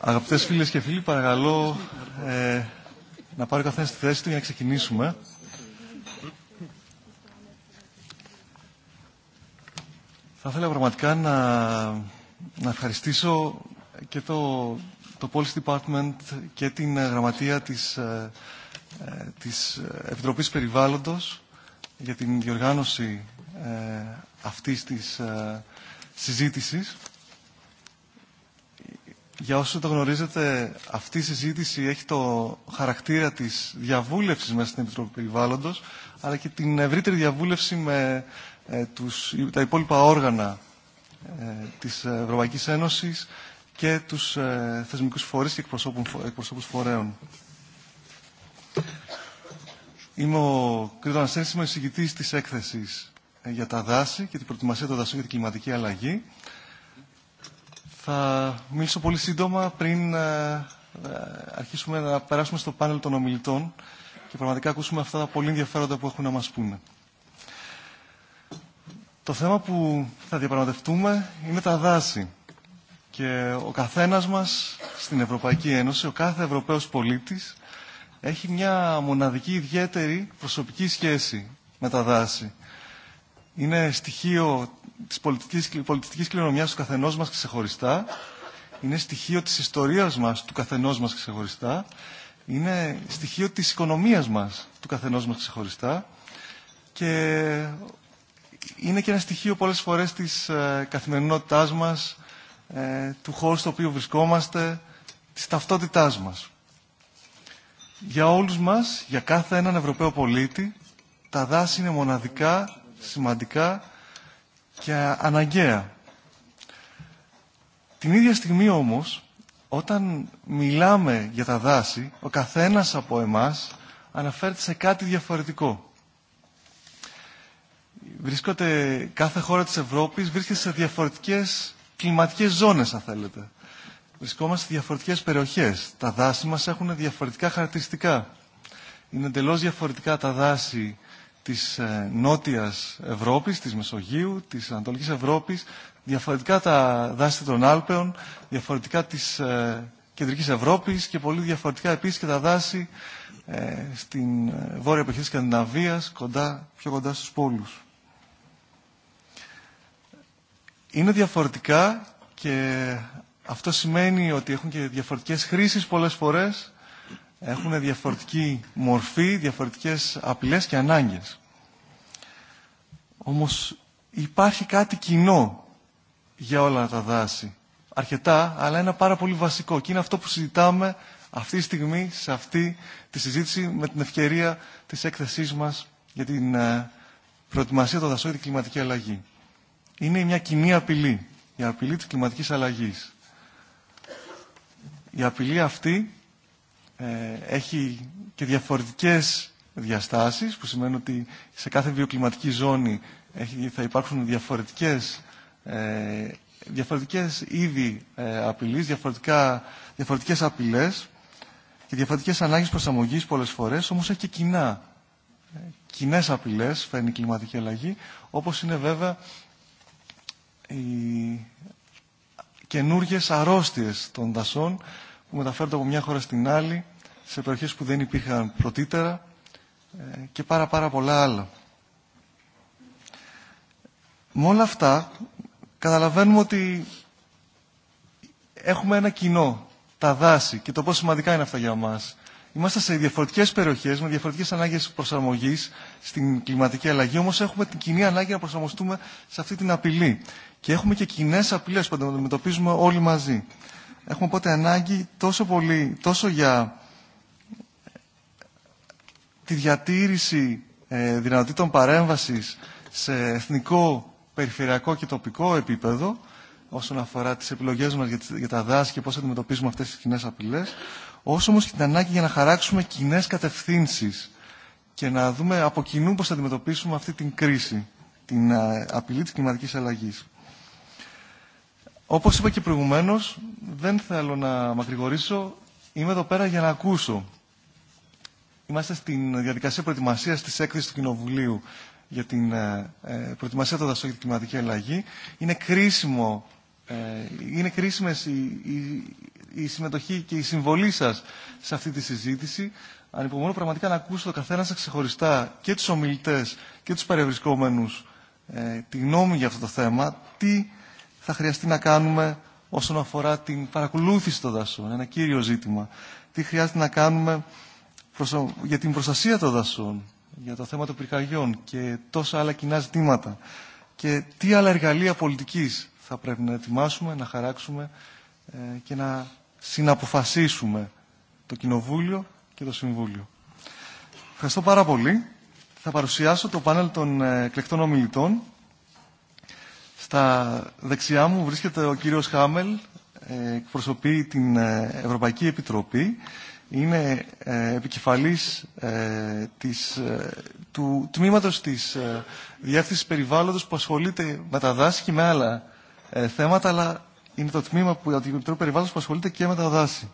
Αγαπητές φίλες και φίλοι, παρακαλώ ε, να πάρει ο καθένας τη θέση του για να ξεκινήσουμε. Θα ήθελα πραγματικά να, να ευχαριστήσω και το, το Policy Department και την γραμματεία της, ε, της Επιτροπής Περιβάλλοντος για την διοργάνωση ε, αυτής της ε, συζήτησης για όσο το γνωρίζετε, αυτή η συζήτηση έχει το χαρακτήρα της διαβούλευσης μέσα στην Επιτροπή Περιβάλλοντος, αλλά και την ευρύτερη διαβούλευση με ε, τους, τα υπόλοιπα όργανα ε, της Ευρωπαϊκής Ένωσης και τους ε, θεσμικούς φορείς και εκπροσώπους φορέων. Είμαι ο Κρήτο Αναστένης, είμαι εισηγητής της έκθεσης για τα δάση και την προετοιμασία των δασών για την κλιματική αλλαγή. Θα μιλήσω πολύ σύντομα πριν ε, αρχίσουμε να περάσουμε στο πάνελ των ομιλητών και πραγματικά ακούσουμε αυτά τα πολύ ενδιαφέροντα που έχουν να μας πούνε. Το θέμα που θα διαπραγματευτούμε είναι τα δάση. Και ο καθένας μας στην Ευρωπαϊκή Ένωση, ο κάθε Ευρωπαίος πολίτης, έχει μια μοναδική ιδιαίτερη προσωπική σχέση με τα δάση. Είναι στοιχείο της πολιτικής, πολιτικής κληρονομιάς του καθενός μας ξεχωριστά, είναι στοιχείο της ιστορίας μας του καθενός μας ξεχωριστά, είναι στοιχείο της οικονομίας μας του καθενός μας ξεχωριστά και είναι και ένα στοιχείο πολλές φορές της ε, καθημερινότητάς μας, ε, του χώρου στο οποίο βρισκόμαστε, της ταυτότητάς μας. Για όλους μας, για κάθε έναν Ευρωπαίο πολίτη, τα δάση είναι μοναδικά, σημαντικά και αναγκαία. Την ίδια στιγμή όμως, όταν μιλάμε για τα δάση, ο καθένας από εμάς αναφέρεται σε κάτι διαφορετικό. Βρίσκονται, κάθε χώρα της Ευρώπης βρίσκεται σε διαφορετικές κλιματικές ζώνες, αν θέλετε. Βρισκόμαστε σε διαφορετικές περιοχές. Τα δάση μας έχουν διαφορετικά χαρακτηριστικά. Είναι εντελώς διαφορετικά τα δάση της ε, Νότιας Ευρώπης, της Μεσογείου, της Ανατολικής Ευρώπης, διαφορετικά τα δάση των Άλπαιων, διαφορετικά της ε, Κεντρικής Ευρώπης και πολύ διαφορετικά επίσης και τα δάση ε, στην βόρεια εποχή της Σκανδιναβίας, κοντά, πιο κοντά στους πόλους. Είναι διαφορετικά και αυτό σημαίνει ότι έχουν και διαφορετικές χρήσεις πολλές φορές, έχουν διαφορετική μορφή, διαφορετικές απειλές και ανάγκες. Όμως υπάρχει κάτι κοινό για όλα τα δάση. Αρκετά, αλλά ένα πάρα πολύ βασικό. Και είναι αυτό που συζητάμε αυτή τη στιγμή σε αυτή τη συζήτηση με την ευκαιρία της έκθεσής μας για την προετοιμασία των δασών για την κλιματική αλλαγή. Είναι μια κοινή απειλή. Η απειλή της κλιματικής αλλαγής. Η απειλή αυτή ε, έχει και διαφορετικές διαστάσεις που σημαίνει ότι σε κάθε βιοκλιματική ζώνη θα υπάρχουν διαφορετικές, ε, διαφορετικές είδη ε, απειλής, διαφορετικά, διαφορετικές απειλές και διαφορετικές ανάγκες προσαρμογής πολλές φορές, όμως έχει και κοινά, κοινέ απειλές φέρνει η κλιματική αλλαγή, όπως είναι βέβαια οι καινούργιες αρρώστιες των δασών που μεταφέρονται από μια χώρα στην άλλη σε περιοχές που δεν υπήρχαν πρωτήτερα και πάρα πάρα πολλά άλλα. Με όλα αυτά καταλαβαίνουμε ότι έχουμε ένα κοινό, τα δάση και το πόσο σημαντικά είναι αυτά για μας. Είμαστε σε διαφορετικές περιοχές με διαφορετικές ανάγκες προσαρμογής στην κλιματική αλλαγή, όμως έχουμε την κοινή ανάγκη να προσαρμοστούμε σε αυτή την απειλή. Και έχουμε και κοινέ απειλές που αντιμετωπίζουμε όλοι μαζί. Έχουμε οπότε ανάγκη τόσο, πολύ, τόσο για τη διατήρηση ε, δυνατοτήτων παρέμβασης σε εθνικό, περιφερειακό και τοπικό επίπεδο όσον αφορά τις επιλογές μας για, για τα δάση και πώς αντιμετωπίζουμε αυτές τις κοινέ απειλές, όσο όμως και την ανάγκη για να χαράξουμε κοινέ κατευθύνσεις και να δούμε από κοινού πώς θα αντιμετωπίσουμε αυτή την κρίση, την α, απειλή της κλιματικής αλλαγής. Όπως είπα και προηγουμένως, δεν θέλω να μακρηγορήσω, είμαι εδώ πέρα για να ακούσω Είμαστε στην διαδικασία προετοιμασία τη έκθεση του Κοινοβουλίου για την ε, προετοιμασία των δασών για την κλιματική αλλαγή. Είναι, κρίσιμο, ε, είναι κρίσιμες η, η, η συμμετοχή και η συμβολή σα σε αυτή τη συζήτηση. Ανυπομονώ πραγματικά να ακούσω το καθένα σα ξεχωριστά και του ομιλητέ και του παρευρισκόμενου ε, τη γνώμη για αυτό το θέμα, τι θα χρειαστεί να κάνουμε όσον αφορά την παρακολούθηση των δασών, ένα κύριο ζήτημα, τι χρειάζεται να κάνουμε προσω... για την προστασία των δασών, για το θέμα των πυρκαγιών και τόσα άλλα κοινά ζητήματα. Και τι άλλα εργαλεία πολιτικής θα πρέπει να ετοιμάσουμε, να χαράξουμε ε, και να συναποφασίσουμε το Κοινοβούλιο και το Συμβούλιο. Ευχαριστώ πάρα πολύ. Θα παρουσιάσω το πάνελ των εκλεκτών ομιλητών. Στα δεξιά μου βρίσκεται ο κύριος Χάμελ, εκπροσωπεί την Ευρωπαϊκή Επιτροπή είναι ε, επικεφαλής ε, της, ε, του τμήματος της ε, διεύθυνσης περιβάλλοντος που ασχολείται με τα δάση και με άλλα ε, θέματα, αλλά είναι το τμήμα που, του Επιτρόπου Περιβάλλοντος που ασχολείται και με τα δάση.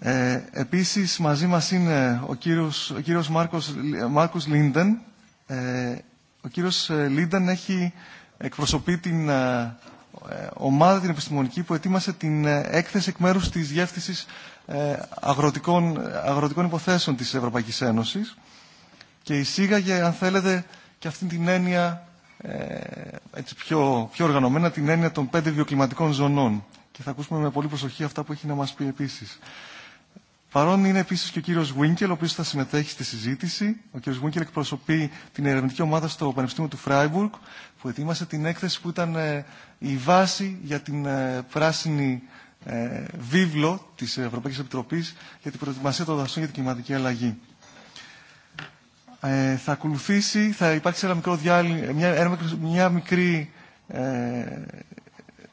Ε, επίσης μαζί μας είναι ο κύριος, ο κύριος Μάρκος, Μάρκος Λίντεν. Ε, ο κύριος Λίντεν έχει εκπροσωπεί την ε, ομάδα την επιστημονική που ετοίμασε την ε, έκθεση εκ μέρους της διεύθυνσης αγροτικών, αγροτικών υποθέσεων της Ευρωπαϊκής Ένωσης και εισήγαγε, αν θέλετε, και αυτή την έννοια ε, έτσι πιο, πιο οργανωμένα την έννοια των πέντε βιοκλιματικών ζωνών. Και θα ακούσουμε με πολύ προσοχή αυτά που έχει να μας πει επίσης. Παρόν είναι επίση και ο κύριο Βίνκελ, ο οποίο θα συμμετέχει στη συζήτηση. Ο κύριο Βίνκελ εκπροσωπεί την ερευνητική ομάδα στο Πανεπιστήμιο του Φράιμπουργκ, που ετοίμασε την έκθεση που ήταν η βάση για την πράσινη ε, βίβλο της Ευρωπαϊκής Επιτροπής για την προετοιμασία των δασών για την κλιματική αλλαγή. Ε, θα ακολουθήσει, θα υπάρξει ένα μικρό διάλυ, μια, ένα, μια μικρή ε,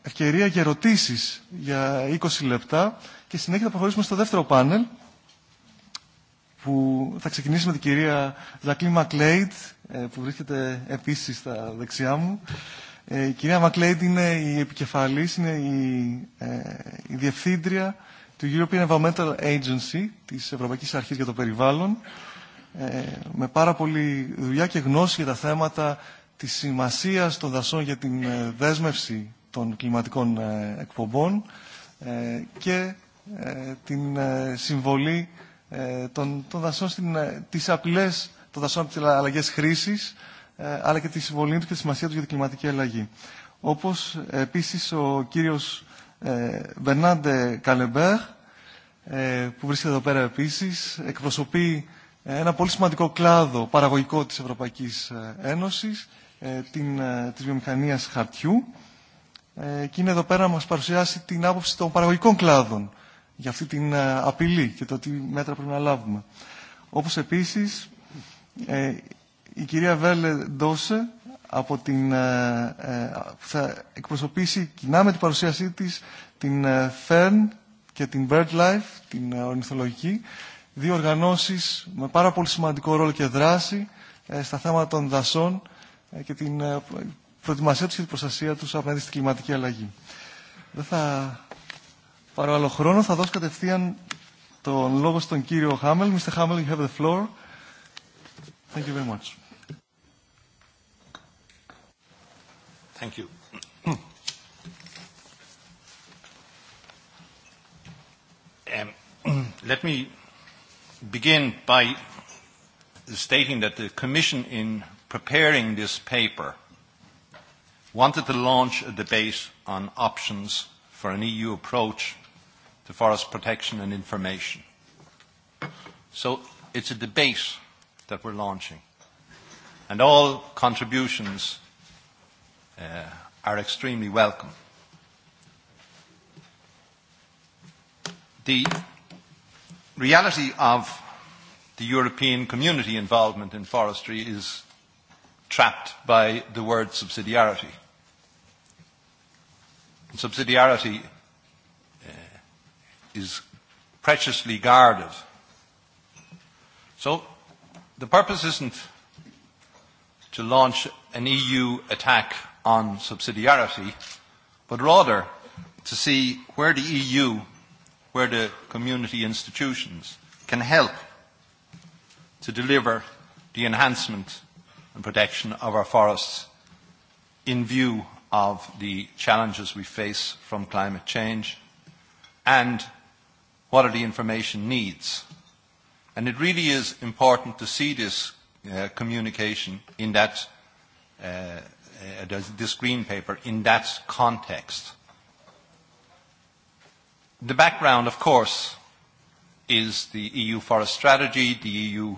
ευκαιρία για ερωτήσεις για 20 λεπτά και συνέχεια θα προχωρήσουμε στο δεύτερο πάνελ που θα ξεκινήσει με την κυρία Ζακλή Μακλέιτ που βρίσκεται επίσης στα δεξιά μου Ε, Η κυρία Μακλέιντ είναι η επικεφαλής, είναι η, ε, η διευθύντρια του European Environmental Agency, της Ευρωπαϊκής Αρχής για το Περιβάλλον, ε, με πάρα πολύ δουλειά και γνώση για τα θέματα της σημασίας των δασών για την ε, δέσμευση των κλιματικών ε, εκπομπών ε, και ε, την ε, συμβολή ε, των, των δασών στις απειλές των δασών από τις αλλαγές χρήσης, αλλά και τη συμβολή του και τη σημασία του για την κλιματική αλλαγή. Όπω επίση ο κύριο Μπερνάντε Καλεμπέρ, που βρίσκεται εδώ πέρα επίση, εκπροσωπεί ένα πολύ σημαντικό κλάδο παραγωγικό της Ευρωπαϊκής Ένωσης, την, της βιομηχανίας χαρτιού και είναι εδώ πέρα να μας παρουσιάσει την άποψη των παραγωγικών κλάδων για αυτή την απειλή και το τι μέτρα πρέπει να λάβουμε. Όπως επίσης η κυρία Βέλε Ντόσε από την, ε, θα εκπροσωπήσει κοινά με την παρουσίασή της την ε, Fern και την BirdLife, την ε, ορνηθολογική, δύο οργανώσεις με πάρα πολύ σημαντικό ρόλο και δράση ε, στα θέματα των δασών ε, και την ε, προετοιμασία τους και την προστασία τους απέναντι στην κλιματική αλλαγή. Δεν θα πάρω άλλο χρόνο, θα δώσω κατευθείαν τον λόγο στον κύριο Χάμελ. Mr. Χάμελ, you have the floor. Thank you very much. Thank you. um, let me begin by stating that the Commission, in preparing this paper, wanted to launch a debate on options for an EU approach to forest protection and information. So it's a debate that we're launching. And all contributions uh, are extremely welcome. The reality of the European community involvement in forestry is trapped by the word subsidiarity. And subsidiarity uh, is preciously guarded. So the purpose isn't to launch an EU attack on subsidiarity, but rather to see where the EU, where the community institutions can help to deliver the enhancement and protection of our forests in view of the challenges we face from climate change and what are the information needs. And it really is important to see this uh, communication in that uh, uh, this green paper in that context. The background, of course, is the EU forest strategy, the EU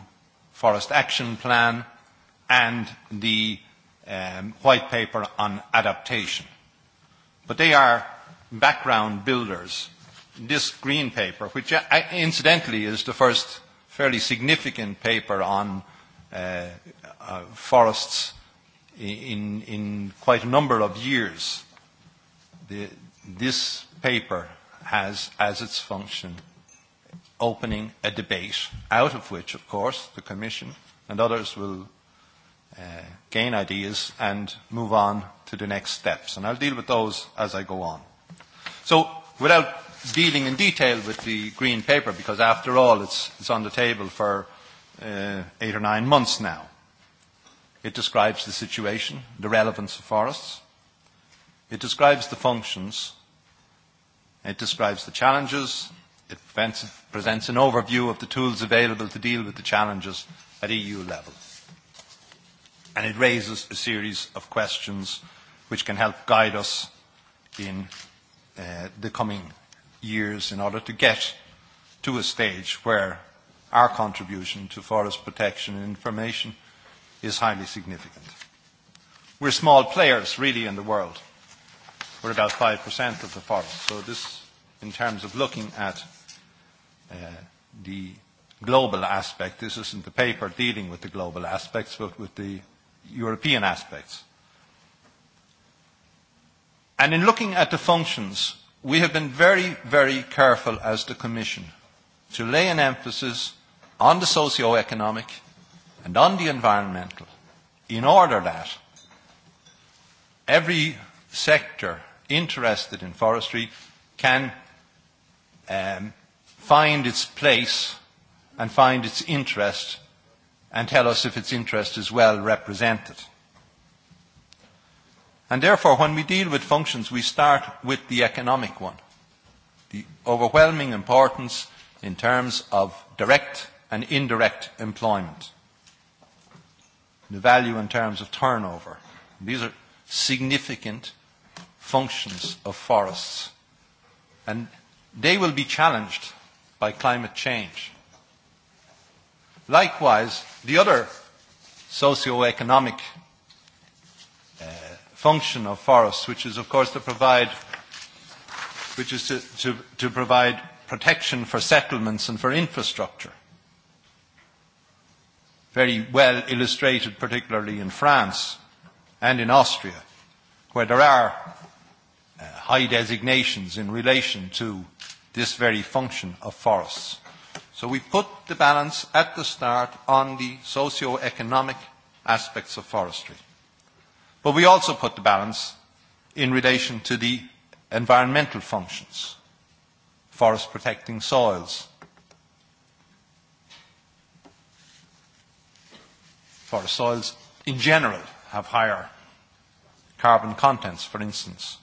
forest action plan, and the um, white paper on adaptation. But they are background builders. This green paper, which uh, incidentally is the first fairly significant paper on uh, uh, forests in, in quite a number of years, the, this paper has as its function opening a debate, out of which, of course, the Commission and others will uh, gain ideas and move on to the next steps. And I'll deal with those as I go on. So, without dealing in detail with the green paper, because after all, it's, it's on the table for uh, eight or nine months now. It describes the situation, the relevance of forests. It describes the functions. It describes the challenges. It presents an overview of the tools available to deal with the challenges at EU level. And it raises a series of questions which can help guide us in uh, the coming years in order to get to a stage where our contribution to forest protection and information – is highly significant. We're small players, really, in the world. We're about 5% of the forest. So this, in terms of looking at uh, the global aspect, this isn't the paper dealing with the global aspects, but with the European aspects. And in looking at the functions, we have been very, very careful as the Commission to lay an emphasis on the socio-economic and on the environmental in order that every sector interested in forestry can um, find its place and find its interest and tell us if its interest is well represented. And therefore, when we deal with functions, we start with the economic one. The overwhelming importance in terms of direct and indirect employment the value in terms of turnover. These are significant functions of forests. And they will be challenged by climate change. Likewise, the other socio-economic uh, function of forests, which is, of course, to provide, which is to, to, to provide protection for settlements and for infrastructure very well illustrated, particularly in France and in Austria, where there are uh, high designations in relation to this very function of forests. So we put the balance at the start on the socio-economic aspects of forestry. But we also put the balance in relation to the environmental functions, forest protecting soils, for soils in general have higher carbon contents, for instance,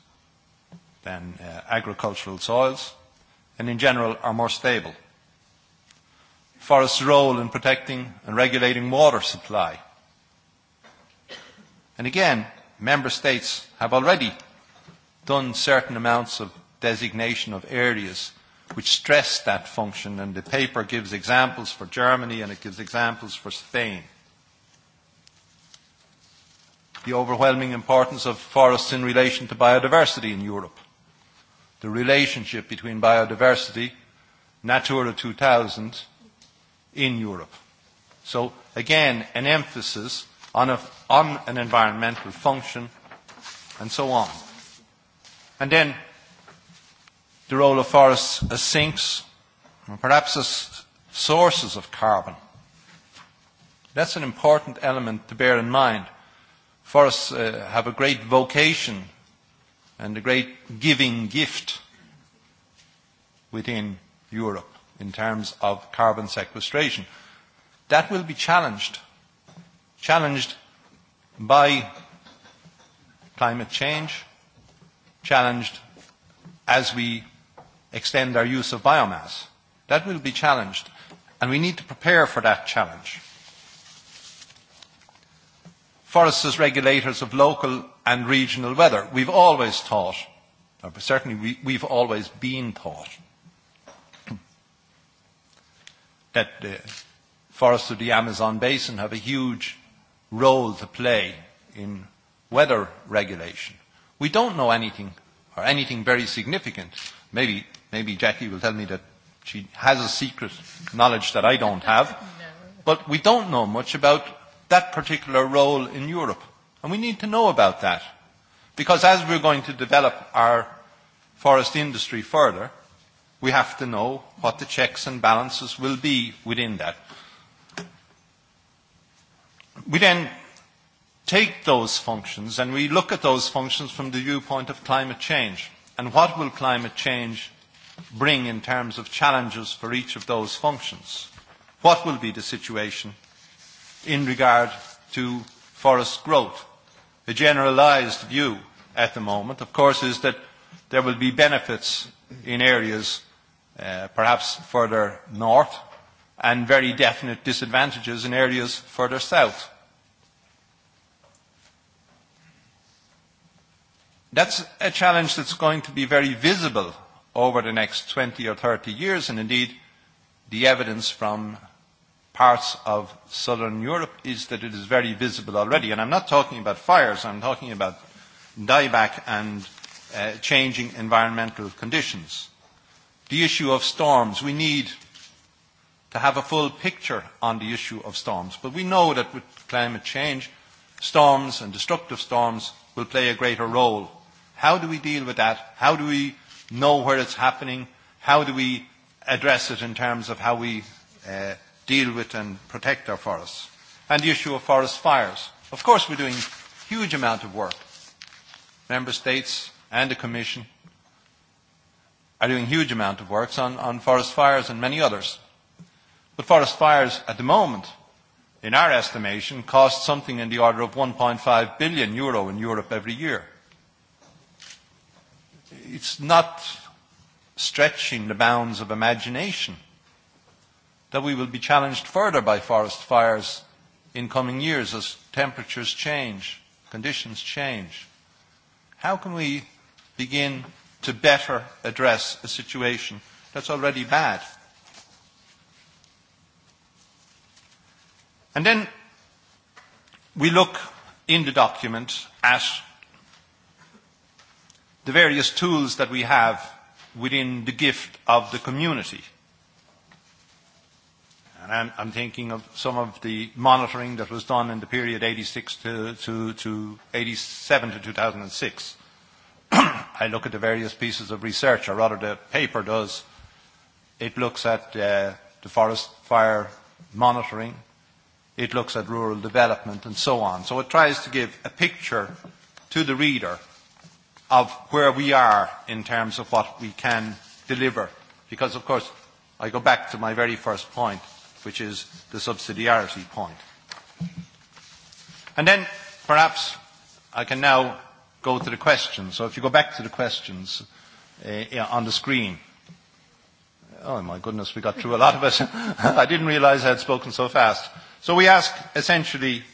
than uh, agricultural soils, and in general are more stable. Forest's role in protecting and regulating water supply. And again, member states have already done certain amounts of designation of areas which stress that function, and the paper gives examples for Germany and it gives examples for Spain the overwhelming importance of forests in relation to biodiversity in Europe. The relationship between biodiversity, Natura 2000, in Europe. So again, an emphasis on, a, on an environmental function and so on. And then the role of forests as sinks, and perhaps as sources of carbon. That's an important element to bear in mind forests uh, have a great vocation and a great giving gift within Europe in terms of carbon sequestration. That will be challenged, challenged by climate change, challenged as we extend our use of biomass. That will be challenged, and we need to prepare for that challenge forests as regulators of local and regional weather. We've always thought, or certainly we, we've always been taught, that the forests of the Amazon basin have a huge role to play in weather regulation. We don't know anything or anything very significant. Maybe, maybe Jackie will tell me that she has a secret knowledge that I don't have. But we don't know much about that particular role in Europe. And we need to know about that. Because as we're going to develop our forest industry further, we have to know what the checks and balances will be within that. We then take those functions and we look at those functions from the viewpoint of climate change and what will climate change bring in terms of challenges for each of those functions. What will be the situation in regard to forest growth. The generalised view at the moment, of course, is that there will be benefits in areas uh, perhaps further north and very definite disadvantages in areas further south. That's a challenge that's going to be very visible over the next 20 or 30 years, and indeed the evidence from parts of southern Europe is that it is very visible already. And I'm not talking about fires, I'm talking about dieback and uh, changing environmental conditions. The issue of storms, we need to have a full picture on the issue of storms. But we know that with climate change, storms and destructive storms will play a greater role. How do we deal with that? How do we know where it's happening? How do we address it in terms of how we uh, deal with and protect our forests. And the issue of forest fires. Of course, we're doing a huge amount of work. Member states and the Commission are doing huge amount of works on, on forest fires and many others. But forest fires at the moment, in our estimation, cost something in the order of 1.5 billion euro in Europe every year. It's not stretching the bounds of imagination that we will be challenged further by forest fires in coming years as temperatures change, conditions change. How can we begin to better address a situation that's already bad? And then we look in the document at the various tools that we have within the gift of the community – And I'm, I'm thinking of some of the monitoring that was done in the period 86 to, to, to 87 to 2006. I look at the various pieces of research, or rather the paper does. It looks at uh, the forest fire monitoring. It looks at rural development and so on. So it tries to give a picture to the reader of where we are in terms of what we can deliver. Because, of course, I go back to my very first point which is the subsidiarity point. And then perhaps I can now go to the questions. So if you go back to the questions uh, on the screen. Oh my goodness, we got through a lot of it. I didn't realize I had spoken so fast. So we ask essentially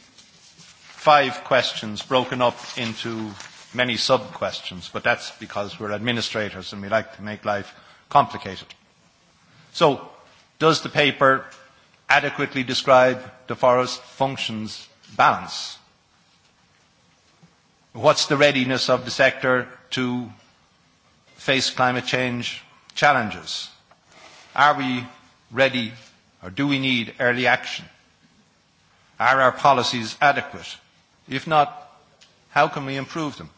five questions broken up into many sub-questions, but that's because we're administrators and we like to make life complicated. So does the paper adequately describe the forest functions balance? What's the readiness of the sector to face climate change challenges? Are we ready or do we need early action? Are our policies adequate? If not, how can we improve them?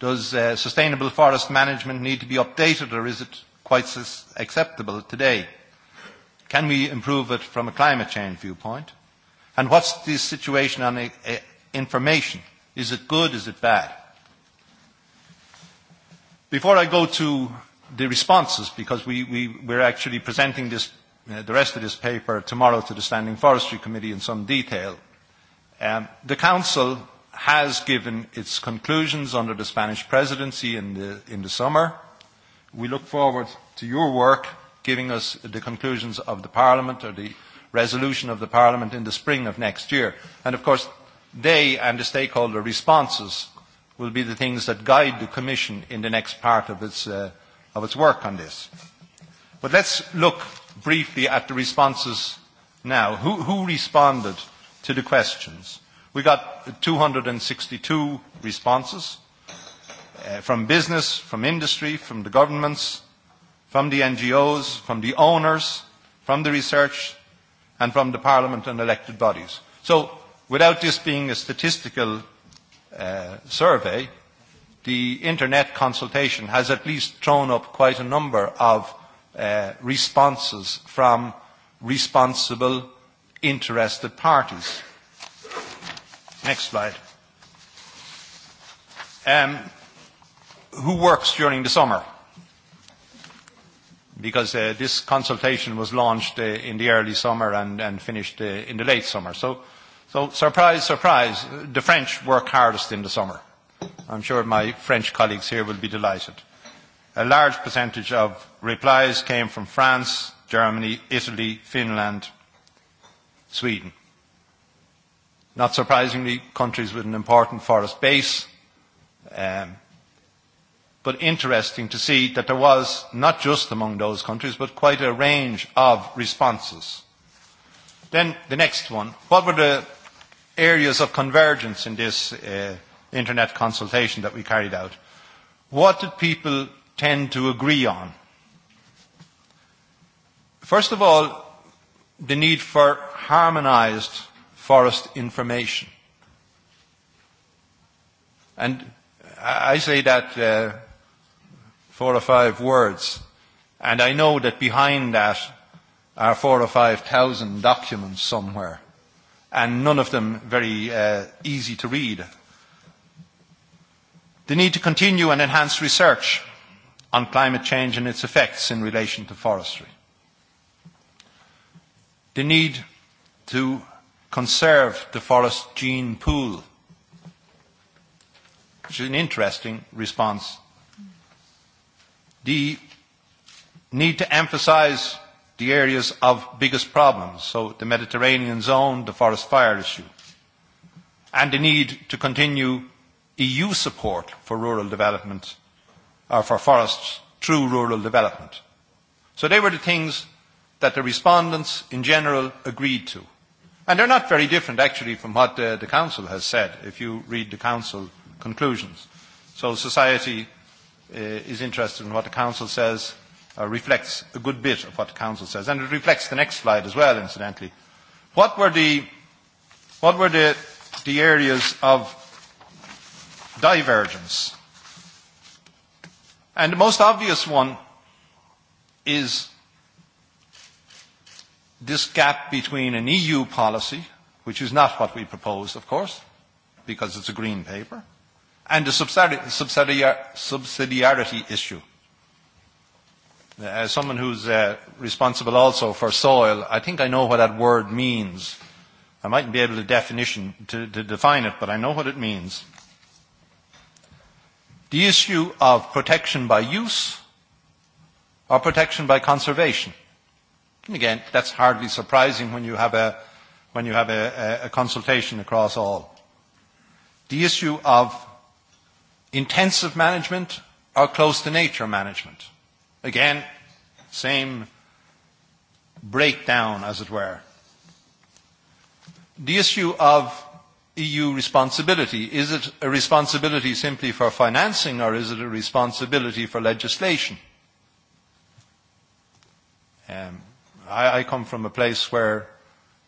Does uh, sustainable forest management need to be updated or is it quite acceptable today? Can we improve it from a climate change viewpoint? And what's the situation on the, uh, information? Is it good? Is it bad? Before I go to the responses, because we, we, we're actually presenting this, uh, the rest of this paper tomorrow to the Standing Forestry Committee in some detail, um, the Council has given its conclusions under the Spanish presidency in the, in the summer. We look forward to your work giving us the conclusions of the Parliament or the resolution of the Parliament in the spring of next year. And of course, they and the stakeholder responses will be the things that guide the Commission in the next part of its, uh, of its work on this. But let's look briefly at the responses now. Who, who responded to the questions? We got 262 responses uh, from business, from industry, from the governments, from the NGOs, from the owners, from the research, and from the parliament and elected bodies. So without this being a statistical uh, survey, the internet consultation has at least thrown up quite a number of uh, responses from responsible interested parties. Next slide. Um, who works during the summer? because uh, this consultation was launched uh, in the early summer and, and finished uh, in the late summer. So, so surprise, surprise, the French work hardest in the summer. I'm sure my French colleagues here will be delighted. A large percentage of replies came from France, Germany, Italy, Finland, Sweden. Not surprisingly, countries with an important forest base, um, but interesting to see that there was, not just among those countries, but quite a range of responses. Then the next one, what were the areas of convergence in this uh, internet consultation that we carried out? What did people tend to agree on? First of all, the need for harmonised forest information. And I say that uh, four or five words. And I know that behind that are four or five thousand documents somewhere, and none of them very uh, easy to read. The need to continue and enhance research on climate change and its effects in relation to forestry. The need to conserve the forest gene pool, which is an interesting response the need to emphasize the areas of biggest problems, so the Mediterranean zone, the forest fire issue, and the need to continue EU support for rural development, or uh, for forests through rural development. So they were the things that the respondents in general agreed to. And they're not very different, actually, from what the, uh, the Council has said, if you read the Council conclusions. So society uh, is interested in what the Council says uh, reflects a good bit of what the Council says. And it reflects the next slide as well, incidentally. What were the, what were the, the areas of divergence? And the most obvious one is this gap between an EU policy, which is not what we proposed, of course, because it's a green paper, and the subsidiarity, subsidiarity issue. As someone who's uh, responsible also for soil, I think I know what that word means. I mightn't be able to, definition, to, to define it, but I know what it means. The issue of protection by use or protection by conservation. And again, that's hardly surprising when you have a, when you have a, a, a consultation across all. The issue of intensive management or close to nature management. Again, same breakdown, as it were. The issue of EU responsibility, is it a responsibility simply for financing or is it a responsibility for legislation? Um, I, I come from a place where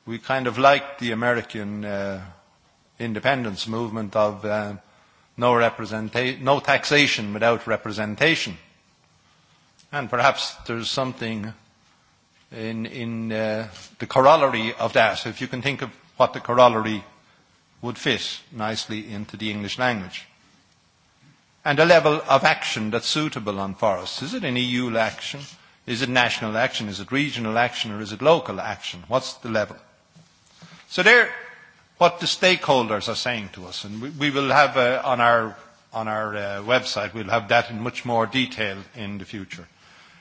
we kind of like the American uh, independence movement of uh, no, no taxation without representation. And perhaps there's something in, in uh, the corollary of that, if you can think of what the corollary would fit nicely into the English language. And a level of action that's suitable on forests. Is it an EU action? Is it national action? Is it regional action? Or is it local action? What's the level? So there, what the stakeholders are saying to us. And we, we will have uh, on our, on our uh, website, we'll have that in much more detail in the future.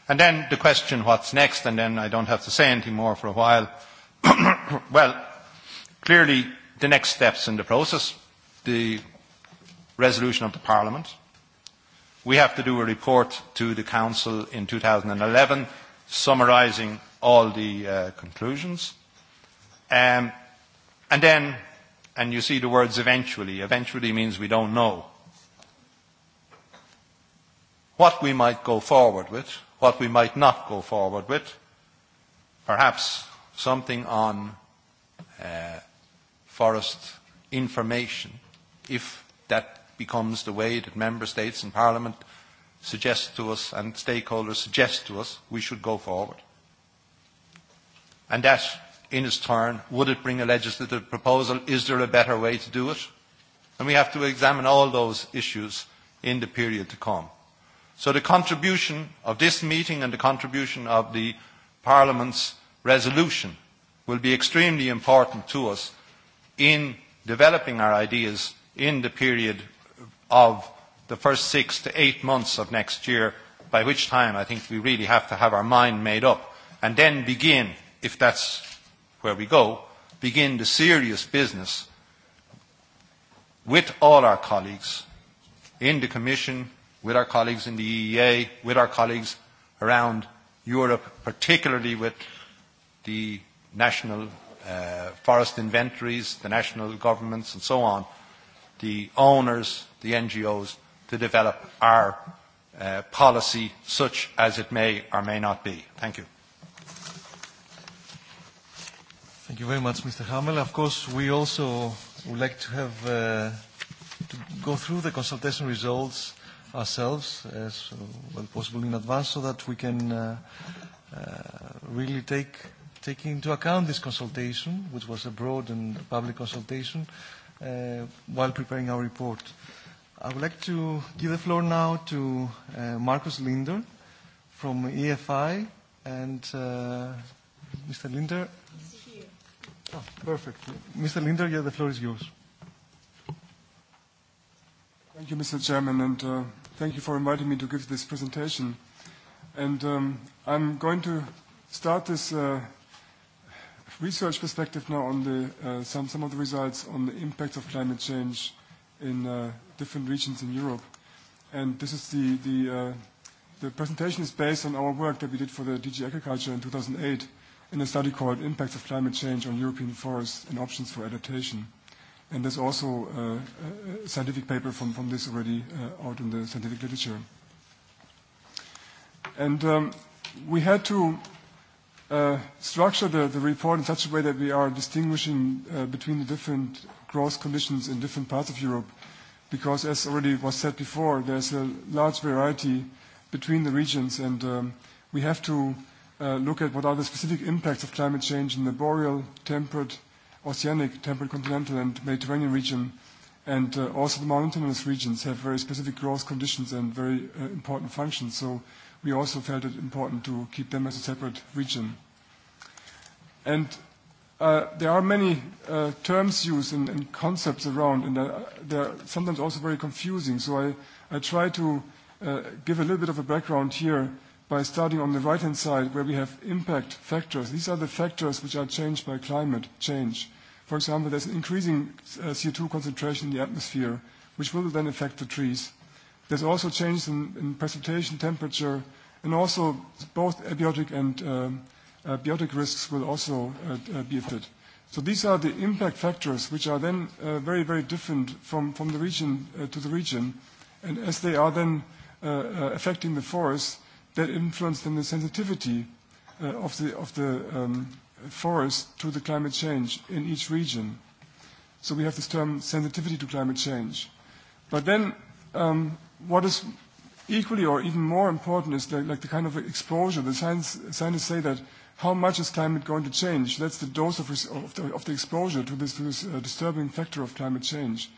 And then the question, what's next? And then I don't have to say anything more for a while. well, clearly the next steps in the process, the resolution of the Parliament. We have to do a report to the Council in 2011 summarising all the uh, conclusions. Um, and then and you see the words eventually. Eventually means we don't know. What we might go forward with, what we might not go forward with, perhaps something on uh, forest information, if that becomes the way that member states and parliament suggest to us and stakeholders suggest to us we should go forward. And that in its turn, would it bring a legislative proposal? Is there a better way to do it? And we have to examine all those issues in the period to come. So the contribution of this meeting and the contribution of the Parliament's resolution will be extremely important to us in developing our ideas in the period of the first six to eight months of next year, by which time I think we really have to have our mind made up and then begin, if that's where we go, begin the serious business with all our colleagues in the Commission, with our colleagues in the EEA, with our colleagues around Europe, particularly with the national uh, forest inventories, the national governments and so on, the owners, the NGOs, to develop our uh, policy such as it may or may not be. Thank you. Thank you very much, Mr. Hamel. Of course, we also would like to have uh, to go through the consultation results ourselves as uh, well possible in advance so that we can uh, uh, really take, take into account this consultation, which was a broad and public consultation, uh, while preparing our report. I would like to give the floor now to uh, Marcus Linder from EFI and uh, Mr. Linder, Oh, perfect. Mr. Linder, yeah, the floor is yours. Thank you, Mr. Chairman, and uh, thank you for inviting me to give this presentation. And um, I'm going to start this uh, research perspective now on the, uh, some, some of the results on the impact of climate change in uh, different regions in Europe. And this is the, the, uh, the presentation is based on our work that we did for the DG Agriculture in 2008 in a study called Impacts of Climate Change on European Forests and Options for Adaptation. And there's also uh, a scientific paper from, from this already uh, out in the scientific literature. And um, we had to uh, structure the, the report in such a way that we are distinguishing uh, between the different growth conditions in different parts of Europe, because as already was said before, there's a large variety between the regions, and um, we have to Uh, look at what are the specific impacts of climate change in the boreal, temperate, oceanic, temperate continental and Mediterranean region, and uh, also the mountainous regions have very specific growth conditions and very uh, important functions, so we also felt it important to keep them as a separate region. And uh, there are many uh, terms used and, and concepts around, and uh, they're sometimes also very confusing, so I, I try to uh, give a little bit of a background here by starting on the right-hand side where we have impact factors. These are the factors which are changed by climate change. For example, there's an increasing uh, CO2 concentration in the atmosphere, which will then affect the trees. There's also changes in, in precipitation temperature, and also both abiotic and uh, um, biotic risks will also uh, uh, be affected. So these are the impact factors, which are then uh, very, very different from, from the region uh, to the region. And as they are then uh, uh, affecting the forest, that influence then the sensitivity uh, of the, of the um, forest to the climate change in each region. So we have this term sensitivity to climate change. But then um, what is equally or even more important is the, like the kind of exposure. The science, scientists say that how much is climate going to change? That's the dose of, of, the, of the exposure to this, to this uh, disturbing factor of climate change.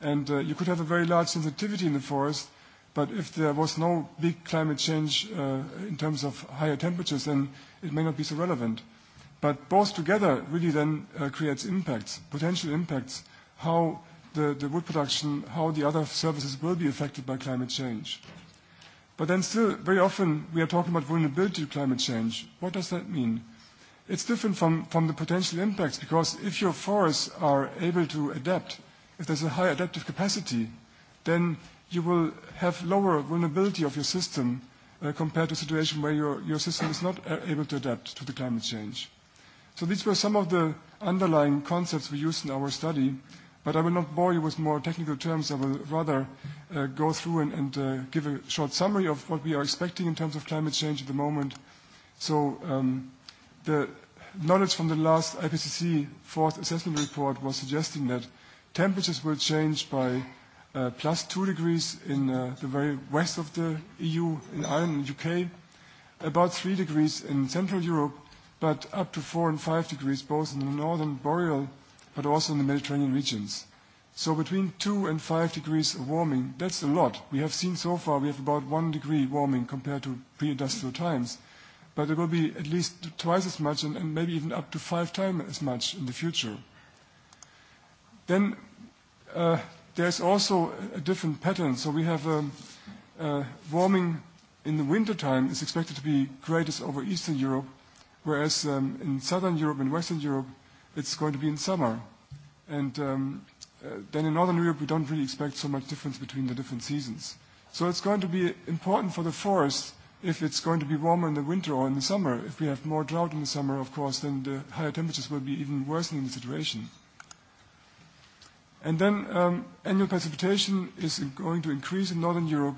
And uh, you could have a very large sensitivity in the forest, But if there was no big climate change uh, in terms of higher temperatures, then it may not be so relevant. But both together really then uh, creates impacts, potential impacts, how the, the wood production, how the other services will be affected by climate change. But then still, very often we are talking about vulnerability to climate change. What does that mean? It's different from, from the potential impacts because if your forests are able to adapt, if there's a high adaptive capacity, then you will have lower vulnerability of your system uh, compared to a situation where your, your system is not uh, able to adapt to the climate change. So these were some of the underlying concepts we used in our study, but I will not bore you with more technical terms. I will rather uh, go through and, and uh, give a short summary of what we are expecting in terms of climate change at the moment. So um, the knowledge from the last IPCC fourth assessment report was suggesting that temperatures will change by Uh, plus two degrees in uh, the very west of the EU, in Ireland and UK, about three degrees in Central Europe, but up to four and five degrees both in the northern boreal, but also in the Mediterranean regions. So between two and five degrees of warming, that's a lot. We have seen so far we have about one degree warming compared to pre-industrial times, but it will be at least twice as much and, and maybe even up to five times as much in the future. Then uh, There's also a different pattern. So we have um, uh, warming in the winter time is expected to be greatest over Eastern Europe, whereas um, in Southern Europe and Western Europe, it's going to be in summer. And um, uh, then in Northern Europe, we don't really expect so much difference between the different seasons. So it's going to be important for the forest if it's going to be warmer in the winter or in the summer. If we have more drought in the summer, of course, then the higher temperatures will be even worsening the situation. And then um, annual precipitation is going to increase in northern Europe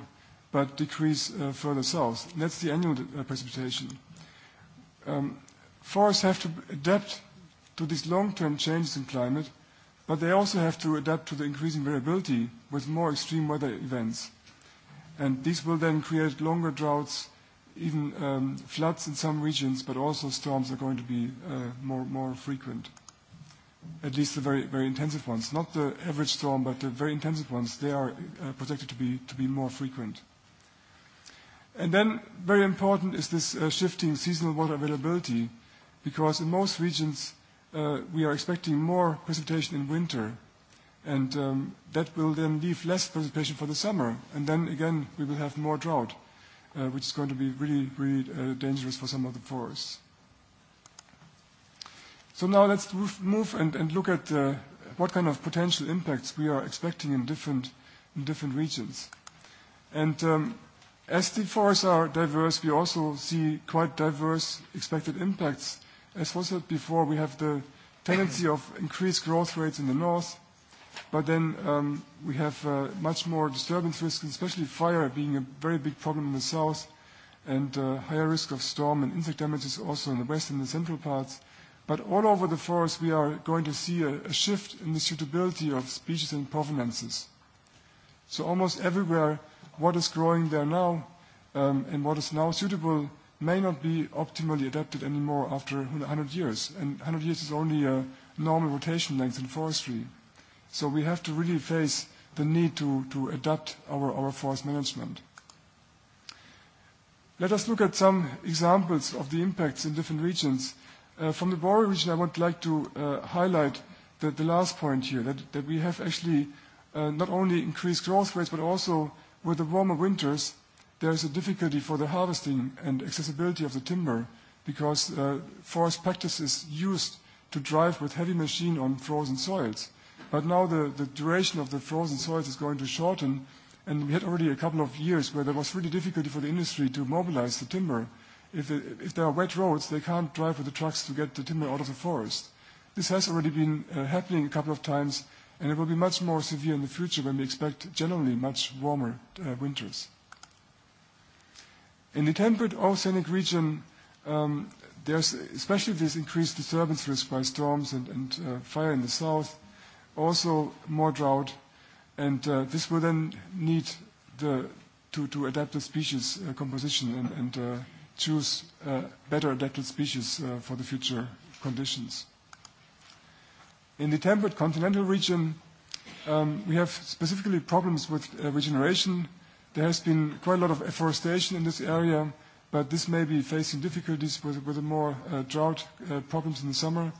but decrease uh, further south. that's the annual uh, precipitation. Um, forests have to adapt to these long-term changes in climate, but they also have to adapt to the increasing variability with more extreme weather events. And these will then create longer droughts, even um, floods in some regions, but also storms are going to be uh, more, more frequent at least the very, very intensive ones, not the average storm, but the very intensive ones, they are uh, projected to be, to be more frequent. And then very important is this uh, shifting seasonal water availability, because in most regions uh, we are expecting more precipitation in winter, and um, that will then leave less precipitation for the summer, and then again we will have more drought, uh, which is going to be really, really uh, dangerous for some of the forests. So now let's move and, look at uh, what kind of potential impacts we are expecting in different, regions. And um, as the forests are diverse, we also see quite diverse expected impacts. As was said before, we have the tendency of increased growth rates in the north, but then um, we have uh, much more disturbance risk, especially fire being a very big problem in the south, and uh, higher risk of storm and insect damages also in the west and the central parts. But all over the forest, we are going to see a, a shift in the suitability of species and provenances. So almost everywhere, what is growing there now um, and what is now suitable may not be optimally adapted anymore after 100 years. And 100 years is only a normal rotation length in forestry. So we have to really face the need to, to adapt our, our forest management. Let us look at some examples of the impacts in different regions. Uh, from the Boreal region, I would like to uh, highlight the, last point here, that, we have actually uh, not only increased growth rates, but also with the warmer winters, there is a difficulty for the harvesting and accessibility of the timber because forest practice is used to drive with heavy machine on frozen soils. But now the duration of the frozen soils is going to shorten, and we had already a couple of years where there was really difficulty for the industry to mobilize the timber. If, if there are wet roads, they can't drive with the trucks to get the timber out of the forest. This has already been uh, happening a couple of times, and it will be much more severe in the future when we expect generally much warmer uh, winters. In the temperate oceanic region, um, there's especially this increased disturbance risk by storms and, and uh, fire in the south, also more drought, and uh, this will then need the, to, to adapt the species uh, composition and, and uh, choose uh, better adapted species uh, for the future conditions. In the temperate continental region, um, we have specifically problems with uh, regeneration. There has been quite a lot of afforestation in this area, but this may be facing difficulties with, with the more uh, drought uh, problems in the summer,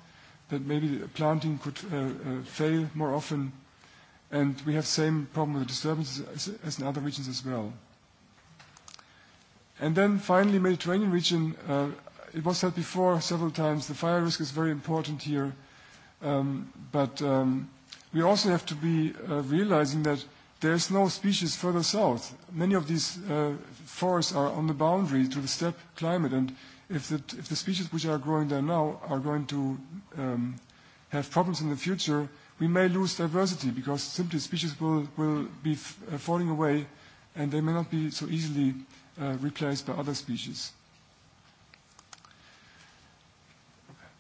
that maybe planting could uh, uh, fail more often. And we have same problem with disturbances as, as in other regions as well. And then finally, Mediterranean region. Uh, it was said before several times, the fire risk is very important here. Um, but um, we also have to be uh, realizing that there is no species further south. Many of these uh, forests are on the boundary to the steppe climate. And if the, if the species which are growing there now are going to um, have problems in the future, we may lose diversity because simply species will, will be f- uh, falling away and they may not be so easily uh, uh, replaced by other species.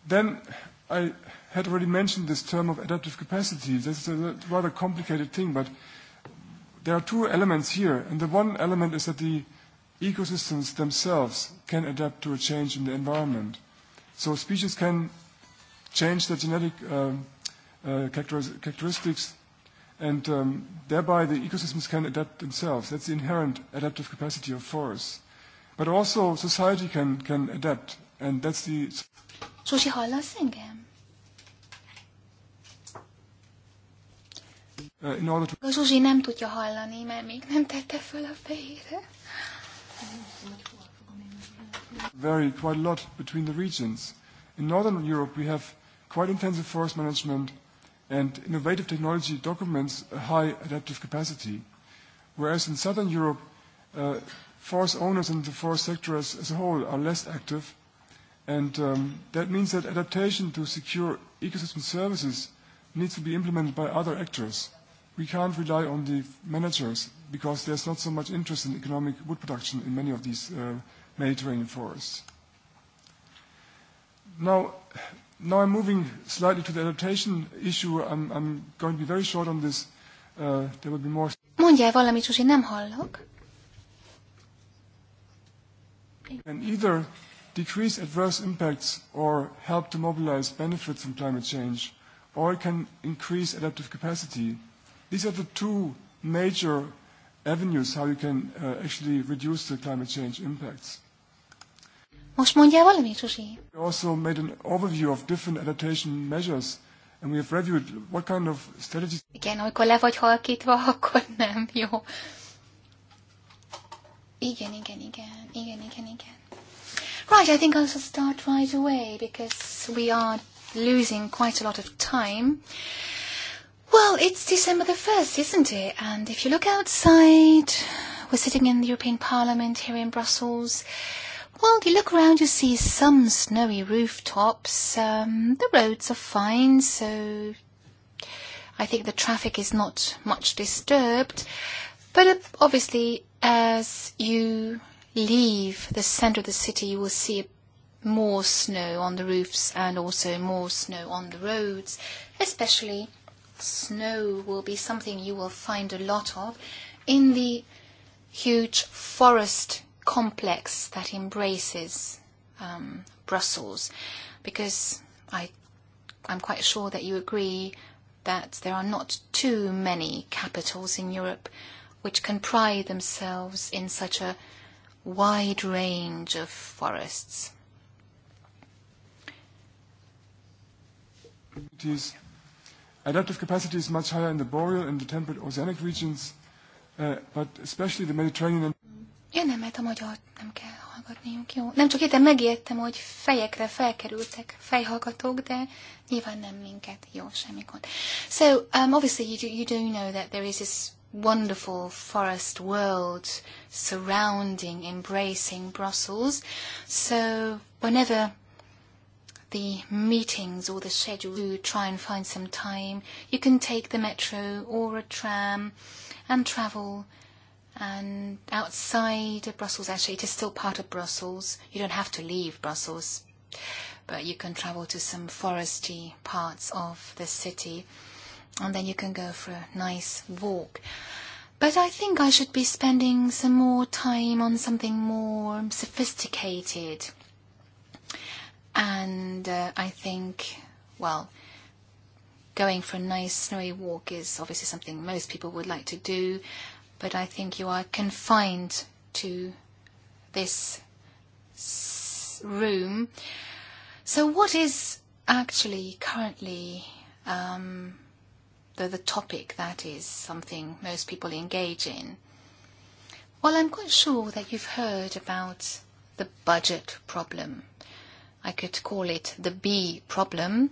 Then I had already mentioned this term of adaptive capacity. This is a rather complicated thing, but there are two elements here. And the one element is that the ecosystems themselves can adapt to a change in the environment. So species can change their genetic um, uh, characteristics And um, thereby the ecosystems can adapt themselves. That's the inherent adaptive capacity of forests. But also society can, can adapt. And that's the... Susi, hallasz engem? Uh, in order to... A Zsuzsi nem tudja hallani, mert még nem tette föl a fejére. Vary quite a lot between the regions. In Northern Europe we have quite intensive forest management and innovative technology documents a high adaptive capacity, whereas in southern Europe, uh, forest owners and the forest sector as, as a whole are less active, and um, that means that adaptation to secure ecosystem services needs to be implemented by other actors. We can't rely on the managers because there's not so much interest in economic wood production in many of these uh, Mediterranean forests. Now, Now I'm moving slightly to the adaptation issue. I'm, I'm going to be very short on this. Uh, there will be more. Mondjál valamit, Susi, nem hallok. And either decrease adverse impacts or help to mobilize benefits from climate change, or it can increase adaptive capacity. These are the two major avenues how you can uh, actually reduce the climate change impacts. Most mondjál valamit, We Also made an overview of different adaptation measures. And we have reviewed what kind of strategies... Igen, amikor le vagy halkítva, akkor nem jó. Igen, igen, igen, igen, igen, igen. Right, I think I'll start right away because we are losing quite a lot of time. Well, it's December the 1st, isn't it? And if you look outside, we're sitting in the European Parliament here in Brussels. Well, if you look around, you see some snowy rooftops. Um, the roads are fine, so I think the traffic is not much disturbed. But uh, obviously, as you leave the centre of the city, you will see more snow on the roofs and also more snow on the roads. Especially, snow will be something you will find a lot of in the huge forest complex that embraces um, Brussels, because I, I'm quite sure that you agree that there are not too many capitals in Europe which can pride themselves in such a wide range of forests. Adaptive capacity is much higher in the boreal and the temperate oceanic regions, uh, but especially the Mediterranean. Ja nem, mert a magyar nem kell hallgatniunk, jó? Nem csak értem, megértem, hogy fejekre felkerültek fejhallgatók, de nyilván nem minket. Jó, semmi gond. So, um, obviously you do, you do know that there is this wonderful forest world surrounding, embracing Brussels. So whenever the meetings or the schedule, you try and find some time. You can take the metro or a tram and travel and outside of Brussels, actually, it is still part of Brussels. You don't have to leave Brussels, but you can travel to some foresty parts of the city, and then you can go for a nice walk. But I think I should be spending some more time on something more sophisticated. And uh, I think, well, going for a nice snowy walk is obviously something most people would like to do but I think you are confined to this room. So, what is actually currently um, the, the topic that is something most people engage in? Well, I'm quite sure that you've heard about the budget problem. I could call it the B problem.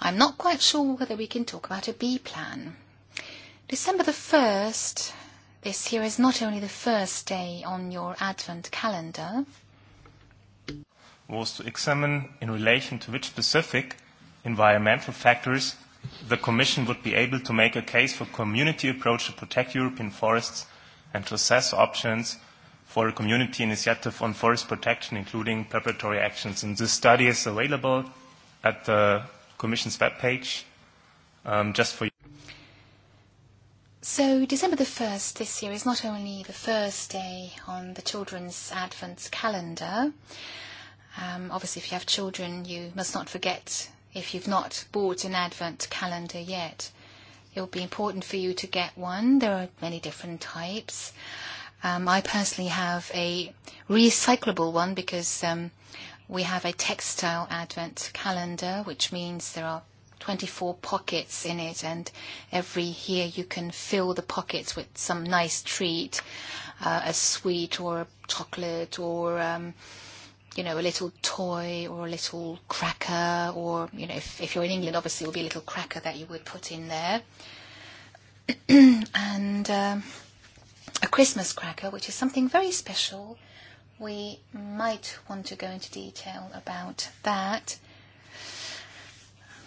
I'm not quite sure whether we can talk about a B plan. December the 1st This year is not only the first day on your Advent calendar, was to examine in relation to which specific environmental factors the Commission would be able to make a case for community approach to protect European forests and to assess options for a community initiative on forest protection, including preparatory actions. And this study is available at the Commission's webpage. Um, just for So December the 1st this year is not only the first day on the children's Advent calendar. Um, obviously, if you have children, you must not forget if you've not bought an Advent calendar yet. It will be important for you to get one. There are many different types. Um, I personally have a recyclable one because um, we have a textile Advent calendar, which means there are 24 pockets in it, and every year you can fill the pockets with some nice treat, uh, a sweet or a chocolate or. Um, you know, a little toy or a little cracker, or, you know, if, if you're in England, obviously it would be a little cracker that you would put in there. and um, a Christmas cracker, which is something very special. We might want to go into detail about that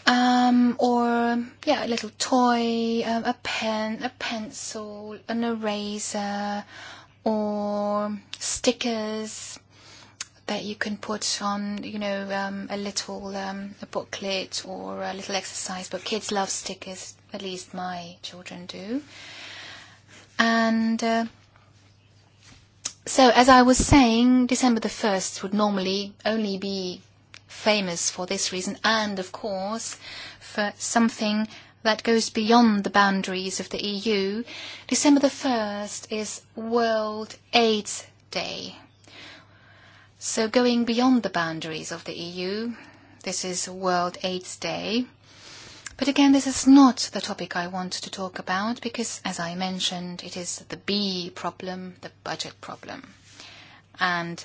um, or yeah, a little toy, um, a pen, a pencil, an eraser, or stickers that you can put on, you know, um, a little um, a booklet or a little exercise book. Kids love stickers, at least my children do. And uh, so, as I was saying, December the 1st would normally only be famous for this reason and, of course, for something that goes beyond the boundaries of the EU. December the 1st is World AIDS Day. So going beyond the boundaries of the EU, this is World AIDS Day. But again, this is not the topic I want to talk about because, as I mentioned, it is the B problem, the budget problem. And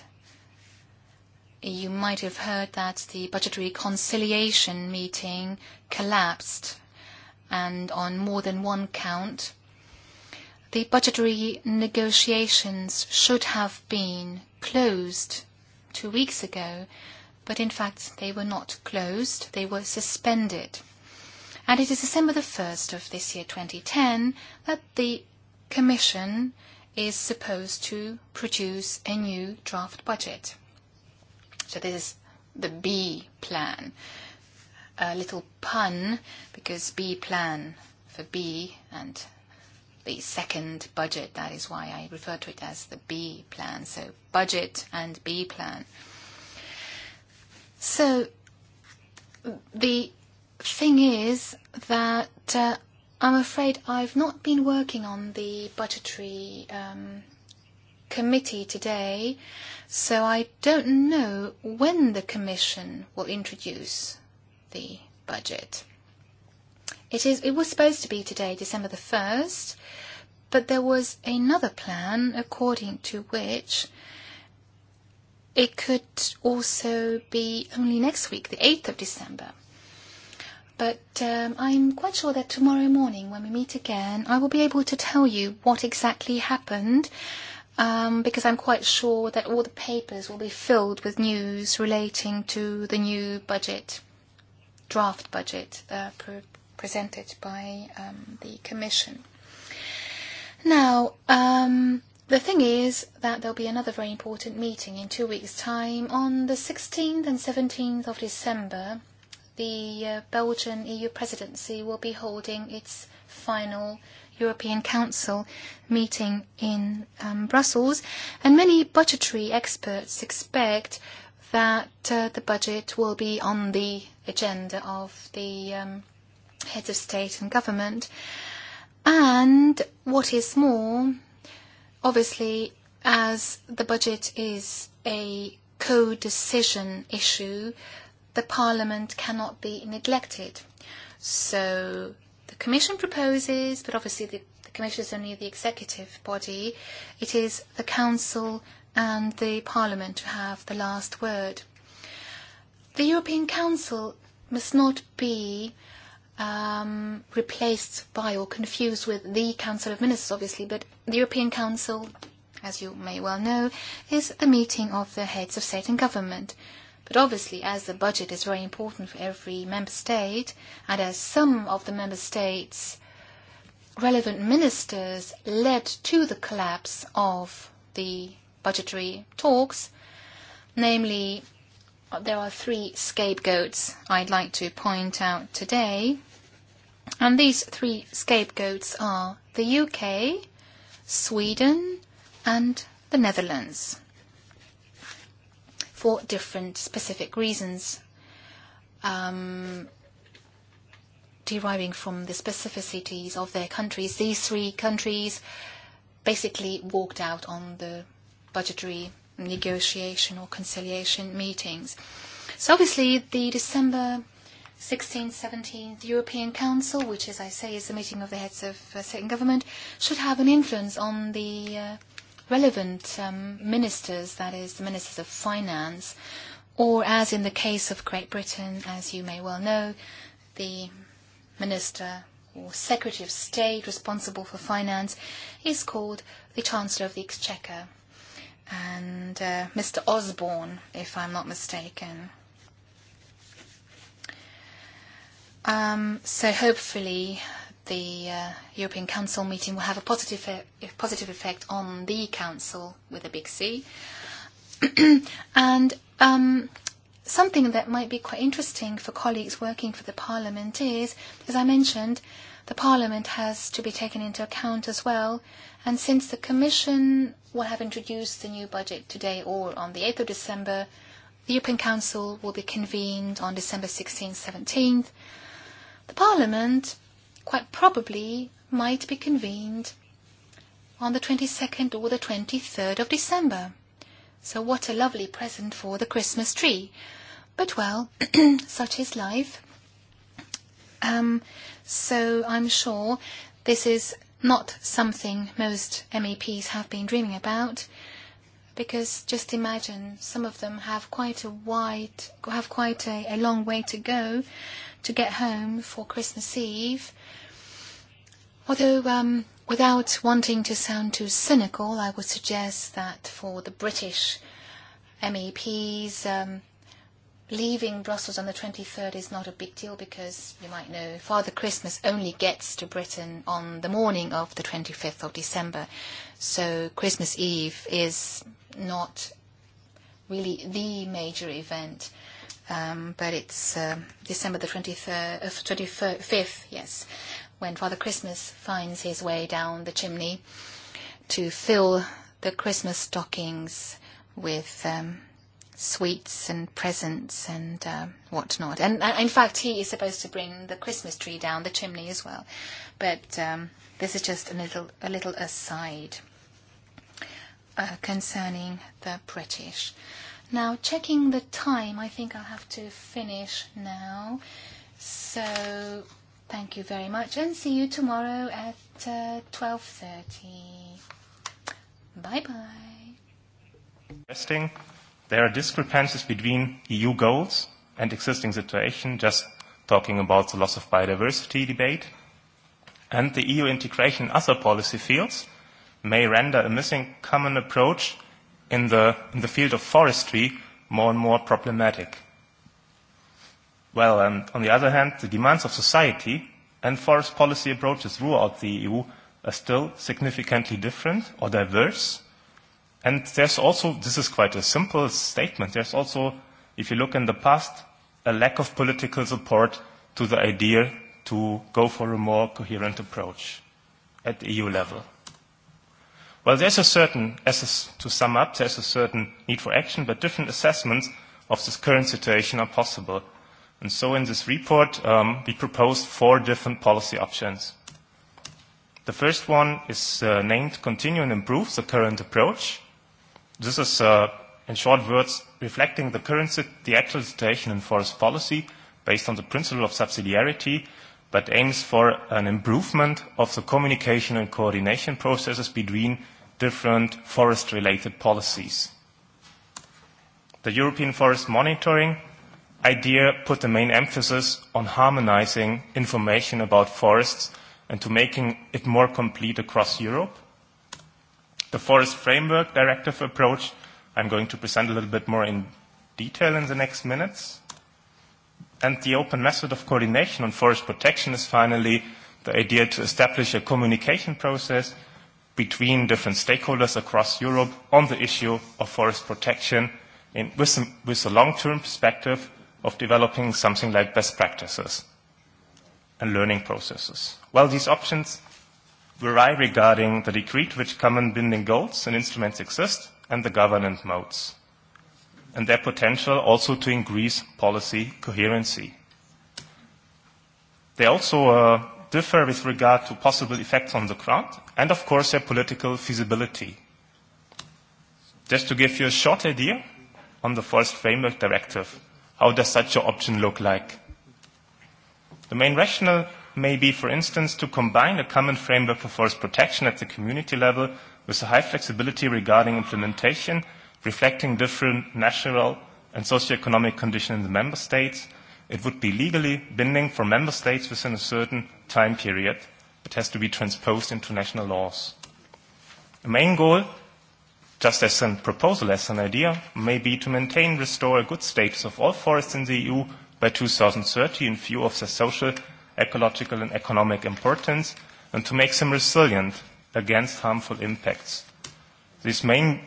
You might have heard that the budgetary conciliation meeting collapsed, and on more than one count, the budgetary negotiations should have been closed two weeks ago, but in fact they were not closed, they were suspended. And it is December the 1st of this year, 2010, that the Commission is supposed to produce a new draft budget. So this is the B plan. A little pun because B plan for B and the second budget. That is why I refer to it as the B plan. So budget and B plan. So the thing is that uh, I'm afraid I've not been working on the budgetary um, committee today, so I don't know when the Commission will introduce the budget. It, is, it was supposed to be today, December the 1st, but there was another plan according to which it could also be only next week, the 8th of December. But um, I'm quite sure that tomorrow morning when we meet again, I will be able to tell you what exactly happened um, because I'm quite sure that all the papers will be filled with news relating to the new budget, draft budget uh, pre- presented by um, the Commission. Now, um, the thing is that there'll be another very important meeting in two weeks' time on the 16th and 17th of December. The uh, Belgian EU presidency will be holding its final European Council meeting in um, Brussels, and many budgetary experts expect that uh, the budget will be on the agenda of the um, heads of state and government. And what is more, obviously, as the budget is a co-decision issue, the parliament cannot be neglected. So Commission proposes, but obviously the, the Commission is only the executive body. It is the Council and the Parliament to have the last word. The European Council must not be um, replaced by or confused with the Council of Ministers, obviously, but the European Council, as you may well know, is the meeting of the heads of state and government. But obviously, as the budget is very important for every member state, and as some of the member states' relevant ministers led to the collapse of the budgetary talks, namely, there are three scapegoats I'd like to point out today. And these three scapegoats are the UK, Sweden, and the Netherlands for different specific reasons um, deriving from the specificities of their countries. These three countries basically walked out on the budgetary negotiation or conciliation meetings. So obviously the December 16th, 17th European Council, which as I say is the meeting of the heads of uh, state and government, should have an influence on the uh, relevant um, ministers, that is, the ministers of finance, or as in the case of Great Britain, as you may well know, the minister or secretary of state responsible for finance is called the Chancellor of the Exchequer. And uh, Mr. Osborne, if I'm not mistaken, Um, so hopefully the uh, European Council meeting will have a positive, e, a positive effect on the Council with a big C. and um, something that might be quite interesting for colleagues working for the Parliament is, as I mentioned, the Parliament has to be taken into account as well. And since the Commission will have introduced the new budget today or on the 8th of December, the European Council will be convened on December 16th, 17th. The Parliament quite probably might be convened on the 22nd or the 23rd of December. So what a lovely present for the Christmas tree. But well, such is life. Um, so I'm sure this is not something most MEPs have been dreaming about, because just imagine some of them have quite a wide, have quite a, a long way to go to get home for Christmas Eve. Although, um, without wanting to sound too cynical, I would suggest that for the British MEPs, um, leaving Brussels on the 23rd is not a big deal because you might know Father Christmas only gets to Britain on the morning of the 25th of December. So Christmas Eve is not really the major event um, but it's uh, December the 23rd, uh, 25th, yes, when Father Christmas finds his way down the chimney to fill the Christmas stockings with um, sweets and presents and uh, whatnot. And uh, in fact, he is supposed to bring the Christmas tree down the chimney as well. But um, this is just a little, a little aside uh, concerning the British. Now, checking the time, I think I'll have to finish now. So, thank you very much and see you tomorrow at uh, 12.30. Bye-bye. Testing. There are discrepancies between EU goals and existing situation, just talking about the loss of biodiversity debate. And the EU integration in other policy fields may render a missing common approach – in the, in the field of forestry more and more problematic. Well, and on the other hand, the demands of society and forest policy approaches throughout the EU are still significantly different or diverse. And there's also, this is quite a simple statement, there's also, if you look in the past, a lack of political support to the idea to go for a more coherent approach at EU level. Well, there's a certain, as to sum up, there's a certain need for action, but different assessments of this current situation are possible. And so in this report, um, we proposed four different policy options. The first one is uh, named Continue and Improve the Current Approach. This is, uh, in short words, reflecting the, current, the actual situation in forest policy based on the principle of subsidiarity but aims for an improvement of the communication and coordination processes between different forest-related policies. The European Forest Monitoring idea put the main emphasis on harmonizing information about forests and to making it more complete across Europe. The Forest Framework Directive approach I'm going to present a little bit more in detail in the next minutes. And the open method of coordination on forest protection is finally the idea to establish a communication process between different stakeholders across Europe on the issue of forest protection in, with, some, with a long-term perspective of developing something like best practices and learning processes. Well, these options vary regarding the degree to which common binding goals and instruments exist and the governance modes and their potential also to increase policy coherency. They also uh, differ with regard to possible effects on the ground and, of course, their political feasibility. Just to give you a short idea on the Forest Framework Directive, how does such an option look like? The main rationale may be, for instance, to combine a common framework for forest protection at the community level with a high flexibility regarding implementation reflecting different national and socioeconomic conditions in the member states. It would be legally binding for member states within a certain time period, but has to be transposed into national laws. The main goal, just as a proposal, as an idea, may be to maintain, restore a good status of all forests in the EU by 2030 in view of their social, ecological and economic importance and to make them resilient against harmful impacts. This main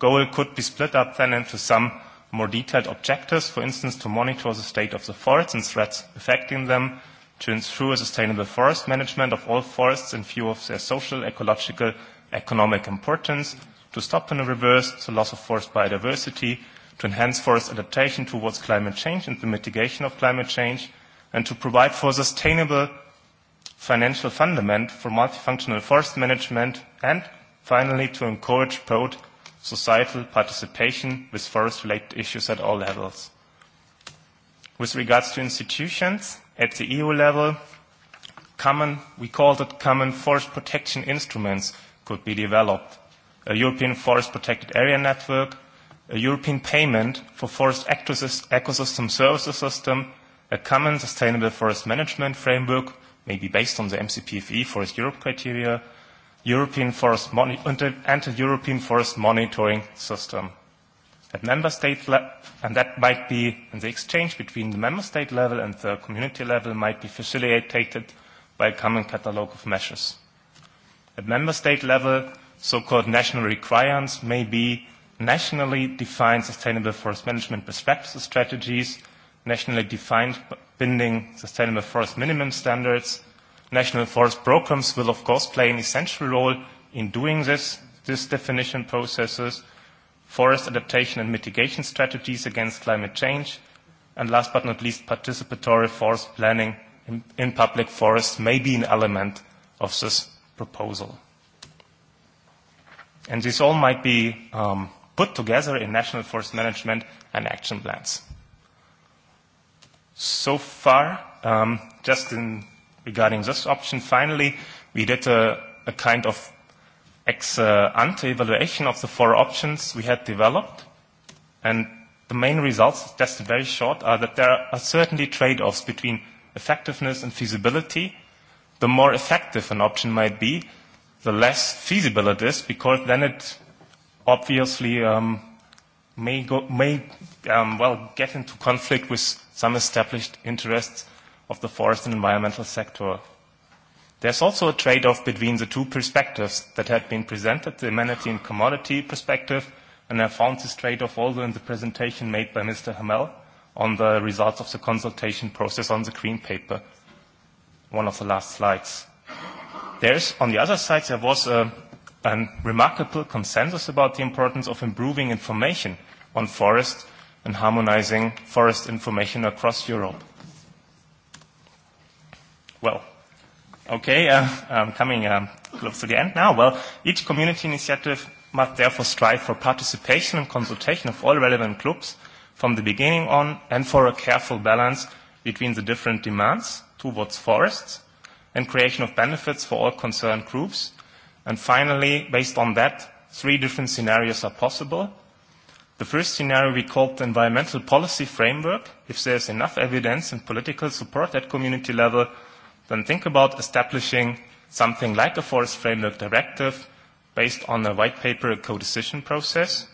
goal could be split up then into some more detailed objectives, for instance, to monitor the state of the forests and threats affecting them, to ensure sustainable forest management of all forests in view of their social, ecological, economic importance, to stop and reverse the loss of forest biodiversity, to enhance forest adaptation towards climate change and the mitigation of climate change, and to provide for sustainable financial fundament for multifunctional forest management, and finally, to encourage broad societal participation with forest-related issues at all levels. With regards to institutions, at the EU level, common, we call it common forest protection instruments could be developed. A European Forest Protected Area Network, a European payment for forest ecosystem services system, a common sustainable forest management framework, maybe based on the MCPFE Forest Europe criteria, European Forest Monitoring and a european Forest Monitoring System. At member state le- and that might be in the exchange between the member state level and the community level might be facilitated by a common catalogue of measures. At member state level, so-called national requirements may be nationally defined sustainable forest management best practices strategies, nationally defined binding sustainable forest minimum standards, National forest programs will, of course, play an essential role in doing this, this definition processes, forest adaptation and mitigation strategies against climate change, and last but not least, participatory forest planning in, in public forests may be an element of this proposal. And this all might be um, put together in national forest management and action plans. So far, um, just in regarding this option. Finally, we did a, a kind of ex uh, ante evaluation of the four options we had developed. And the main results, just very short, are that there are certainly trade-offs between effectiveness and feasibility. The more effective an option might be, the less feasible it is, because then it obviously um, may, go, may um, well get into conflict with some established interests of the forest and environmental sector. There's also a trade-off between the two perspectives that had been presented, the amenity and commodity perspective, and I found this trade-off also in the presentation made by Mr. Hamel on the results of the consultation process on the Green Paper, one of the last slides. There's, on the other side, there was a, a remarkable consensus about the importance of improving information on forest and harmonizing forest information across Europe. Well, okay, uh, I'm um, coming um, close to the end now. Well, each community initiative must therefore strive for participation and consultation of all relevant clubs from the beginning on and for a careful balance between the different demands towards forests and creation of benefits for all concerned groups. And finally, based on that, three different scenarios are possible. The first scenario we called the environmental policy framework. If there's enough evidence and political support at community level, then think about establishing something like a forest framework directive based on a white paper co-decision process.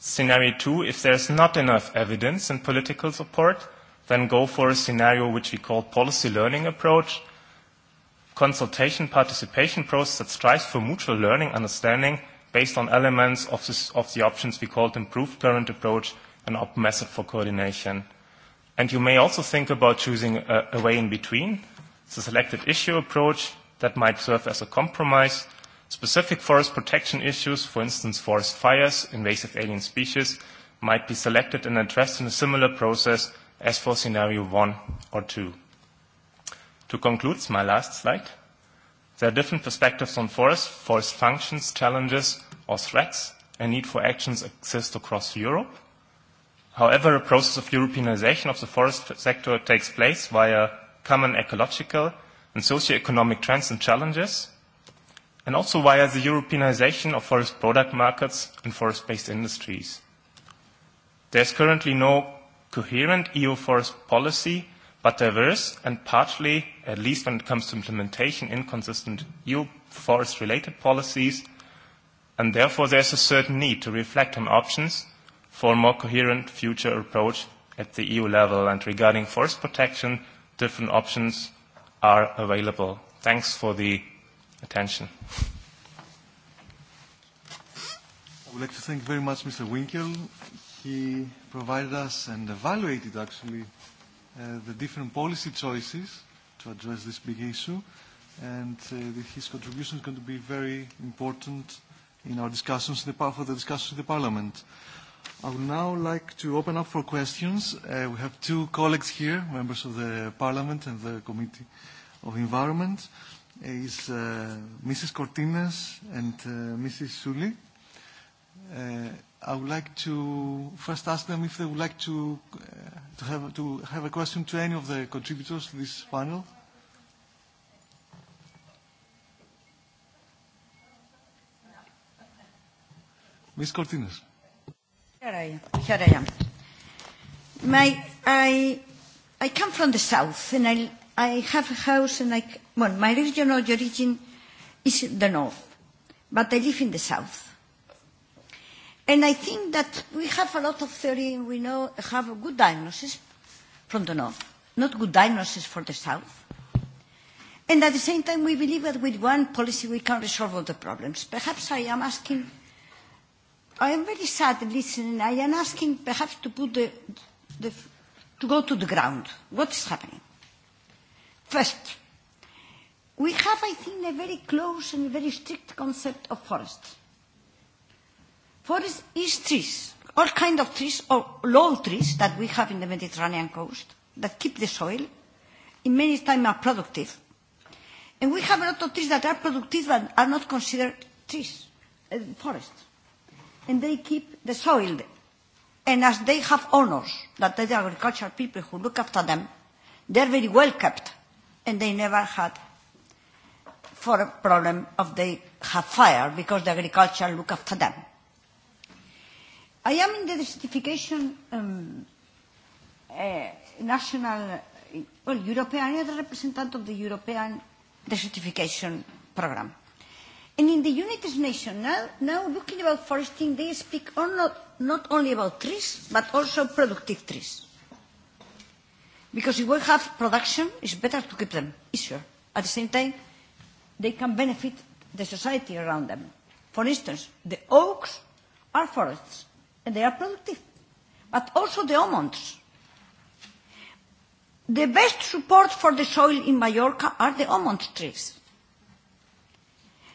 Scenario two, if there's not enough evidence and political support, then go for a scenario which we call policy learning approach, consultation participation process that strives for mutual learning understanding based on elements of, this, of the options we called improved current approach and op method for coordination. And you may also think about choosing a, a way in between, the selected issue approach that might serve as a compromise, specific forest protection issues, for instance forest fires, invasive alien species, might be selected and addressed in a similar process as for scenario one or two. To conclude, my last slide, there are different perspectives on forest, forest functions, challenges or threats, and need for actions exist across Europe. However, a process of Europeanization of the forest sector takes place via common ecological and socio-economic trends and challenges, and also via the Europeanization of forest product markets and forest-based industries. There is currently no coherent EU forest policy, but diverse and partly, at least when it comes to implementation, inconsistent EU forest-related policies, and therefore there is a certain need to reflect on options for a more coherent future approach at the EU level. And regarding forest protection, different options are available. Thanks for the attention. I would like to thank very much Mr. Winkel. He provided us and evaluated actually uh, the different policy choices to address this big issue and uh, his contribution is going to be very important in our discussions in the, for the discussions in the Parliament. I would now like to open up for questions. Uh, we have two colleagues here, members of the Parliament and the Committee of Environment. Is uh, Mrs. Cortines and uh, Mrs. Sully. Uh, I would like to first ask them if they would like to, uh, to, have, to have a question to any of the contributors to this panel. Ms. Cortines. Here I am. My, I, I come from the south, and I, I have a house, and I, well, my regional origin is in the north, but I live in the south. And I think that we have a lot of theory, and we know have a good diagnosis from the north, not good diagnosis for the south. And at the same time, we believe that with one policy we can resolve all the problems. Perhaps I am asking I am very sad listening. I am asking perhaps to put the, the to go to the ground. What is happening? First, we have, I think, a very close and very strict concept of forest. Forest is trees, all kind of trees or low trees that we have in the Mediterranean coast that keep the soil, in many times are productive. And we have a lot of trees that are productive but are not considered trees, uh, forests and they keep the soil. And as they have owners, that are the agricultural people who look after them, they're very well kept, and they never had for a problem of they have fire because the agriculture look after them. I am in the desertification um, uh, national, well, European, I am the representative of the European desertification program. And in the United Nations, now, now looking about foresting, they speak or not, not only about trees, but also productive trees. Because if we have production, it's better to keep them, easier. At the same time, they can benefit the society around them. For instance, the oaks are forests, and they are productive. But also the almonds. The best support for the soil in Mallorca are the almond trees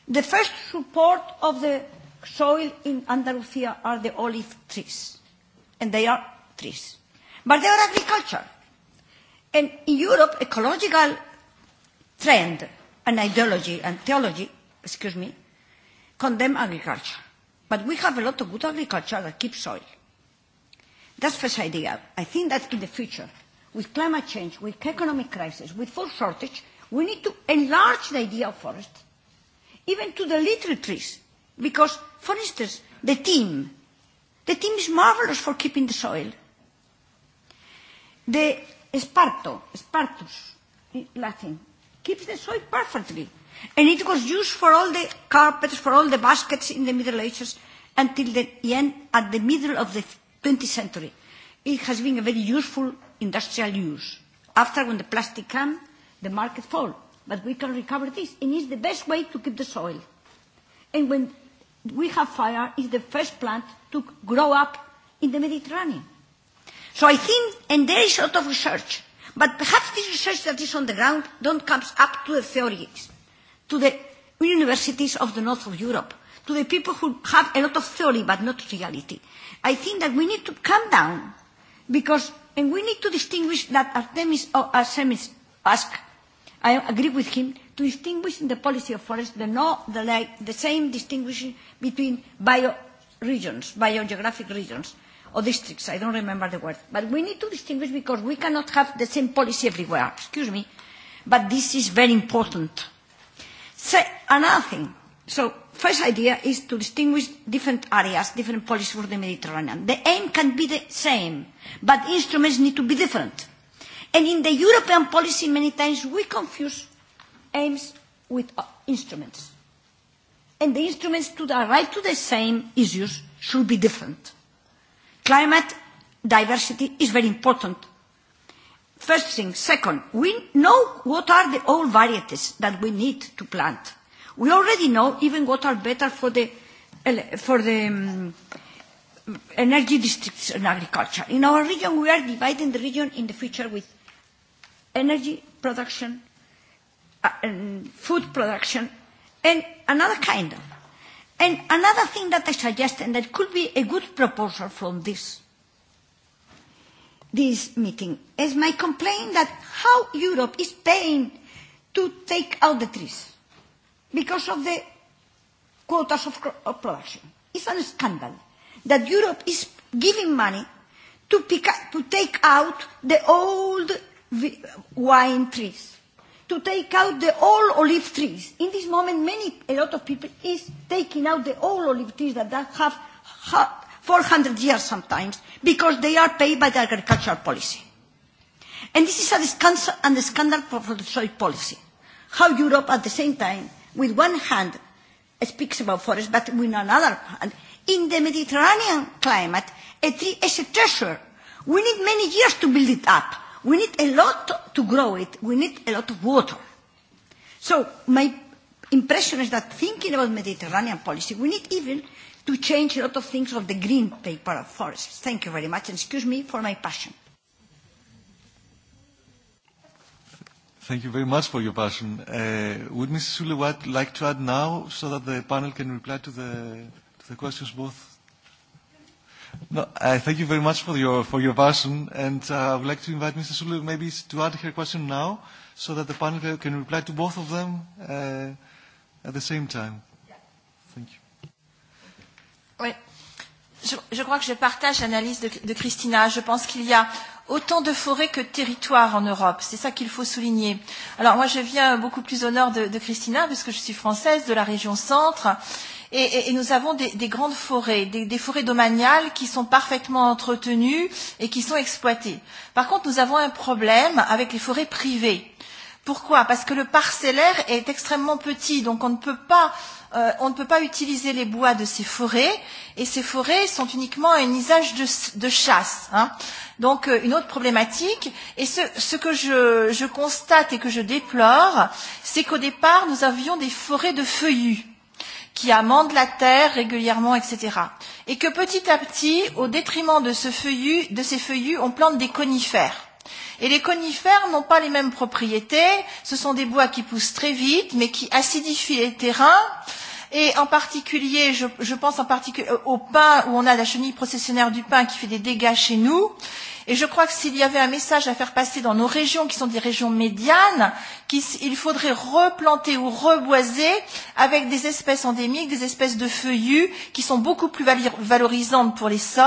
The first support of the soil in Andalusia are the olive trees, and they are trees. But they are agriculture. And in Europe, ecological trend and ideology and theology, excuse me, condemn agriculture. But we have a lot of good agriculture that keeps soil. That's first idea. I think that in the future, with climate change, with economic crisis, with food shortage, we need to enlarge the idea of forest even to the little trees, because, for instance, the team, the team is marvelous for keeping the soil. The esparto, spartus, in Latin, keeps the soil perfectly. And it was used for all the carpets, for all the baskets in the Middle Ages until the end, at the middle of the 20th century. It has been a very useful industrial use. After, when the plastic came, the market fell. But we can recover this, and it's the best way to keep the soil. And when we have fire, it's the first plant to grow up in the Mediterranean. So I think, and there is a lot of research, but perhaps this research that is on the ground don't come up to the theories, to the universities of the north of Europe, to the people who have a lot of theory but not reality. I think that we need to calm down because, and we need to distinguish that Artemis or Artemis asked I agree with him to distinguish in the policy of forests the, no, the, like, the same distinguishing between bioregions, biogeographic regions, or districts, I don't remember the word. But we need to distinguish because we cannot have the same policy everywhere, excuse me. But this is very important. So, another thing, so first idea is to distinguish different areas, different policies for the Mediterranean. The aim can be the same, but instruments need to be different. And in the European policy, many times we confuse aims with uh, instruments. And the instruments to arrive to the same issues should be different. Climate diversity is very important. First thing. Second, we know what are the old varieties that we need to plant. We already know even what are better for the, for the um, energy districts in agriculture. In our region, we are dividing the region in the future with energy production, uh, and food production, and another kind of. And another thing that I suggest, and that could be a good proposal from this, this meeting, is my complaint that how Europe is paying to take out the trees because of the quotas of, of production. It's a scandal that Europe is giving money to, pick up, to take out the old wine trees, to take out the old olive trees. In this moment, many, a lot of people is taking out the old olive trees that have, have 400 years sometimes, because they are paid by the agricultural policy. And this is a scandal, and a scandal for the soil policy. How Europe, at the same time, with one hand, speaks about forest, but with another hand, in the Mediterranean climate, a tree is a treasure. We need many years to build it up We need a lot to grow it. We need a lot of water. So my impression is that thinking about Mediterranean policy, we need even to change a lot of things of the green paper of forests. Thank you very much, and excuse me for my passion. Thank you very much for your passion. Uh, would Mrs. Sulewat like to add now so that the panel can reply to the, to the questions both No, uh, thank you very much for your, for your passion, and uh, I would like to invite Mr. Sulu maybe to add her question now, so that the panel can reply to both of them uh, at the same time. Thank you. Oui. Je, je crois que je partage l'analyse de, de Christina. Je pense qu'il y a autant de forêts que de territoires en Europe. C'est ça qu'il faut souligner. Alors moi, je viens beaucoup plus au nord de, de Christina, puisque je suis française, de la région centre. Et, et, et nous avons des, des grandes forêts, des, des forêts domaniales qui sont parfaitement entretenues et qui sont exploitées. Par contre, nous avons un problème avec les forêts privées. Euh, Pourquoi Parce que le parcellaire est extrêmement petit, donc on ne peut pas euh, on ne peut pas utiliser les bois de ces forêts et ces forêts sont uniquement un usage de, de chasse. Hein. Donc euh, une autre problématique et ce, ce que je, je constate et que je déplore, c'est qu'au départ nous avions des forêts de feuillus qui amendent la terre régulièrement, etc. Et que petit à petit, au détriment de, ce feuillu, de ces feuillus, on plante des conifères Et les conifères n'ont pas les mêmes propriétés. Ce sont des bois qui poussent très vite, mais qui acidifient les terrains Et en particulier, je, je pense en particulier euh, au pain, où on a la chenille processionnaire du pain qui fait des dégâts chez nous. Et je crois que s'il y avait un message à faire passer dans nos régions, qui sont des régions médianes, qu'il faudrait replanter ou reboiser avec des espèces endémiques, des espèces de feuillus, qui sont beaucoup plus valorisantes pour les sols,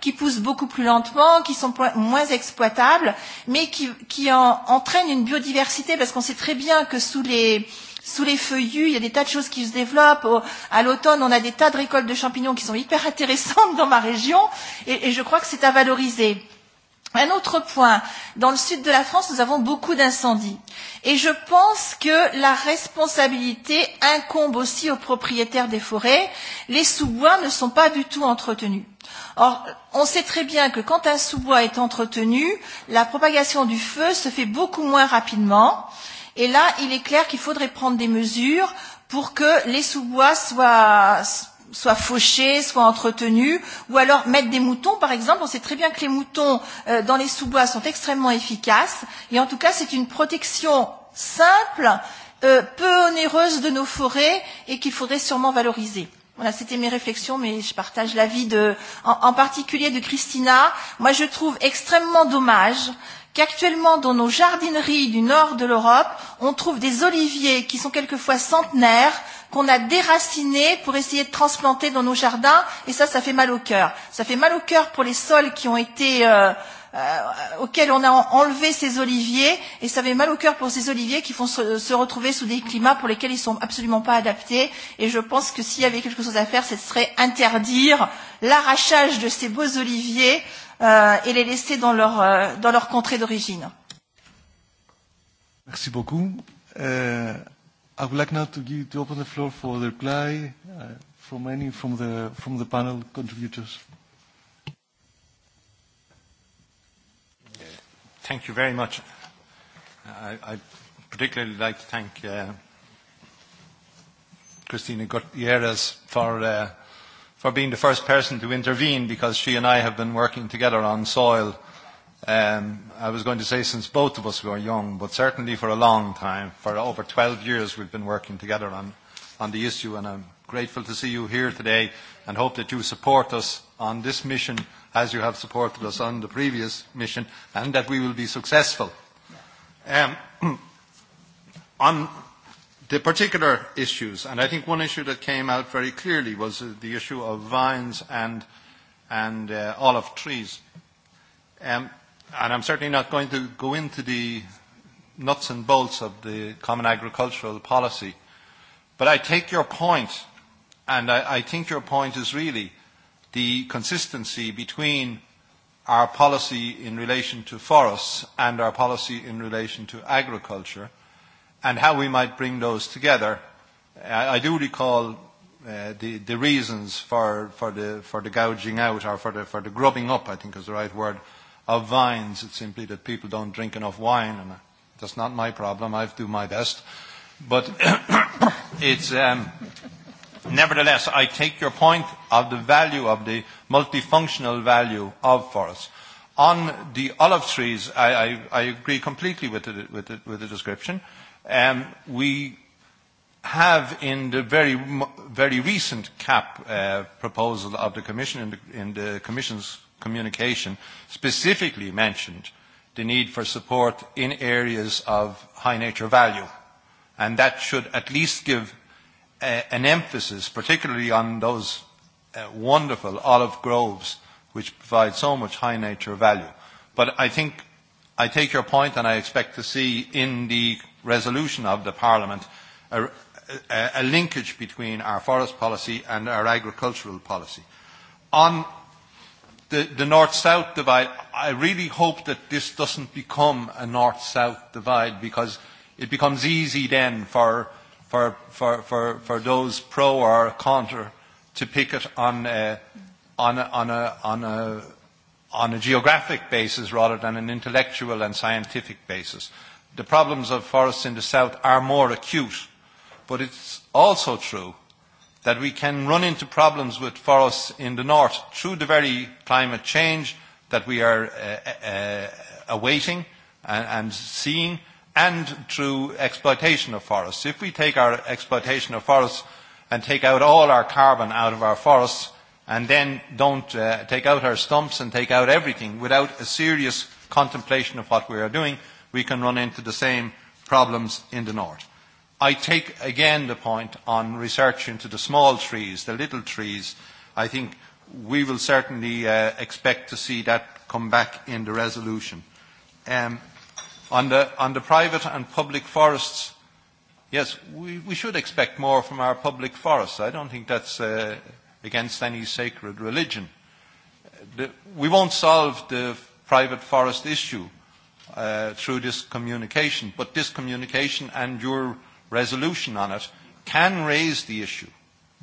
qui poussent beaucoup plus lentement, qui sont moins exploitables, mais qui, qui en, entraînent une biodiversité, parce qu'on sait très bien que sous les, euh, sous les feuillus, il y a des tas de choses qui se développent. à l'automne, on a des tas de récoltes de champignons qui sont hyper intéressantes dans ma région et, et je crois que c'est à valoriser. Un autre point, dans le sud de la France, nous avons beaucoup d'incendies. Et je pense que la responsabilité incombe aussi aux propriétaires des forêts. Les sous-bois ne sont pas du tout entretenus. Or, on sait très bien que quand un sous-bois est entretenu, la propagation du feu se fait beaucoup moins rapidement. Euh, Et là, il est clair qu'il faudrait prendre des mesures pour que les sous-bois soient soit fauchés, soit entretenus, ou alors mettre des moutons, par exemple. On sait très bien que les moutons euh, dans les sous-bois sont extrêmement efficaces, et en tout cas, c'est une protection simple, euh, peu onéreuse de nos forêts, et qu'il faudrait sûrement valoriser. Voilà, c'était mes réflexions, mais je partage l'avis en, en particulier de Christina. Moi, je trouve extrêmement dommage euh, qu'actuellement dans nos jardineries du nord de l'Europe, on trouve des oliviers qui sont quelquefois centenaires, qu'on a déracinés pour essayer de transplanter dans nos jardins, et ça, ça fait mal au cœur. Ça fait mal au cœur pour les sols qui ont été euh, euh, auxquels on a enlevé ces oliviers, et ça fait mal au cœur pour ces oliviers qui font se, se retrouver sous des climats pour lesquels ils sont absolument pas adaptés. Et je pense que s'il y avait quelque chose à faire, ce serait interdire l'arrachage de ces beaux oliviers euh, et les laisser dans leur, euh, dans leur contrée d'origine. Merci beaucoup. Uh, I would like now to, give, to open the floor for the reply uh, from any from the, from the panel contributors. Thank you very much. I, I particularly like to thank uh, Christina Gutierrez for uh, for being the first person to intervene because she and I have been working together on soil. Um, I was going to say since both of us were young, but certainly for a long time. For over 12 years we've been working together on, on the issue and I'm grateful to see you here today and hope that you support us on this mission as you have supported us on the previous mission and that we will be successful. Um, on the particular issues, and I think one issue that came out very clearly was uh, the issue of vines and, and uh, olive trees. Um, and I'm certainly not going to go into the nuts and bolts of the common agricultural policy. But I take your point, and I, I think your point is really the consistency between our policy in relation to forests and our policy in relation to agriculture – and how we might bring those together. I, I do recall uh, the, the reasons for, for, the, for the gouging out or for the, for the grubbing up, I think is the right word, of vines. It's simply that people don't drink enough wine, and that's not my problem. I do my best. But it's, um, nevertheless, I take your point of the value of the multifunctional value of forests. On the olive trees, I, I, I agree completely with the, with the, with the description. Uh, Um, we have in the very, very recent CAP uh, proposal of the Commission, in the, in the Commission's communication, specifically mentioned the need for support in areas of high nature value. And that should at least give uh, an emphasis, particularly on those uh, wonderful olive groves which provide so much high nature value. But I think I take your point and I expect to see in the resolution of the Parliament a, a, a linkage between our forest policy and our agricultural policy. On the, the north-south divide, I really hope that this doesn't become a north-south divide because it becomes easy then for, for, for, for, for those pro or contra to pick it on a, uh, on a, on a, on a, on a geographic basis rather than an intellectual and scientific basis the problems of forests in the south are more acute, but it's also true that we can run into problems with forests in the north through the very climate change that we are uh, uh, awaiting and, and seeing and through exploitation of forests. If we take our exploitation of forests and take out all our carbon out of our forests and then don't uh, take out our stumps and take out everything without a serious contemplation of what we are doing, we can run into the same problems in the north. I take again the point on research into the small trees, the little trees. I think we will certainly uh, expect to see that come back in the resolution. Um, on, the, on the private and public forests, yes, we, we should expect more from our public forests. I don't think that's uh, against any sacred religion. Uh, the, we won't solve the private forest issue uh, through this communication. But this communication and your resolution on it can raise the issue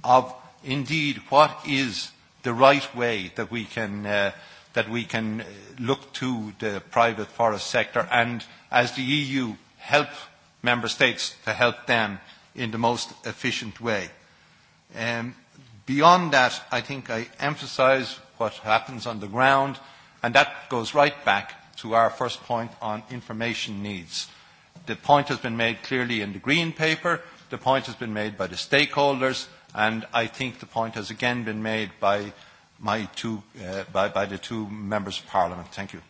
of indeed what is the right way that we can, uh, that we can uh, look to the private forest sector and as the EU help member states to help them in the most efficient way. Um, beyond that, I think I emphasise what happens on the ground, and that goes right back to our first point on information needs. The point has been made clearly in the Green Paper, the point has been made by the stakeholders, and I think the point has again been made by, my two, uh, by, by the two members of Parliament. Thank you.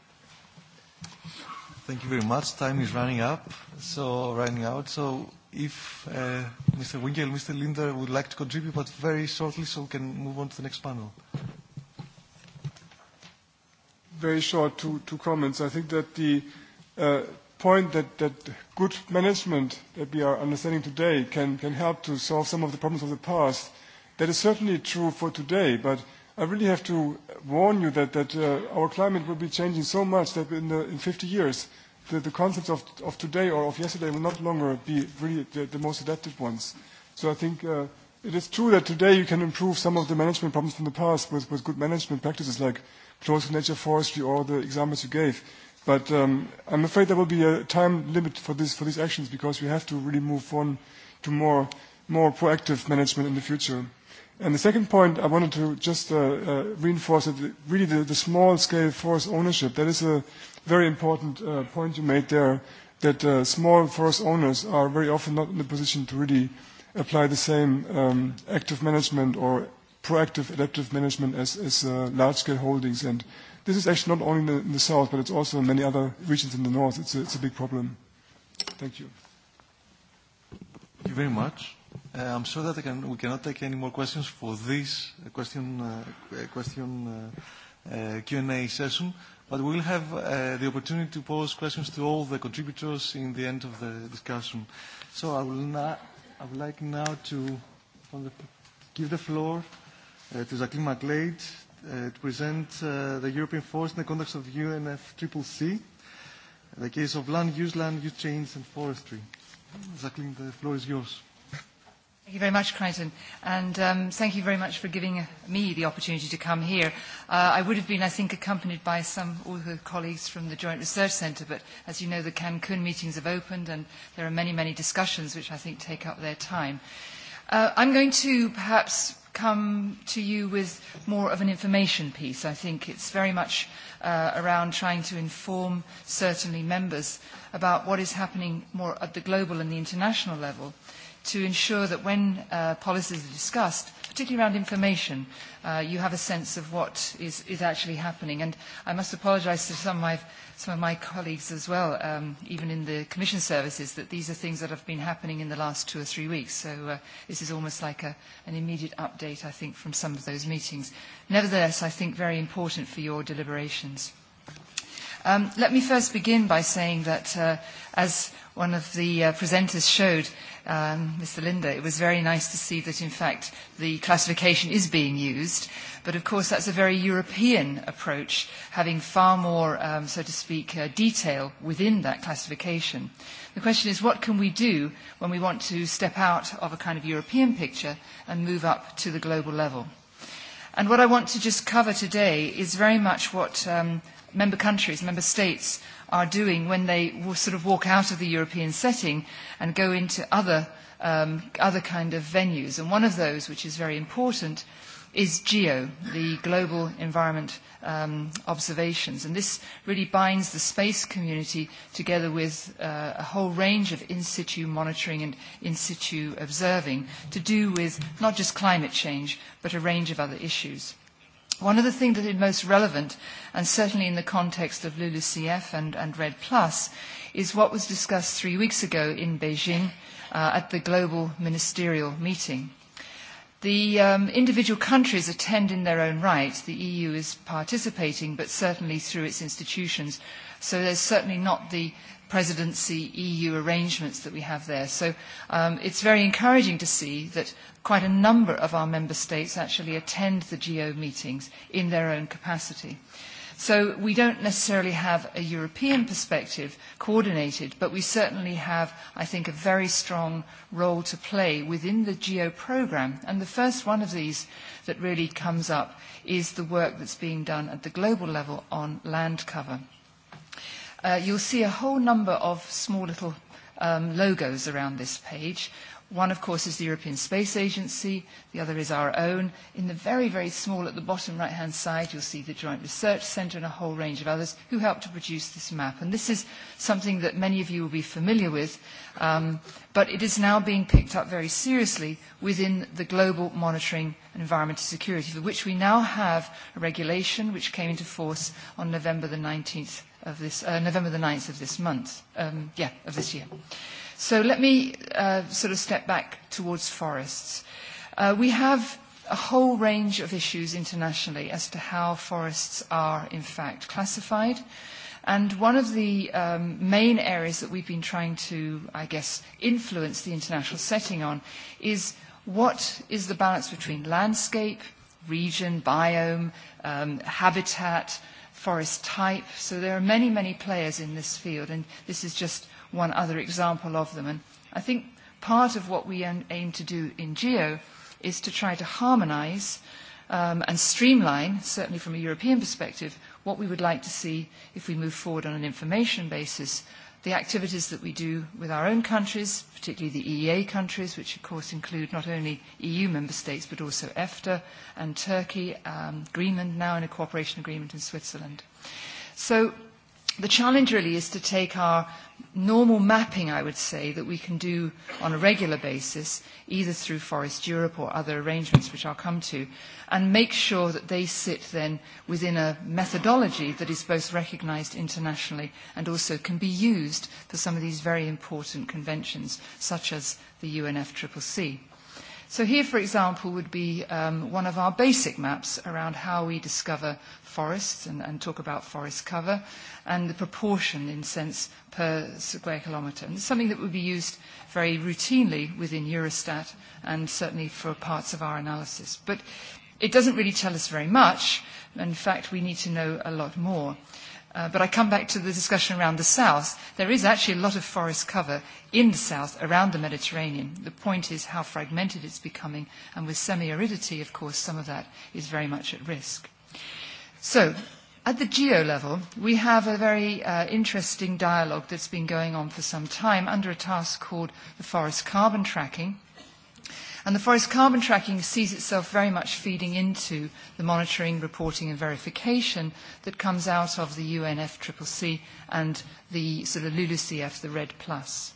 Thank you very much. Time is running up, so running out. So if uh, Mr. Winkel, Mr. Linder would like to contribute, but very shortly, so we can move on to the next panel very short two, two comments. I think that the uh, point that, that good management that we are understanding today can, can help to solve some of the problems of the past, that is certainly true for today, but I really have to warn you that, that uh, our climate will be changing so much that in, the, in 50 years, the, the concepts of, of today or of yesterday will not longer be really the, the most adapted ones. So I think uh, it is true that today you can improve some of the management problems from the past with, with good management practices like close to nature forestry or the examples you gave. But um, I'm afraid there will be a time limit for, this, for these actions because we have to really move on to more, more proactive management in the future. And the second point, I wanted to just uh, uh, reinforce that really the, the small-scale forest ownership, that is a very important uh, point you made there, that uh, small forest owners are very often not in a position to really apply the same um, active management or proactive adaptive management as, as uh, large-scale holdings. And this is actually not only in the, in the south, but it's also in many other regions in the north. It's a, it's a big problem. Thank you. Thank you very much. Uh, I'm sure that I can, we cannot take any more questions for this question, uh, question uh, uh, Q&A uh, uh, session, but we will have uh, the opportunity to pose questions to all the contributors in the end of the discussion. So I will, na I would like now to give the floor uh, to Jacqueline MacLeod uh, to present uh, the European Forest in the context of UNFCCC, the case of land use, land use change and forestry. Jacqueline, the floor is yours. Thank you very much, Crichton, and um, thank you very much for giving me the opportunity to come here. Uh, I would have been, I think, accompanied by some other colleagues from the Joint Research Centre, but as you know, the Cancun meetings have opened, and there are many, many discussions which I think take up their time. Uh, I'm going to perhaps come to you with more of an information piece. I think it's very much uh, around trying to inform certainly members about what is happening more at the global and the international level to ensure that when uh, policies are discussed, particularly around information, uh, you have a sense of what is, is actually happening. And I must apologize to some of, my, some of my colleagues as well, um, even in the Commission services, that these are things that have been happening in the last two or three weeks. So uh, this is almost like a, an immediate update, I think, from some of those meetings. Nevertheless, I think very important for your deliberations. Um, let me first begin by saying that, uh, as one of the uh, presenters showed, um, Mr. Linda, it was very nice to see that, in fact, the classification is being used. But, of course, that's a very European approach, having far more, um, so to speak, uh, detail within that classification. The question is, what can we do when we want to step out of a kind of European picture and move up to the global level? And what I want to just cover today is very much what um, member countries, member states are doing when they sort of walk out of the European setting and go into other, um, other kind of venues. And one of those, which is very important, is GEO, the Global Environment um, Observations. And this really binds the space community together with uh, a whole range of in situ monitoring and in situ observing to do with not just climate change, but a range of other issues. One of the things that is most relevant, and certainly in the context of LULUCF and, and RED Plus, is what was discussed three weeks ago in Beijing uh, at the global ministerial meeting. The um, individual countries attend in their own right. The EU is participating, but certainly through its institutions. So there's certainly not the, presidency EU arrangements that we have there. So um, it's very encouraging to see that quite a number of our member states actually attend the GO meetings in their own capacity. So we don't necessarily have a European perspective coordinated, but we certainly have, I think, a very strong role to play within the GEO programme. And the first one of these that really comes up is the work that's being done at the global level on land cover. Uh, you'll see a whole number of small little um, logos around this page. One, of course, is the European Space Agency. The other is our own. In the very, very small, at the bottom right-hand side, you'll see the Joint Research Centre and a whole range of others who helped to produce this map. And this is something that many of you will be familiar with, um, but it is now being picked up very seriously within the global monitoring and environmental security, for which we now have a regulation which came into force on November the 19th of this, uh, November the 9th of this month, um, yeah, of this year. So let me uh, sort of step back towards forests. Uh, we have a whole range of issues internationally as to how forests are in fact classified. And one of the um, main areas that we've been trying to, I guess, influence the international setting on is what is the balance between landscape, region, biome, um, habitat, forest type. So there are many, many players in this field, and this is just one other example of them. And I think part of what we aim to do in GEO is to try to harmonise um, and streamline, certainly from a European perspective, what we would like to see if we move forward on an information basis. The activities that we do with our own countries, particularly the EEA countries, which of course include not only EU member states but also EFTA and Turkey, um, Greenland now, and a cooperation agreement in Switzerland. So the challenge really is to take our normal mapping, I would say, that we can do on a regular basis, either through Forest Europe or other arrangements, which I'll come to, and make sure that they sit then within a methodology that is both recognised internationally and also can be used for some of these very important conventions, such as the UNFCCC. So here, for example, would be um, one of our basic maps around how we discover forests and, and talk about forest cover and the proportion in sense per square kilometre. And it's something that would be used very routinely within Eurostat and certainly for parts of our analysis. But it doesn't really tell us very much. In fact, we need to know a lot more. Uh, but I come back to the discussion around the south. There is actually a lot of forest cover in the south around the Mediterranean. The point is how fragmented it's becoming, and with semi-aridity, of course, some of that is very much at risk. So At the geo level, we have a very uh, interesting dialogue that's been going on for some time under a task called the Forest Carbon Tracking, And the forest carbon tracking sees itself very much feeding into the monitoring, reporting and verification that comes out of the UNFCCC and the sort of LULUCF, the Red Plus.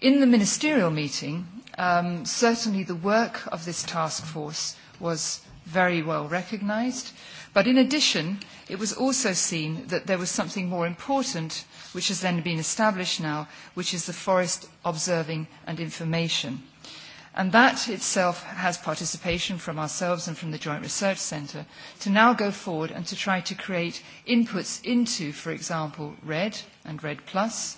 In the ministerial meeting, um, certainly the work of this task force was very well recognized. But in addition, it was also seen that there was something more important, which has then been established now, which is the forest observing and information. And that itself has participation from ourselves and from the Joint Research Centre to now go forward and to try to create inputs into, for example, RED and RED Plus.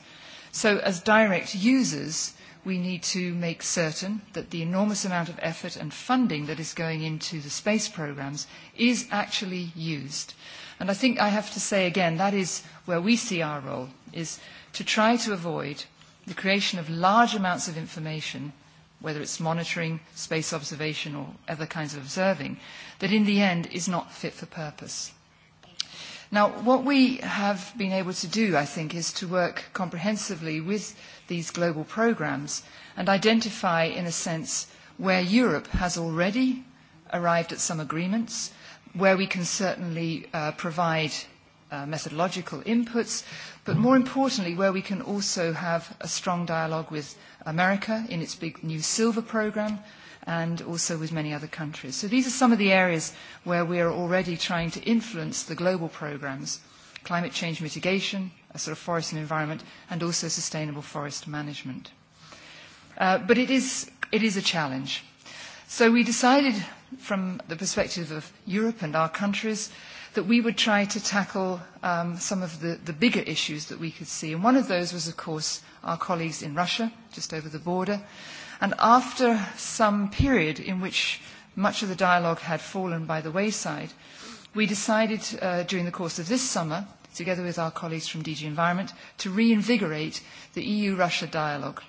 So as direct users, we need to make certain that the enormous amount of effort and funding that is going into the space programmes is actually used. And I think I have to say again, that is where we see our role, is to try to avoid the creation of large amounts of information whether it's monitoring, space observation, or other kinds of observing, that in the end is not fit for purpose. Now, what we have been able to do, I think, is to work comprehensively with these global programs and identify, in a sense, where Europe has already arrived at some agreements, where we can certainly uh, provide Uh, methodological inputs, but more importantly, where we can also have a strong dialogue with America in its big new silver program and also with many other countries. So these are some of the areas where we are already trying to influence the global programs, climate change mitigation, a sort of forest and environment, and also sustainable forest management. Uh, but it is, it is a challenge. So we decided from the perspective of Europe and our countries that we would try to tackle um, some of the, the bigger issues that we could see. And one of those was, of course, our colleagues in Russia, just over the border. And after some period in which much of the dialogue had fallen by the wayside, we decided uh, during the course of this summer, together with our colleagues from DG Environment, to reinvigorate the EU-Russia dialogue.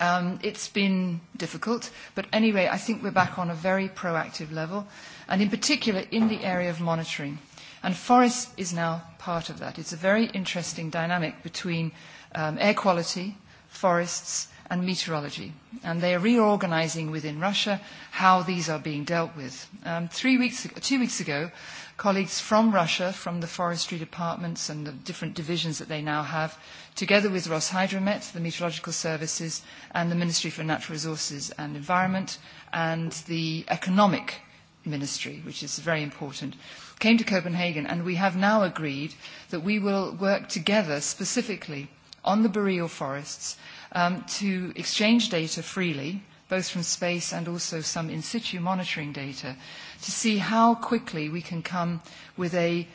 Um, it's been difficult, but anyway, I think we're back on a very proactive level and in particular in the area of monitoring. And forest is now part of that. It's a very interesting dynamic between um, air quality, forests, and meteorology. And they are reorganizing within Russia how these are being dealt with. Um, three weeks, two weeks ago, colleagues from Russia, from the forestry departments and the different divisions that they now have, together with Roshydromet, the meteorological services, and the Ministry for Natural Resources and Environment, and the economic ministry, which is very important, came to Copenhagen, and we have now agreed that we will work together specifically on the boreal forests um, to exchange data freely, both from space and also some in situ monitoring data, to see how quickly we can come with a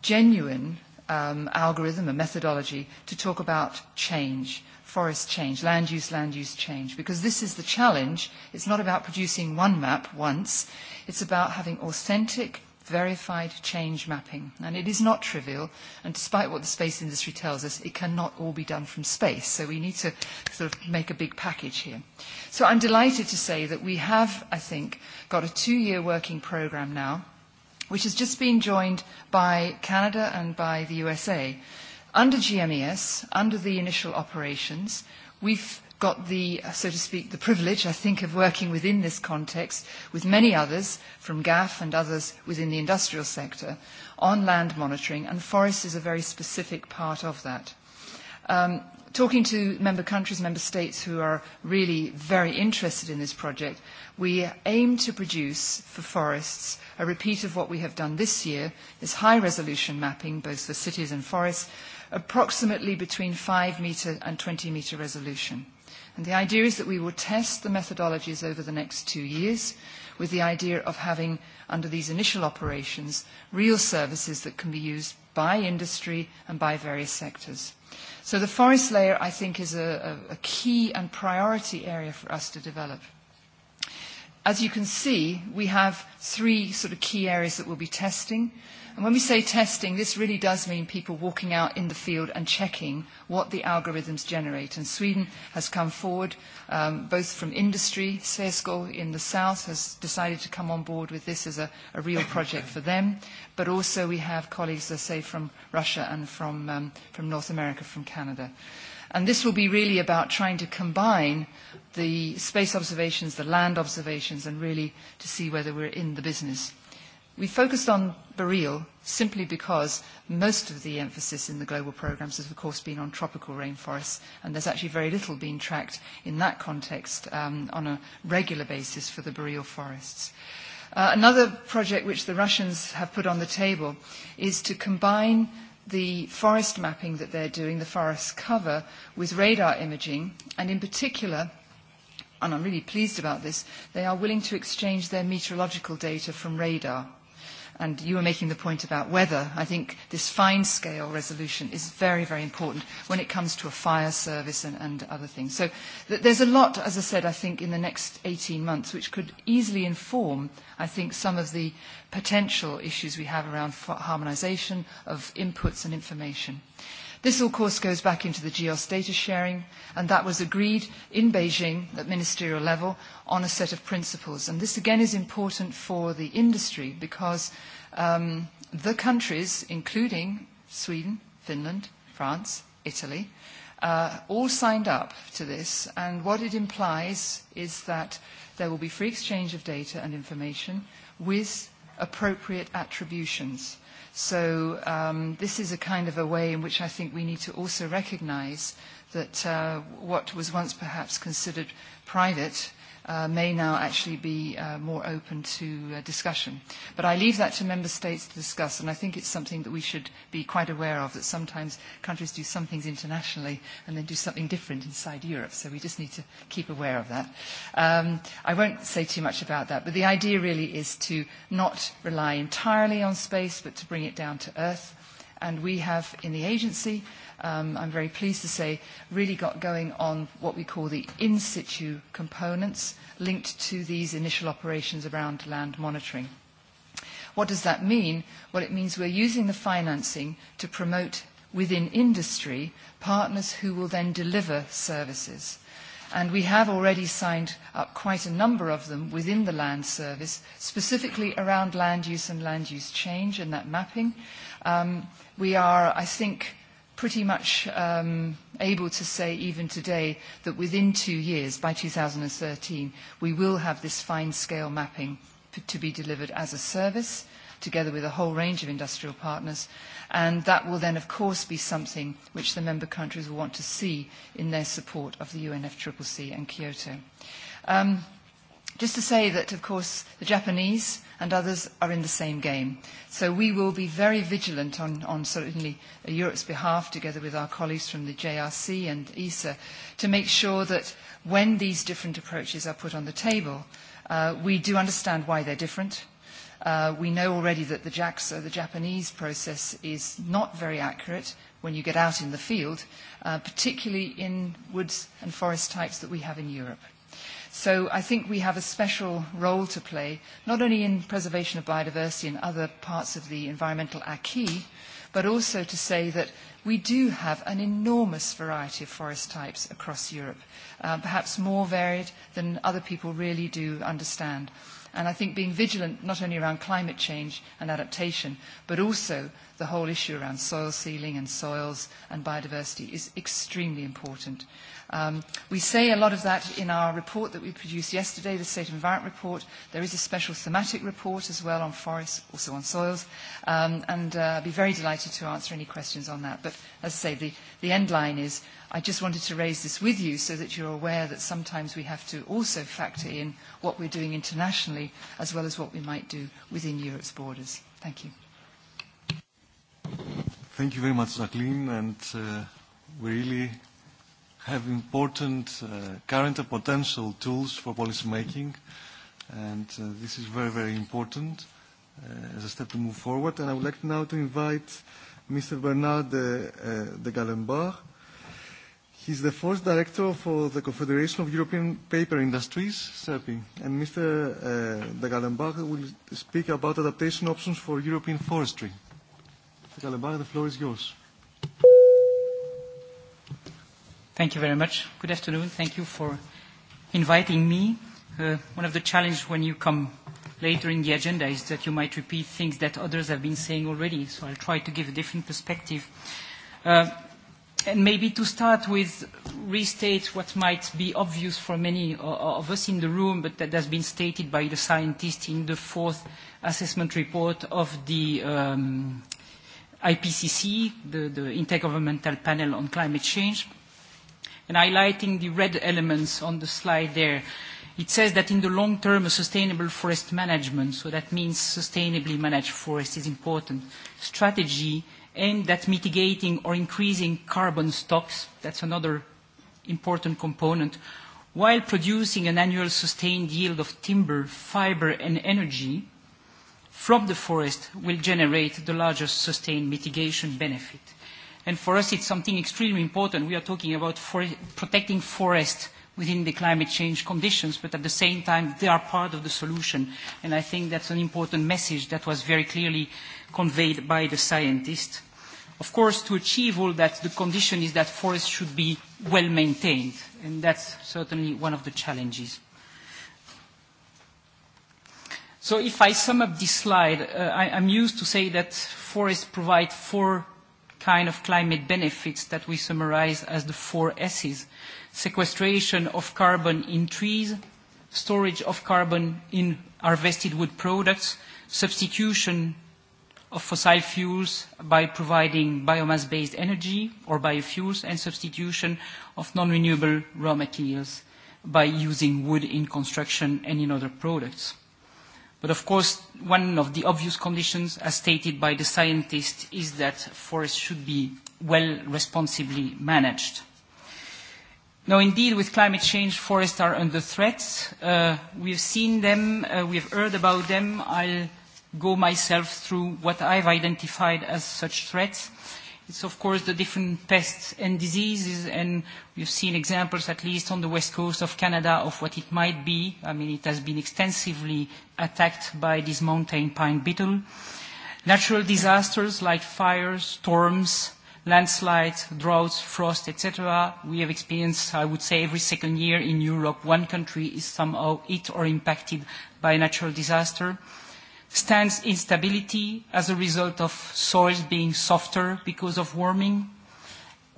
genuine um, algorithm, a methodology, to talk about change forest change, land use, land use change, because this is the challenge. It's not about producing one map once. It's about having authentic, verified change mapping. And it is not trivial. And despite what the space industry tells us, it cannot all be done from space. So we need to sort of make a big package here. So I'm delighted to say that we have, I think, got a two-year working program now, which has just been joined by Canada and by the USA Under GMES, under the initial operations, we've got the, uh, so to speak, the privilege, I think, of working within this context with many others from GAF and others within the industrial sector on land monitoring, and forest is a very specific part of that. Um, talking to member countries, member states who are really very interested in this project, we aim to produce for forests a repeat of what we have done this year, this high resolution mapping both for cities and forests, approximately between 5 metre and 20 metre resolution. And the idea is that we will test the methodologies over the next two years with the idea of having, under these initial operations, real services that can be used by industry and by various sectors. So the forest layer, I think, is a, a, a key and priority area for us to develop. As you can see, we have three sort of key areas that we'll be testing. And when we say testing, this really does mean people walking out in the field and checking what the algorithms generate. And Sweden has come forward, um, both from industry, Svesko in the south has decided to come on board with this as a, a real project for them, but also we have colleagues, let's say, from Russia and from, um, from North America, from Canada. And this will be really about trying to combine the space observations, the land observations, and really to see whether we're in the business. We focused on Boreal simply because most of the emphasis in the global programs has, of course, been on tropical rainforests, and there's actually very little being tracked in that context um, on a regular basis for the Boreal forests. Uh, another project which the Russians have put on the table is to combine the forest mapping that they're doing, the forest cover, with radar imaging, and in particular, and I'm really pleased about this, they are willing to exchange their meteorological data from radar and you were making the point about weather, I think this fine scale resolution is very, very important when it comes to a fire service and, and other things. So th there's a lot, as I said, I think in the next 18 months, which could easily inform, I think, some of the potential issues we have around harmonisation of inputs and information. Uh, This, of course, goes back into the GEOS data sharing, and that was agreed in Beijing at ministerial level on a set of principles. And this, again, is important for the industry because um, the countries, including Sweden, Finland, France, Italy, uh, all signed up to this. And what it implies is that there will be free exchange of data and information with appropriate attributions. So um, this is a kind of a way in which I think we need to also recognize that uh, what was once perhaps considered private uh, may now actually be uh, more open to uh, discussion. But I leave that to member states to discuss, and I think it's something that we should be quite aware of, that sometimes countries do some things internationally and then do something different inside Europe, so we just need to keep aware of that. Um, I won't say too much about that, but the idea really is to not rely entirely on space, but to bring it down to earth. And we have in the agency um, I'm very pleased to say, really got going on what we call the in situ components linked to these initial operations around land monitoring. What does that mean? Well, it means we're using the financing to promote within industry partners who will then deliver services. And we have already signed up quite a number of them within the land service, specifically around land use and land use change and that mapping. Um, we are, I think, pretty much um, able to say even today that within two years, by 2013, we will have this fine-scale mapping to be delivered as a service together with a whole range of industrial partners. And that will then, of course, be something which the member countries will want to see in their support of the UNFCCC and Kyoto. Um, just to say that, of course, the Japanese and others are in the same game. So we will be very vigilant on, on certainly Europe's behalf, together with our colleagues from the JRC and ESA, to make sure that when these different approaches are put on the table, uh, we do understand why they're different, Uh, we know already that the JAXA, uh, the Japanese process, is not very accurate when you get out in the field, uh, particularly in woods and forest types that we have in Europe. So I think we have a special role to play, not only in preservation of biodiversity and other parts of the environmental acquis, but also to say that we do have an enormous variety of forest types across Europe, uh, perhaps more varied than other people really do understand. And I think being vigilant not only around climate change and adaptation, but also the whole issue around soil sealing and soils and biodiversity is extremely important. Um, we say a lot of that in our report that we produced yesterday, the State Environment Report. There is a special thematic report as well on forests, also on soils, um, and uh, I'd be very delighted to answer any questions on that. But as I say, the, the end line is I just wanted to raise this with you so that you're aware that sometimes we have to also factor in what we're doing internationally as well as what we might do within Europe's borders. Thank you. Thank you very much, Jacqueline, and uh, we really have important uh, current and potential tools for policymaking, and uh, this is very, very important uh, as a step to move forward. And I would like now to invite Mr. Bernard de, uh, de Gallenbach. He's the first director for the Confederation of European Paper Industries, Serpi. and Mr. Uh, de Gallenbach will speak about adaptation options for European forestry. Mr. Gallenbach, the floor is yours. Thank you very much. Good afternoon. Thank you for inviting me. Uh, one of the challenges when you come later in the agenda is that you might repeat things that others have been saying already, so I'll try to give a different perspective. Uh, and maybe to start with, restate what might be obvious for many of us in the room, but that has been stated by the scientists in the fourth assessment report of the um, IPCC, the, the Intergovernmental Panel on Climate Change and highlighting the red elements on the slide there. It says that in the long term, a sustainable forest management, so that means sustainably managed forest is important, strategy aimed at mitigating or increasing carbon stocks, that's another important component, while producing an annual sustained yield of timber, fiber and energy from the forest will generate the largest sustained mitigation benefit. And for us, it's something extremely important. We are talking about for protecting forests within the climate change conditions, but at the same time, they are part of the solution. And I think that's an important message that was very clearly conveyed by the scientists. Of course, to achieve all that, the condition is that forests should be well maintained, and that's certainly one of the challenges. So if I sum up this slide, uh, I, I'm used to say that forests provide four kind of climate benefits that we summarize as the four S's. Sequestration of carbon in trees, storage of carbon in harvested wood products, substitution of fossil fuels by providing biomass-based energy or biofuels and substitution of non-renewable raw materials by using wood in construction and in other products. But of course, one of the obvious conditions, as stated by the scientists, is that forests should be well responsibly managed. Now, indeed, with climate change, forests are under threat. Uh, we've seen them, uh, we've heard about them. I'll go myself through what I've identified as such threats It's of course the different pests and diseases, and we've seen examples, at least on the west coast of Canada, of what it might be. I mean, it has been extensively attacked by this mountain pine beetle. Natural disasters like fires, storms, landslides, droughts, frost, etc. We have experienced, I would say, every second year in Europe, one country is somehow hit or impacted by a natural disaster stands instability as a result of soils being softer because of warming,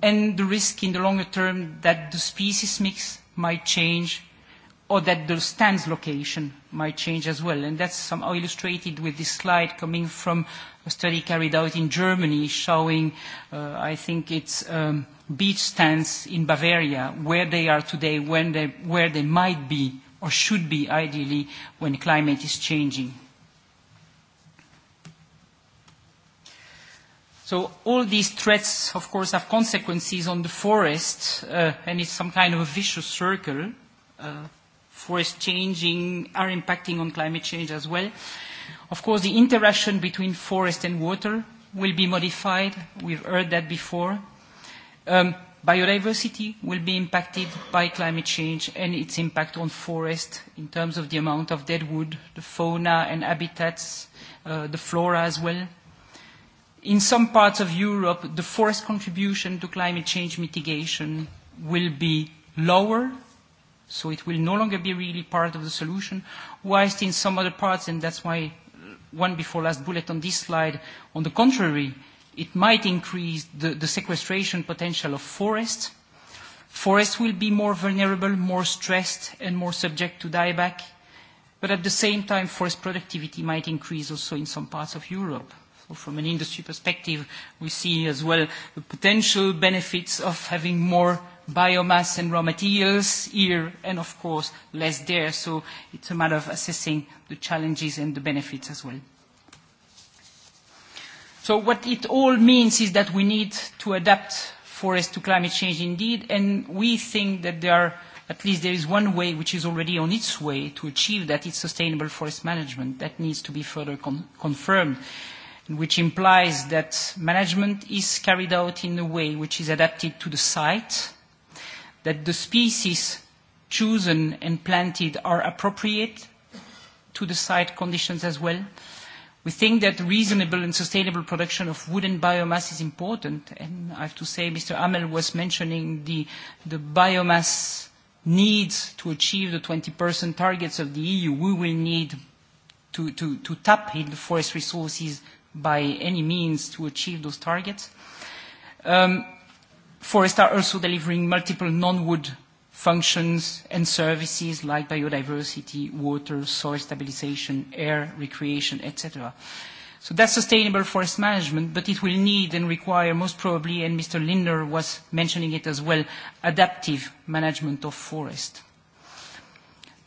and the risk in the longer term that the species mix might change or that the stands location might change as well. And that's somehow illustrated with this slide coming from a study carried out in Germany showing, uh, I think it's um, beach stands in Bavaria, where they are today, when they, where they might be or should be ideally when climate is changing. So all these threats, of course, have consequences on the forest, uh, and it's some kind of a vicious circle. Uh, forests changing are impacting on climate change as well. Of course, the interaction between forest and water will be modified. We've heard that before. Um, biodiversity will be impacted by climate change and its impact on forest in terms of the amount of dead wood, the fauna and habitats, uh, the flora as well in some parts of Europe, the forest contribution to climate change mitigation will be lower, so it will no longer be really part of the solution, whilst in some other parts, and that's why uh, one before last bullet on this slide, on the contrary, it might increase the, the sequestration potential of forests. Forests will be more vulnerable, more stressed, and more subject to dieback. But at the same time, forest productivity might increase also in some parts of Europe from an industry perspective, we see as well the potential benefits of having more biomass and raw materials here and, of course, less there. So it's a matter of assessing the challenges and the benefits as well. So what it all means is that we need to adapt forests to climate change indeed, and we think that there are at least there is one way which is already on its way to achieve that, it's sustainable forest management. That needs to be further con confirmed which implies that management is carried out in a way which is adapted to the site, that the species chosen and planted are appropriate to the site conditions as well. We think that reasonable and sustainable production of wood and biomass is important, and I have to say Mr. Amel was mentioning the, the biomass needs to achieve the 20% targets of the EU. We will need to, to, to tap in the forest resources by any means to achieve those targets. Um, forests are also delivering multiple non-wood functions and services like biodiversity, water, soil stabilization, air, recreation, etc. So that's sustainable forest management, but it will need and require most probably, and Mr. Linder was mentioning it as well, adaptive management of forest.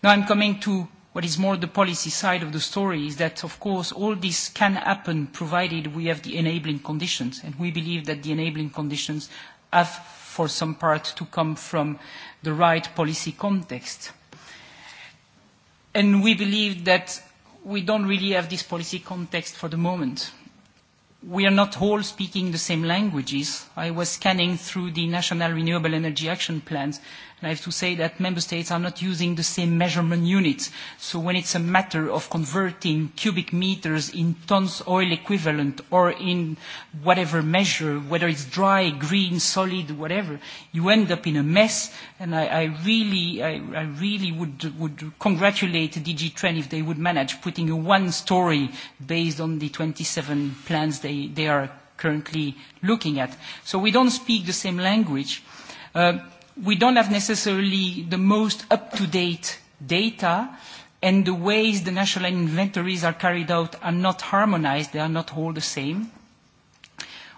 Now I'm coming to What is more, the policy side of the story is that, of course, all this can happen provided we have the enabling conditions. And we believe that the enabling conditions have, for some part, to come from the right policy context. And we believe that we don't really have this policy context for the moment. We are not all speaking the same languages. I was scanning through the National Renewable Energy Action Plans And I have to say that member states are not using the same measurement units. So when it's a matter of converting cubic meters in tons oil equivalent or in whatever measure, whether it's dry, green, solid, whatever, you end up in a mess. And I, I really, I, I really would, would congratulate DG Trend if they would manage putting a one story based on the 27 plans they, they are currently looking at. So we don't speak the same language. Uh, we don't have necessarily the most up-to-date data, and the ways the national inventories are carried out are not harmonized, they are not all the same.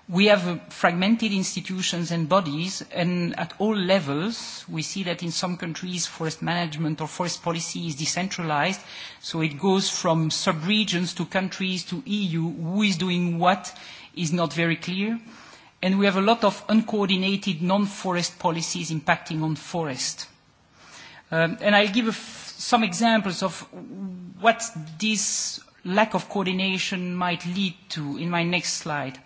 We have fragmented institutions and bodies, and at all levels, we see that in some countries, forest management or forest policy is decentralized, so it goes from sub-regions to countries to EU, who is doing what is not very clear and we have a lot of uncoordinated non-forest policies impacting on forest. Um, and I'll give a f- some examples of what this lack of coordination might lead to in my next slide.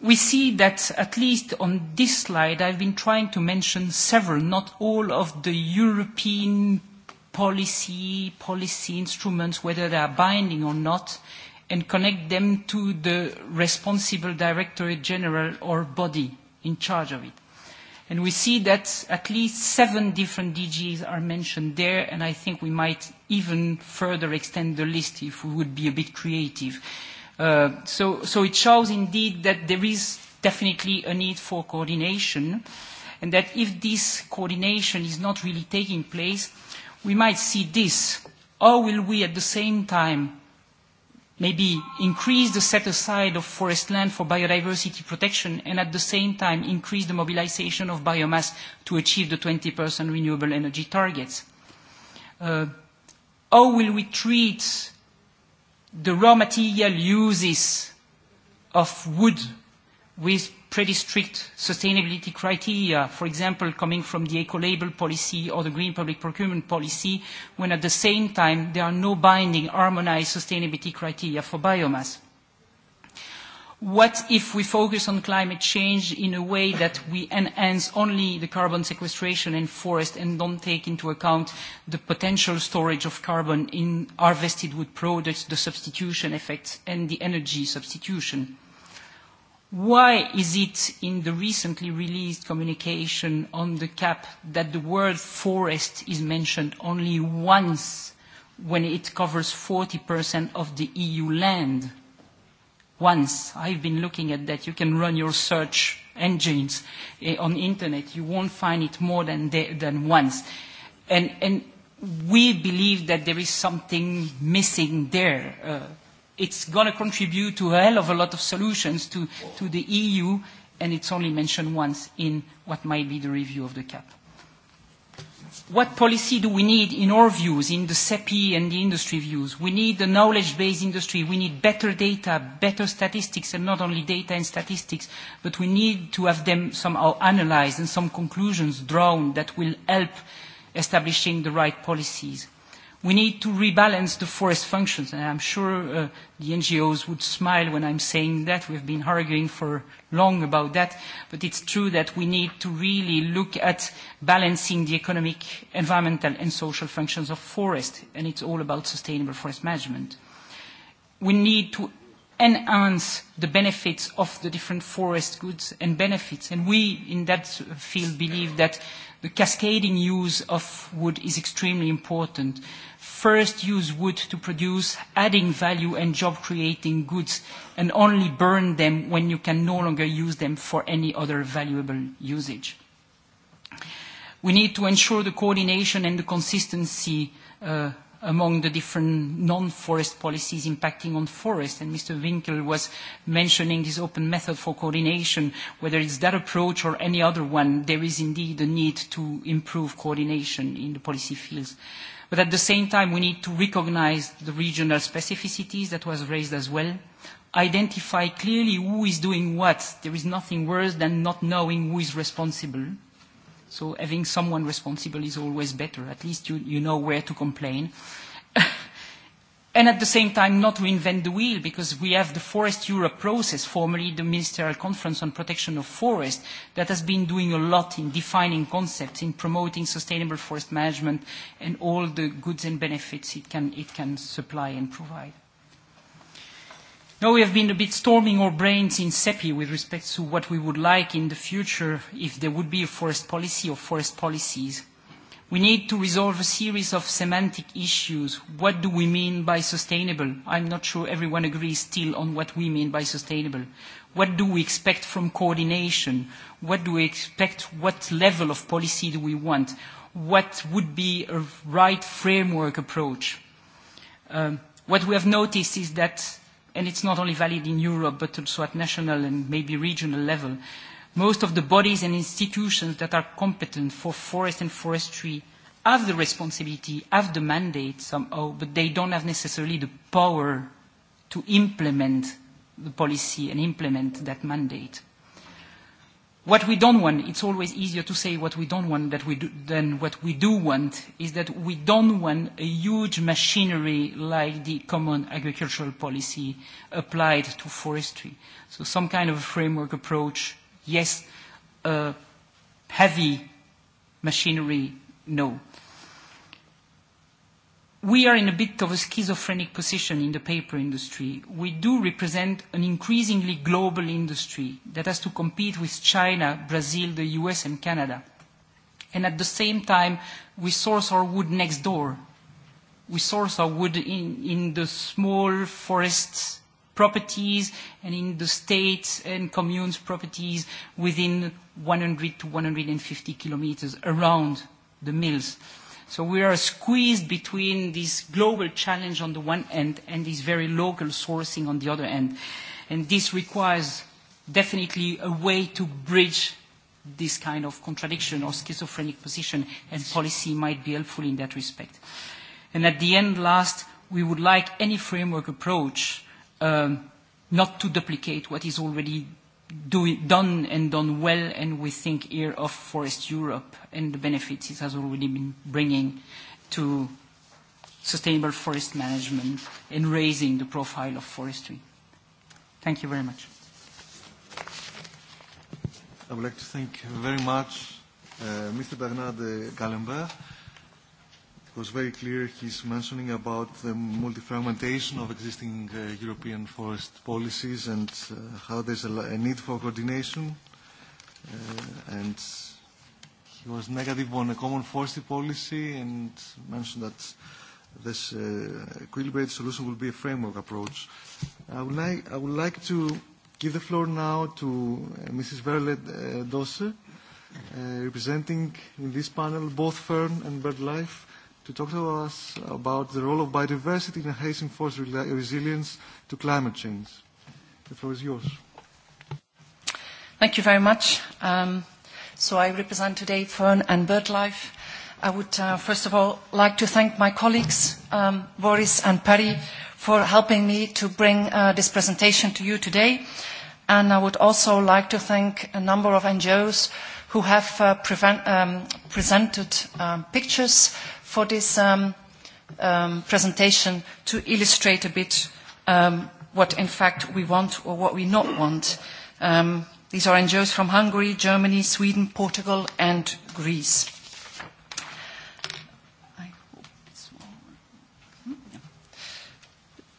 We see that, at least on this slide, I've been trying to mention several, not all of the European policy, policy instruments, whether they are binding or not, and connect them to the responsible directorate general or body in charge of it. And we see that at least seven different DGs are mentioned there, and I think we might even further extend the list if we would be a bit creative. Uh, so, so it shows indeed that there is definitely a need for coordination, and that if this coordination is not really taking place, we might see this. Or will we at the same time maybe increase the set aside of forest land for biodiversity protection and at the same time increase the mobilization of biomass to achieve the 20% renewable energy targets? Uh, how will we treat the raw material uses of wood with pretty strict sustainability criteria, for example, coming from the eco-label policy or the green public procurement policy, when at the same time there are no binding harmonized sustainability criteria for biomass. What if we focus on climate change in a way that we enhance only the carbon sequestration in forest and don't take into account the potential storage of carbon in harvested wood products, the substitution effects, and the energy substitution? Why is it in the recently released communication on the CAP that the word forest is mentioned only once when it covers 40% of the EU land? Once. I've been looking at that. You can run your search engines eh, on internet. You won't find it more than, than once. And, and we believe that there is something missing there. Uh, it's going to contribute to a hell of a lot of solutions to, to the EU, and it's only mentioned once in what might be the review of the CAP. What policy do we need in our views, in the CEPI and the industry views? We need a knowledge-based industry. We need better data, better statistics, and not only data and statistics, but we need to have them somehow analyzed and some conclusions drawn that will help establishing the right policies. We need to rebalance the forest functions, and I'm sure uh, the NGOs would smile when I'm saying that. We've been arguing for long about that, but it's true that we need to really look at balancing the economic, environmental, and social functions of forest, and it's all about sustainable forest management. We need to enhance the benefits of the different forest goods and benefits, and we in that field believe that The cascading use of wood is extremely important. First, use wood to produce adding value and job-creating goods, and only burn them when you can no longer use them for any other valuable usage. We need to ensure the coordination and the consistency uh, among the different non-forest policies impacting on forest, and Mr. Winkel was mentioning this open method for coordination. Whether it's that approach or any other one, there is indeed a need to improve coordination in the policy fields. But at the same time, we need to recognize the regional specificities that was raised as well, identify clearly who is doing what. There is nothing worse than not knowing who is responsible So having someone responsible is always better. At least you, you know where to complain. and at the same time, not reinvent the wheel, because we have the Forest Europe process, formerly the Ministerial Conference on Protection of Forest, that has been doing a lot in defining concepts, in promoting sustainable forest management, and all the goods and benefits it can, it can supply and provide. No, we have been a bit storming our brains in CEPI with respect to what we would like in the future if there would be a forest policy or forest policies. We need to resolve a series of semantic issues. What do we mean by sustainable? I'm not sure everyone agrees still on what we mean by sustainable. What do we expect from coordination? What do we expect? What level of policy do we want? What would be a right framework approach? Um, what we have noticed is that and it's not only valid in Europe, but also at national and maybe regional level, most of the bodies and institutions that are competent for forest and forestry have the responsibility, have the mandate somehow, but they don't have necessarily the power to implement the policy and implement that mandate. What we don't want, it's always easier to say what we don't want that we do, than what we do want, is that we don't want a huge machinery like the common agricultural policy applied to forestry. So some kind of a framework approach, yes, uh, heavy machinery, no we are in a bit of a schizophrenic position in the paper industry. We do represent an increasingly global industry that has to compete with China, Brazil, the US and Canada. And at the same time, we source our wood next door. We source our wood in, in the small forests properties and in the states and communes properties within 100 to 150 kilometers around the mills. So we are squeezed between this global challenge on the one end and this very local sourcing on the other end. And this requires definitely a way to bridge this kind of contradiction or schizophrenic position, and policy might be helpful in that respect. And at the end, last, we would like any framework approach um, not to duplicate what is already done and done well, and we think here of Forest Europe and the benefits it has already been bringing to sustainable forest management and raising the profile of forestry. Thank you very much. I would like to thank very much uh, Mr. Bernard Gallenberg. It was very clear. He's mentioning about the multi-fragmentation of existing uh, European forest policies and uh, how there's a, a need for coordination. Uh, and he was negative on a common forestry policy and mentioned that this uh, equilibrated solution will be a framework approach. I would like, I would like to give the floor now to uh, Mrs. Verlet uh, Dosse, uh, representing in this panel both Fern and BirdLife to talk to us about the role of biodiversity in enhancing forest resilience to climate change. The floor is yours. Thank you very much. Um, so I represent today Fern and BirdLife. I would uh, first of all like to thank my colleagues, um, Boris and Perry, for helping me to bring uh, this presentation to you today. And I would also like to thank a number of NGOs who have uh, prevent, um, presented um, pictures for this um, um, presentation to illustrate a bit um, what in fact we want or what we not want. Um, these are NGOs from Hungary, Germany, Sweden, Portugal and Greece. Hmm?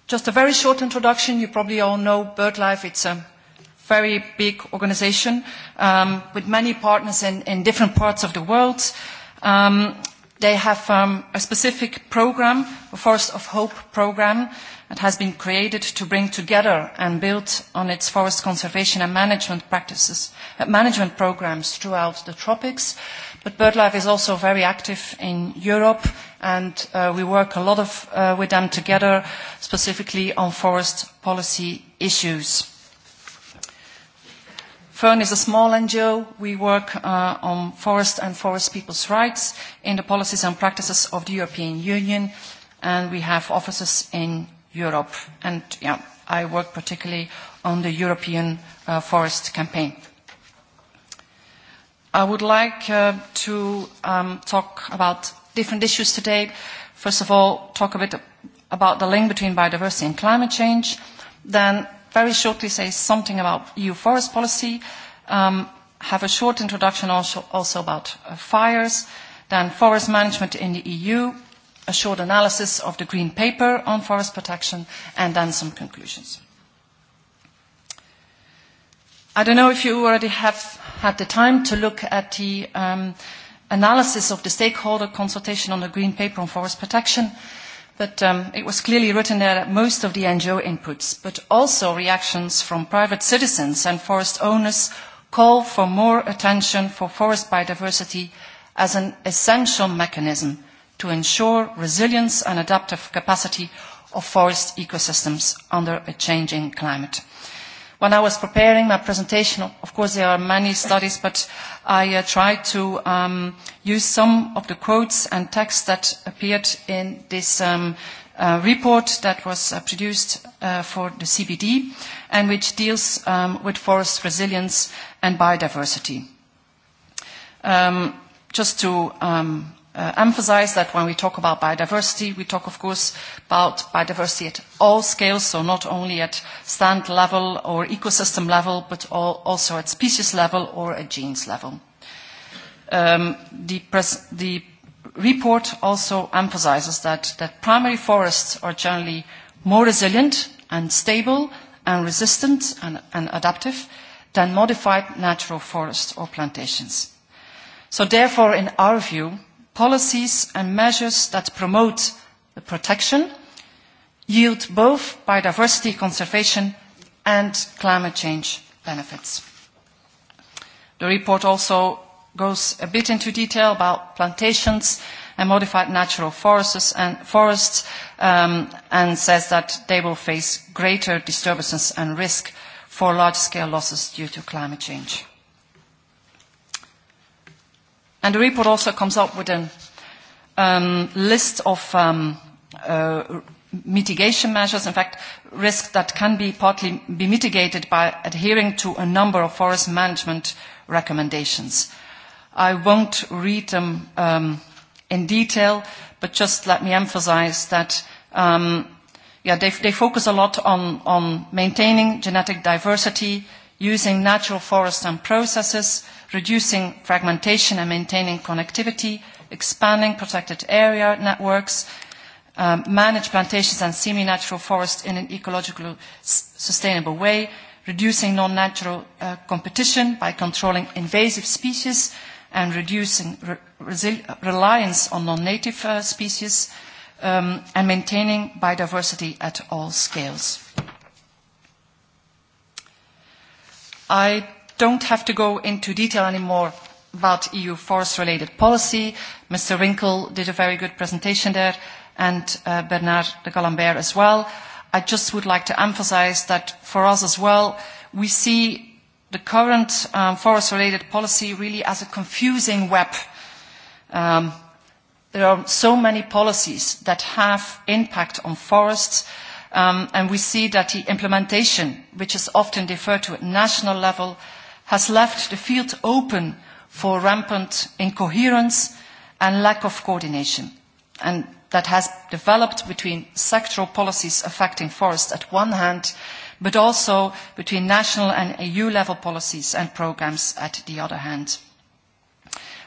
Just a very short introduction. You probably all know BirdLife. It's a very big organization um, with many partners in, in different parts of the world. Um, They have um, a specific program, a Forest of Hope program, that has been created to bring together and build on its forest conservation and management practices, uh, management programs throughout the tropics. But BirdLife is also very active in Europe, and uh, we work a lot of, uh, with them together, specifically on forest policy issues. Fern is a small NGO. We work uh, on forest and forest people's rights in the policies and practices of the European Union, and we have offices in Europe. And yeah, I work particularly on the European uh, Forest Campaign. I would like uh, to um, talk about different issues today. First of all, talk a bit about the link between biodiversity and climate change, then very shortly say something about EU forest policy, um, have a short introduction also, also about uh, fires, then forest management in the EU, a short analysis of the Green Paper on forest protection, and then some conclusions. I don't know if you already have had the time to look at the um, analysis of the stakeholder consultation on the Green Paper on forest protection but um, it was clearly written there that most of the NGO inputs, but also reactions from private citizens and forest owners call for more attention for forest biodiversity as an essential mechanism to ensure resilience and adaptive capacity of forest ecosystems under a changing climate. When I was preparing my presentation, of course there are many studies, but I uh, tried to um, use some of the quotes and texts that appeared in this um, uh, report that was uh, produced uh, for the CBD and which deals um, with forest resilience and biodiversity. Um, just to um, uh, emphasize that when we talk about biodiversity, we talk, of course, about biodiversity at all scales, so not only at stand level or ecosystem level, but all, also at species level or at genes level. Um, the, pres- the report also emphasizes that, that primary forests are generally more resilient and stable and resistant and, and adaptive than modified natural forests or plantations. So therefore, in our view, policies and measures that promote the protection yield both biodiversity conservation and climate change benefits. The report also goes a bit into detail about plantations and modified natural forests and, forests, um, and says that they will face greater disturbances and risk for large-scale losses due to climate change. And the report also comes up with a um, list of um, uh, mitigation measures, in fact, risks that can be partly be mitigated by adhering to a number of forest management recommendations. I won't read them um, in detail, but just let me emphasize that um, yeah, they, they focus a lot on, on maintaining genetic diversity, using natural forests and processes, reducing fragmentation and maintaining connectivity, expanding protected area networks, um, manage plantations and semi-natural forests in an ecological sustainable way, reducing non-natural uh, competition by controlling invasive species and reducing re reliance on non-native uh, species, um, and maintaining biodiversity at all scales. I don't have to go into detail anymore about EU forest-related policy. Mr. Winkle did a very good presentation there, and uh, Bernard de Galambert as well. I just would like to emphasize that for us as well, we see the current um, forest-related policy really as a confusing web. Um, there are so many policies that have impact on forests, um, and we see that the implementation, which is often deferred to at national level, has left the field open for rampant incoherence and lack of coordination, and that has developed between sectoral policies affecting forests at one hand, but also between national and EU-level policies and programs at the other hand.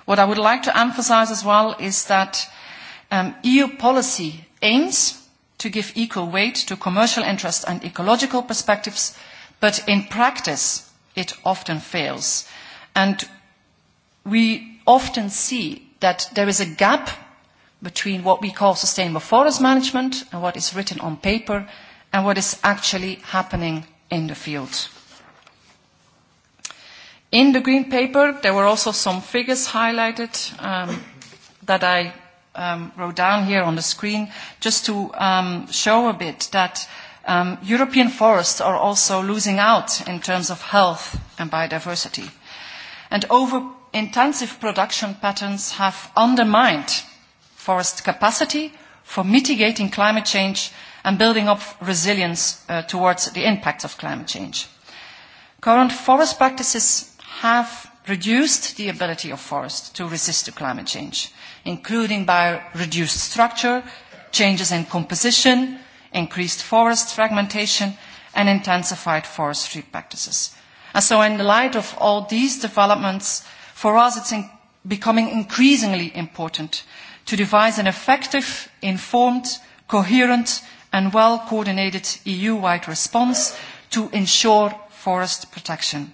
What I would like to emphasize as well is that um, EU policy aims to give equal weight to commercial interests and ecological perspectives, but in practice, it often fails. And we often see that there is a gap between what we call sustainable forest management and what is written on paper and what is actually happening in the field. In the Green Paper, there were also some figures highlighted um, that I um, wrote down here on the screen just to um, show a bit that Um, European forests are also losing out in terms of health and biodiversity. And over-intensive production patterns have undermined forest capacity for mitigating climate change and building up resilience uh, towards the impacts of climate change. Current forest practices have reduced the ability of forests to resist to climate change, including by reduced structure, changes in composition, increased forest fragmentation, and intensified forestry practices. And so in the light of all these developments, for us it's in becoming increasingly important to devise an effective, informed, coherent and well-coordinated EU-wide response to ensure forest protection.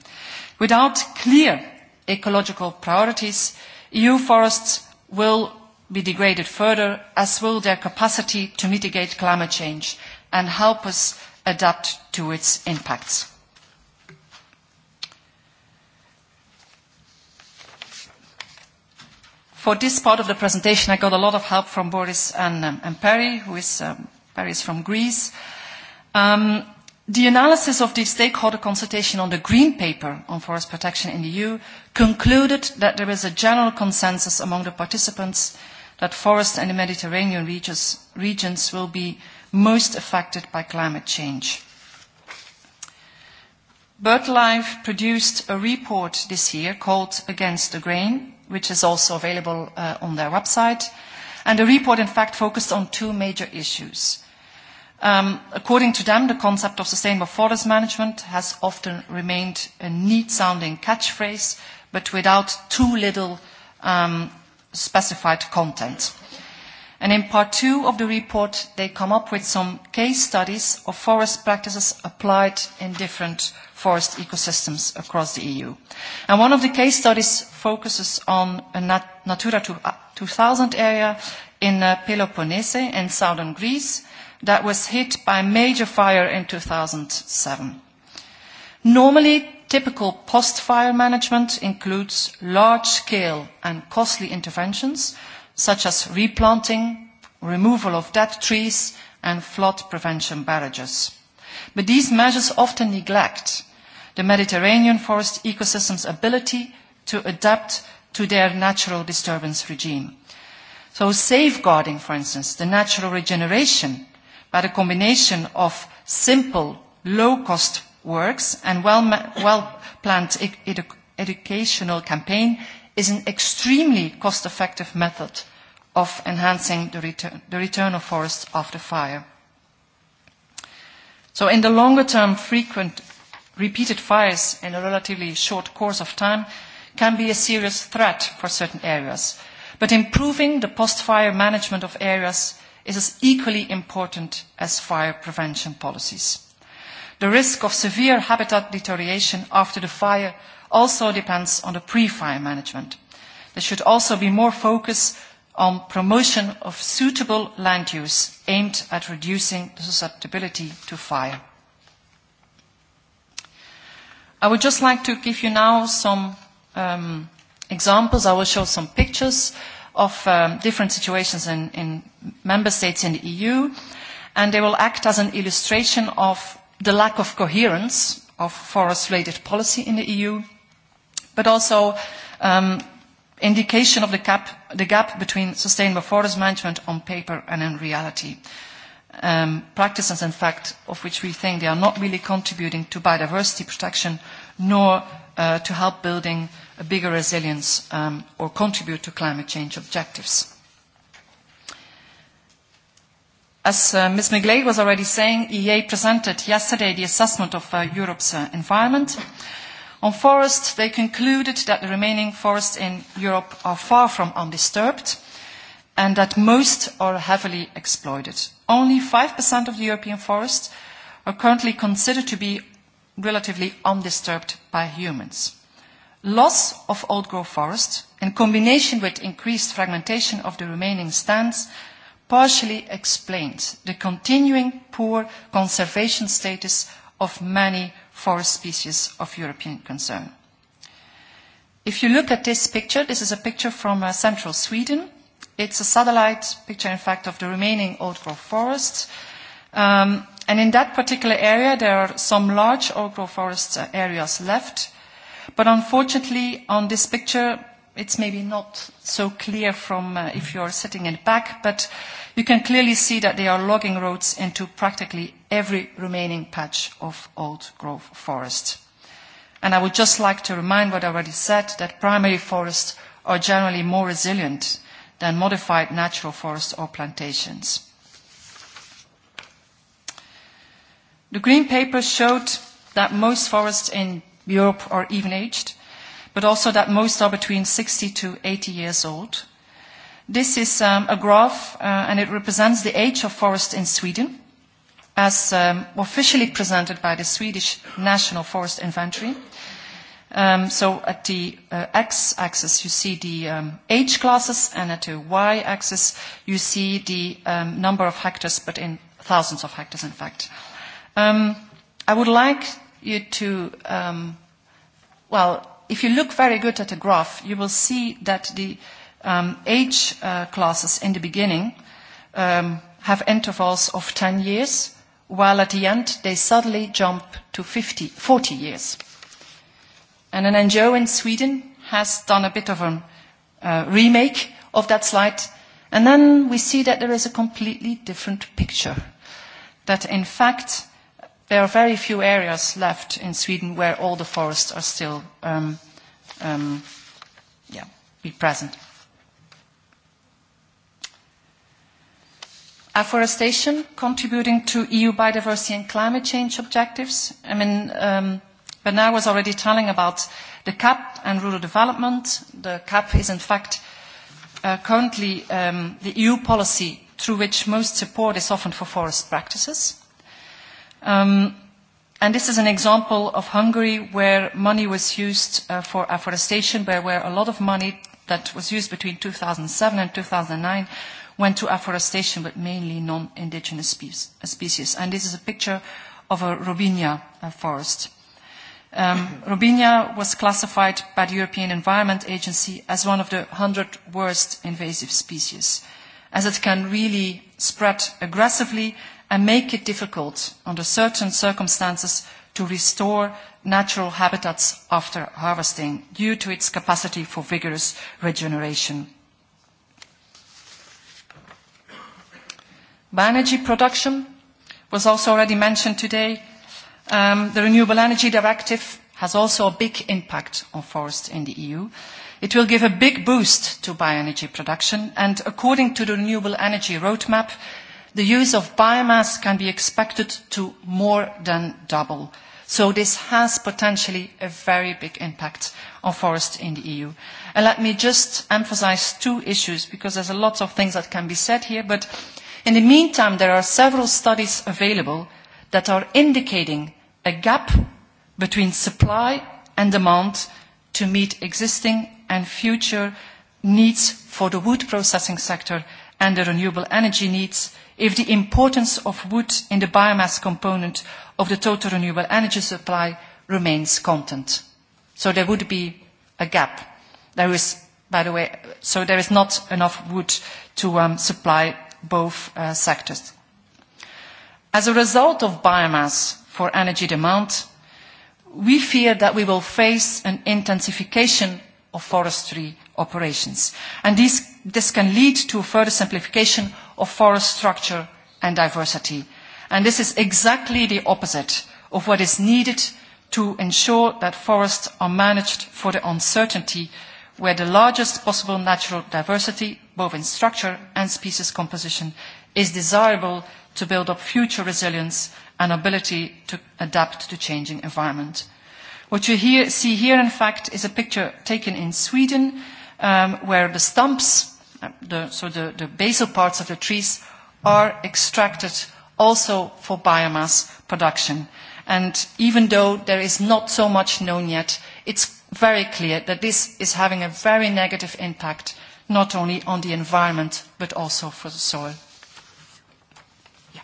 Without clear ecological priorities, EU forests will be degraded further, as will their capacity to mitigate climate change and help us adapt to its impacts. For this part of the presentation, I got a lot of help from Boris and, um, and Perry, who is, um, Perry is from Greece. Um, the analysis of the stakeholder consultation on the Green Paper on Forest Protection in the EU concluded that there is a general consensus among the participants that forests and the Mediterranean regions, regions will be most affected by climate change. BirdLife produced a report this year called Against the Grain, which is also available uh, on their website. And the report, in fact, focused on two major issues. Um, according to them, the concept of sustainable forest management has often remained a neat-sounding catchphrase, but without too little um, specified content. And in part two of the report, they come up with some case studies of forest practices applied in different forest ecosystems across the EU. And one of the case studies focuses on a Natura 2000 uh, area in uh, Peloponnese in southern Greece that was hit by a major fire in 2007. Normally, Typical post fire management includes large scale and costly interventions such as replanting, removal of dead trees and flood prevention barrages. But these measures often neglect the Mediterranean forest ecosystem's ability to adapt to their natural disturbance regime. So safeguarding, for instance, the natural regeneration by the combination of simple, low-cost works and well-planned well e-, educational campaign is an extremely cost-effective method of enhancing the the return of forests after fire. So in the longer term, frequent repeated fires in a relatively short course of time can be a serious threat for certain areas. But improving the post-fire management of areas is as equally important as fire prevention policies. The risk of severe habitat deterioration after the fire also depends on the pre-fire management. There should also be more focus on promotion of suitable land use aimed at reducing the susceptibility to fire. I would just like to give you now some um, examples. I will show some pictures of um, different situations in, in member states in the EU, and they will act as an illustration of the lack of coherence of forest-related policy in the EU, but also um, indication of the gap, the gap between sustainable forest management on paper and in reality. Um, practices, in fact, of which we think they are not really contributing to biodiversity protection, nor uh, to help building a bigger resilience um, or contribute to climate change objectives. As uh, Ms. McGlade was already saying, EEA presented yesterday the assessment of uh, Europe's uh, environment. On forests, they concluded that the remaining forests in Europe are far from undisturbed and that most are heavily exploited. Only 5% of the European forests are currently considered to be relatively undisturbed by humans. Loss of old growth forests in combination with increased fragmentation of the remaining stands partially explains the continuing poor conservation status of many forest species of European concern. If you look at this picture, this is a picture from uh, central Sweden. It's a satellite picture, in fact, of the remaining old growth forests. Um, and in that particular area, there are some large old growth forest uh, areas left. But unfortunately, on this picture, it's maybe not so clear from uh, if you're sitting in the back, but you can clearly see that they are logging roads into practically every remaining patch of old growth forest. And I would just like to remind what I already said, that primary forests are generally more resilient than modified natural forests or plantations. The Green Paper showed that most forests in Europe are even aged, but also that most are between 60 to 80 years old. This is um, a graph, uh, and it represents the age of forests in Sweden, as um, officially presented by the Swedish National Forest Inventory. Um, so at the uh, x-axis, you see the um, age classes, and at the y-axis, you see the um, number of hectares, but in thousands of hectares, in fact. Um, I would like you to, um, well, If you look very good at the graph, you will see that the um, age uh, classes in the beginning um, have intervals of 10 years, while at the end they suddenly jump to 50, 40 years. And an NGO in Sweden has done a bit of a uh, remake of that slide, and then we see that there is a completely different picture. That in fact, there are very few areas left in Sweden where all the forests are still um, um, yeah, be present. Afforestation, contributing to EU biodiversity and climate change objectives. I mean, um, Bernard was already telling about the CAP and rural development. The CAP is in fact uh, currently um, the EU policy through which most support is offered for forest practices. Um, and this is an example of Hungary where money was used uh, for afforestation, where, where a lot of money that was used between 2007 and 2009 went to afforestation, but mainly non-indigenous uh, species. And this is a picture of a Robinia uh, forest. Um, Robinia was classified by the European Environment Agency as one of the 100 worst invasive species, as it can really spread aggressively and make it difficult under certain circumstances to restore natural habitats after harvesting due to its capacity for vigorous regeneration. Bioenergy production was also already mentioned today. Um, the Renewable Energy Directive has also a big impact on forests in the EU. It will give a big boost to bioenergy production and according to the Renewable Energy Roadmap, the use of biomass can be expected to more than double. So this has potentially a very big impact on forests in the EU. And let me just emphasize two issues because there's a lot of things that can be said here. But in the meantime, there are several studies available that are indicating a gap between supply and demand to meet existing and future needs for the wood processing sector and the renewable energy needs if the importance of wood in the biomass component of the total renewable energy supply remains constant. So there would be a gap. There is, by the way, so there is not enough wood to um, supply both uh, sectors. As a result of biomass for energy demand, we fear that we will face an intensification of forestry operations. And these, this can lead to a further simplification of forest structure and diversity. And this is exactly the opposite of what is needed to ensure that forests are managed for the uncertainty where the largest possible natural diversity, both in structure and species composition, is desirable to build up future resilience and ability to adapt to changing environment. What you hear, see here, in fact, is a picture taken in Sweden um, where the stumps the, so the, the basal parts of the trees are extracted also for biomass production. And even though there is not so much known yet, it's very clear that this is having a very negative impact not only on the environment but also for the soil. Yeah.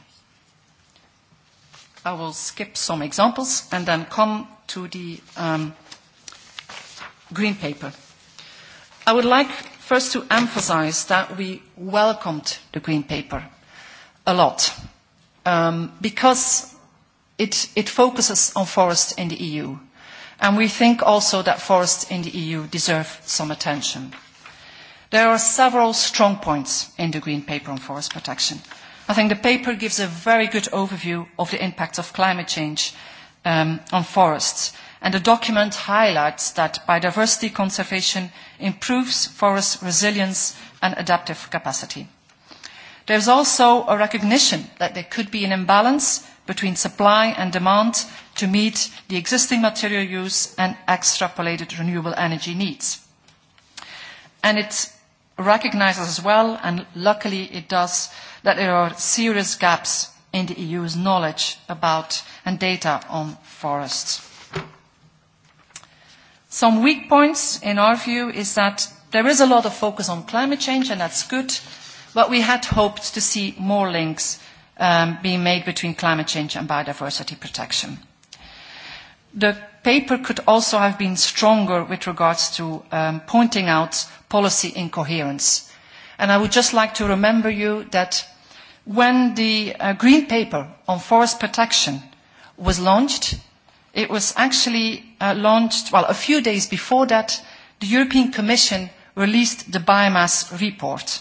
I will skip some examples and then come to the um, green paper. I would like First, to emphasize that we welcomed the Green Paper a lot um, because it, it focuses on forests in the EU. And we think also that forests in the EU deserve some attention. There are several strong points in the Green Paper on forest protection. I think the paper gives a very good overview of the impact of climate change um, on forests and the document highlights that biodiversity conservation improves forest resilience and adaptive capacity. There is also a recognition that there could be an imbalance between supply and demand to meet the existing material use and extrapolated renewable energy needs. And it recognises as well, and luckily it does, that there are serious gaps in the EU's knowledge about and data on forests. Some weak points, in our view, is that there is a lot of focus on climate change, and that's good, but we had hoped to see more links um, being made between climate change and biodiversity protection. The paper could also have been stronger with regards to um, pointing out policy incoherence. And I would just like to remember you that when the uh, Green Paper on Forest Protection was launched, It was actually uh, launched, well, a few days before that, the European Commission released the biomass report.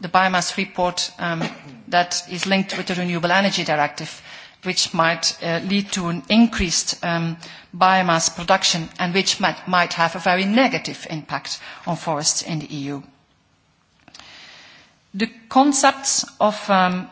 The biomass report um, that is linked with the Renewable Energy Directive, which might uh, lead to an increased um, biomass production and which might, might have a very negative impact on forests in the EU. The concepts of um,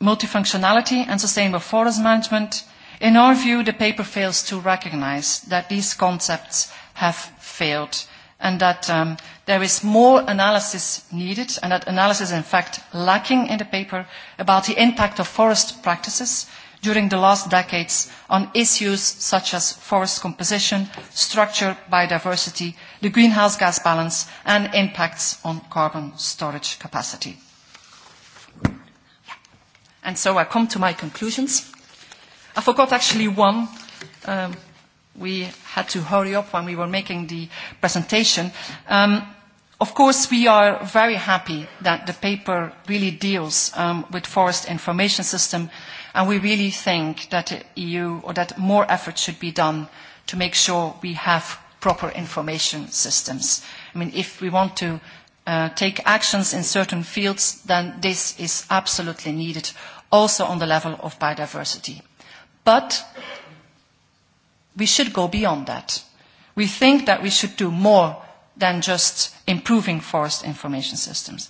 multifunctionality and sustainable forest management – In our view, the paper fails to recognize that these concepts have failed and that um, there is more analysis needed and that analysis in fact lacking in the paper about the impact of forest practices during the last decades on issues such as forest composition, structure, biodiversity, the greenhouse gas balance and impacts on carbon storage capacity. And so I come to my conclusions. I forgot actually one. Um, we had to hurry up when we were making the presentation. Um, of course, we are very happy that the paper really deals um, with forest information system, and we really think that the EU or that more effort should be done to make sure we have proper information systems. I mean, if we want to uh, take actions in certain fields, then this is absolutely needed, also on the level of biodiversity. But we should go beyond that. We think that we should do more than just improving forest information systems.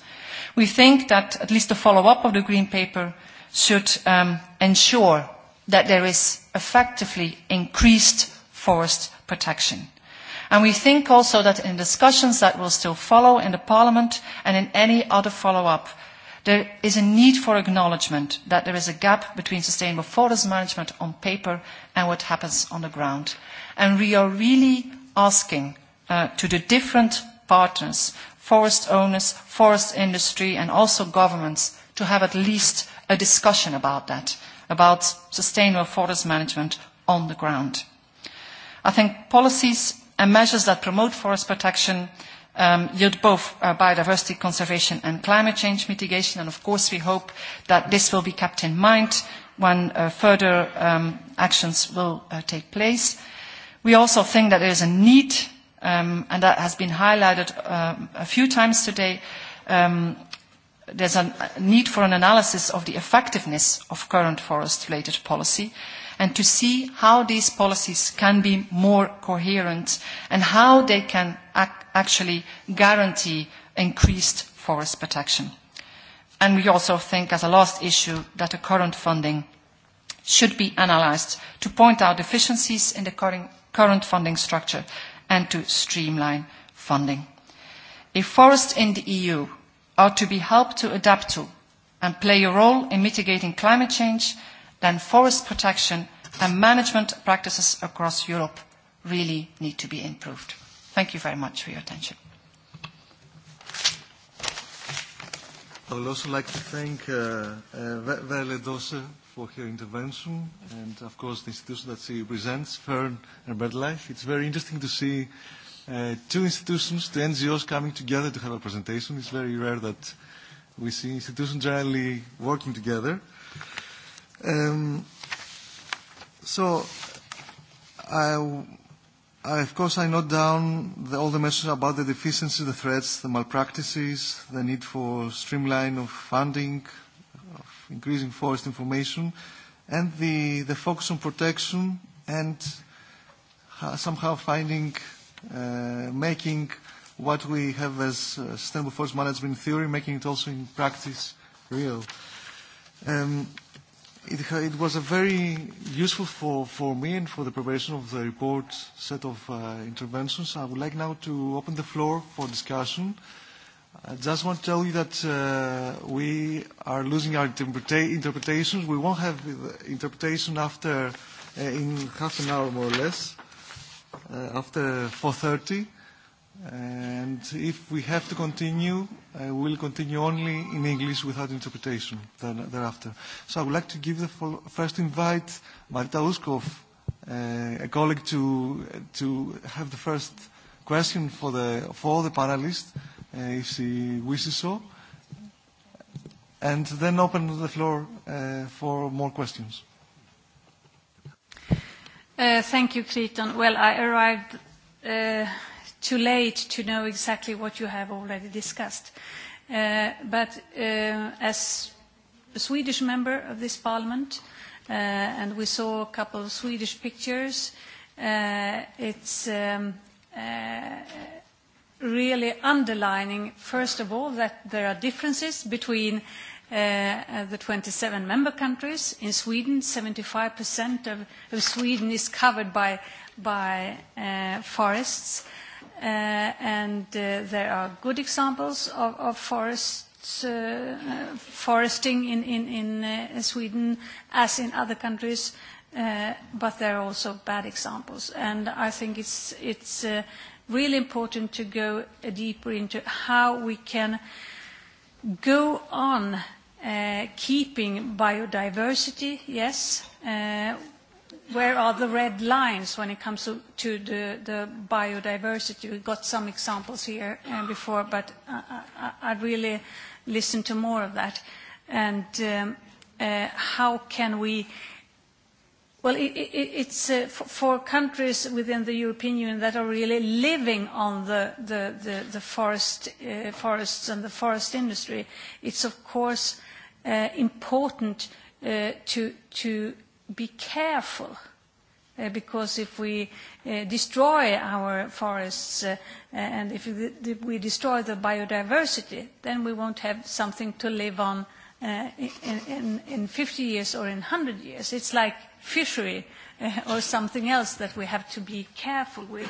We think that at least the follow-up of the Green Paper should um, ensure that there is effectively increased forest protection. And we think also that in discussions that will still follow in the Parliament and in any other follow-up, There is a need for acknowledgement that there is a gap between sustainable forest management on paper and what happens on the ground. And we are really asking uh, to the different partners, forest owners, forest industry and also governments to have at least a discussion about that, about sustainable forest management on the ground. I think policies and measures that promote forest protection um, yield both uh, biodiversity conservation and climate change mitigation. And of course, we hope that this will be kept in mind when uh, further um, actions will uh, take place. We also think that there is a need, um, and that has been highlighted um, a few times today, um, there's a need for an analysis of the effectiveness of current forest-related policy. Uh, and to see how these policies can be more coherent and how they can ac actually guarantee increased forest protection. And we also think, as a last issue, that the current funding should be analysed to point out deficiencies in the current funding structure and to streamline funding. If forests in the EU are to be helped to adapt to and play a role in mitigating climate change, then forest protection and management practices across Europe really need to be improved. Thank you very much for your attention. I would also like to thank uh, uh Verle Dosse for her intervention and, of course, the institution that she represents, Fern and BirdLife. It's very interesting to see uh, two institutions, two NGOs coming together to have a presentation. It's very rare that we see institutions generally working together. Um, so, I, I, of course, I note down the, all the messages about the deficiencies, the threats, the malpractices, the need for streamline of funding, of increasing forest information, and the, the focus on protection and somehow finding, uh, making what we have as uh, sustainable forest management theory, making it also in practice real. Um, it, it was a very useful for, for me and for the preparation of the report set of uh, interventions. I would like now to open the floor for discussion. I just want to tell you that uh, we are losing our interpreta interpretations. We won't have interpretation after uh, in half an hour more or less, uh, after 4.30. And if we have to continue, I will continue only in English without interpretation thereafter. So I would like to give the first invite Marita Uskov, uh, a colleague, to, to have the first question for the, for the panelists, uh, if she wishes so, and then open the floor uh, for more questions. Uh, thank you, Creighton. Well, I arrived uh, too late to know exactly what you have already discussed. Uh, but uh, as a Swedish member of this parliament, uh, and we saw a couple of Swedish pictures, uh, it's um, uh, really underlining, first of all, that there are differences between Uh, the 27 member countries. In Sweden, 75% of, of Sweden is covered by, by uh, forests. Uh, and uh, there are good examples of, of forests, uh, foresting in, in, in uh, Sweden as in other countries, uh, but there are also bad examples. And I think it's, it's uh, really important to go deeper into how we can go on uh, keeping biodiversity, yes, uh, where are the red lines when it comes to, to the, the biodiversity? We got some examples here uh, before, but I, I, I'd really listen to more of that. And um, uh, how can we... Well, it, it, it's uh, for, for countries within the European Union that are really living on the, the, the, the forest, uh, forests and the forest industry, it's of course uh, important uh, to, to be careful uh, because if we uh, destroy our forests uh, and if we destroy the biodiversity, then we won't have something to live on uh, in, in, in 50 years or in 100 years. It's like fishery uh, or something else that we have to be careful with,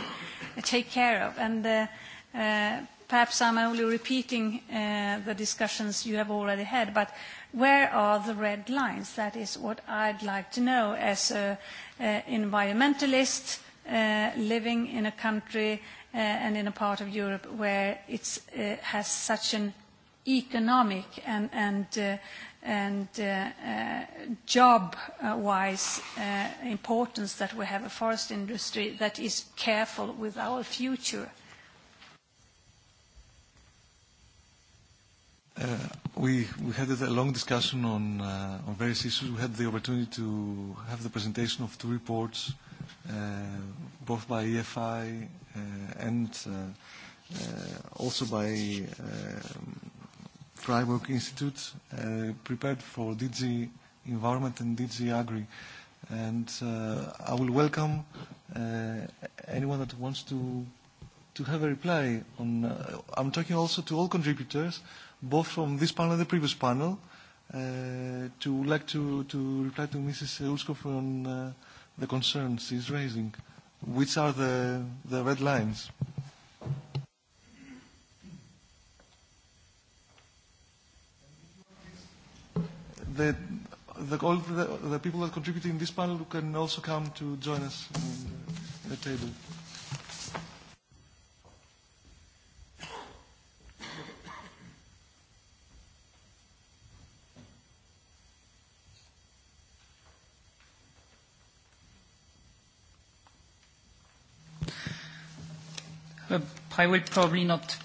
uh, take care of. And uh, uh, perhaps I'm only repeating uh, the discussions you have already had, but uh, Where are the red lines? That is what I'd like to know as an uh, environmentalist uh, living in a country uh, and in a part of Europe where it uh, has such an economic and, and, uh, and uh, uh, job-wise uh, importance that we have a forest industry that is careful with our future. Uh, we, we had a long discussion on, uh, on various issues. We had the opportunity to have the presentation of two reports, uh, both by EFI uh, and uh, uh, also by uh, Freiburg Institute, uh, prepared for DG Environment and DG Agri. And uh, I will welcome uh, anyone that wants to, to have a reply. On, uh, I'm talking also to all contributors, both from this panel and the previous panel. Uh, to like to, to reply to Mrs. Ulskov on uh, the concerns she's raising. Which are the, the red lines? The, the, all the, the people that contributed in this panel can also come to join us in the table. I will probably not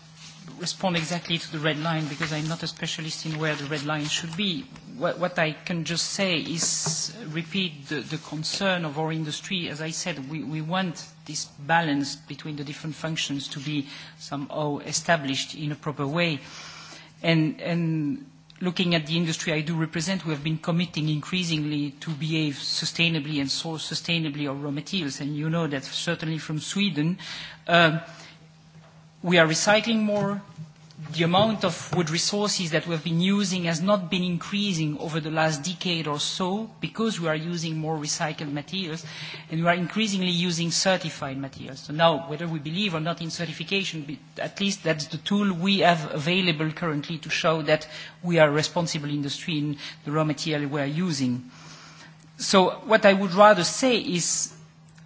respond exactly to the red line because I'm not a specialist in where the red line should be. What, what I can just say is repeat the, the concern of our industry. As I said, we, we want this balance between the different functions to be somehow established in a proper way. And, and looking at the industry I do represent, we have been committing increasingly to behave sustainably and source sustainably our raw materials. And you know that certainly from Sweden, uh, We are recycling more. The amount of wood resources that we've been using has not been increasing over the last decade or so because we are using more recycled materials and we are increasingly using certified materials. So now, whether we believe or not in certification, at least that's the tool we have available currently to show that we are a responsible industry in the raw material we are using. So what I would rather say is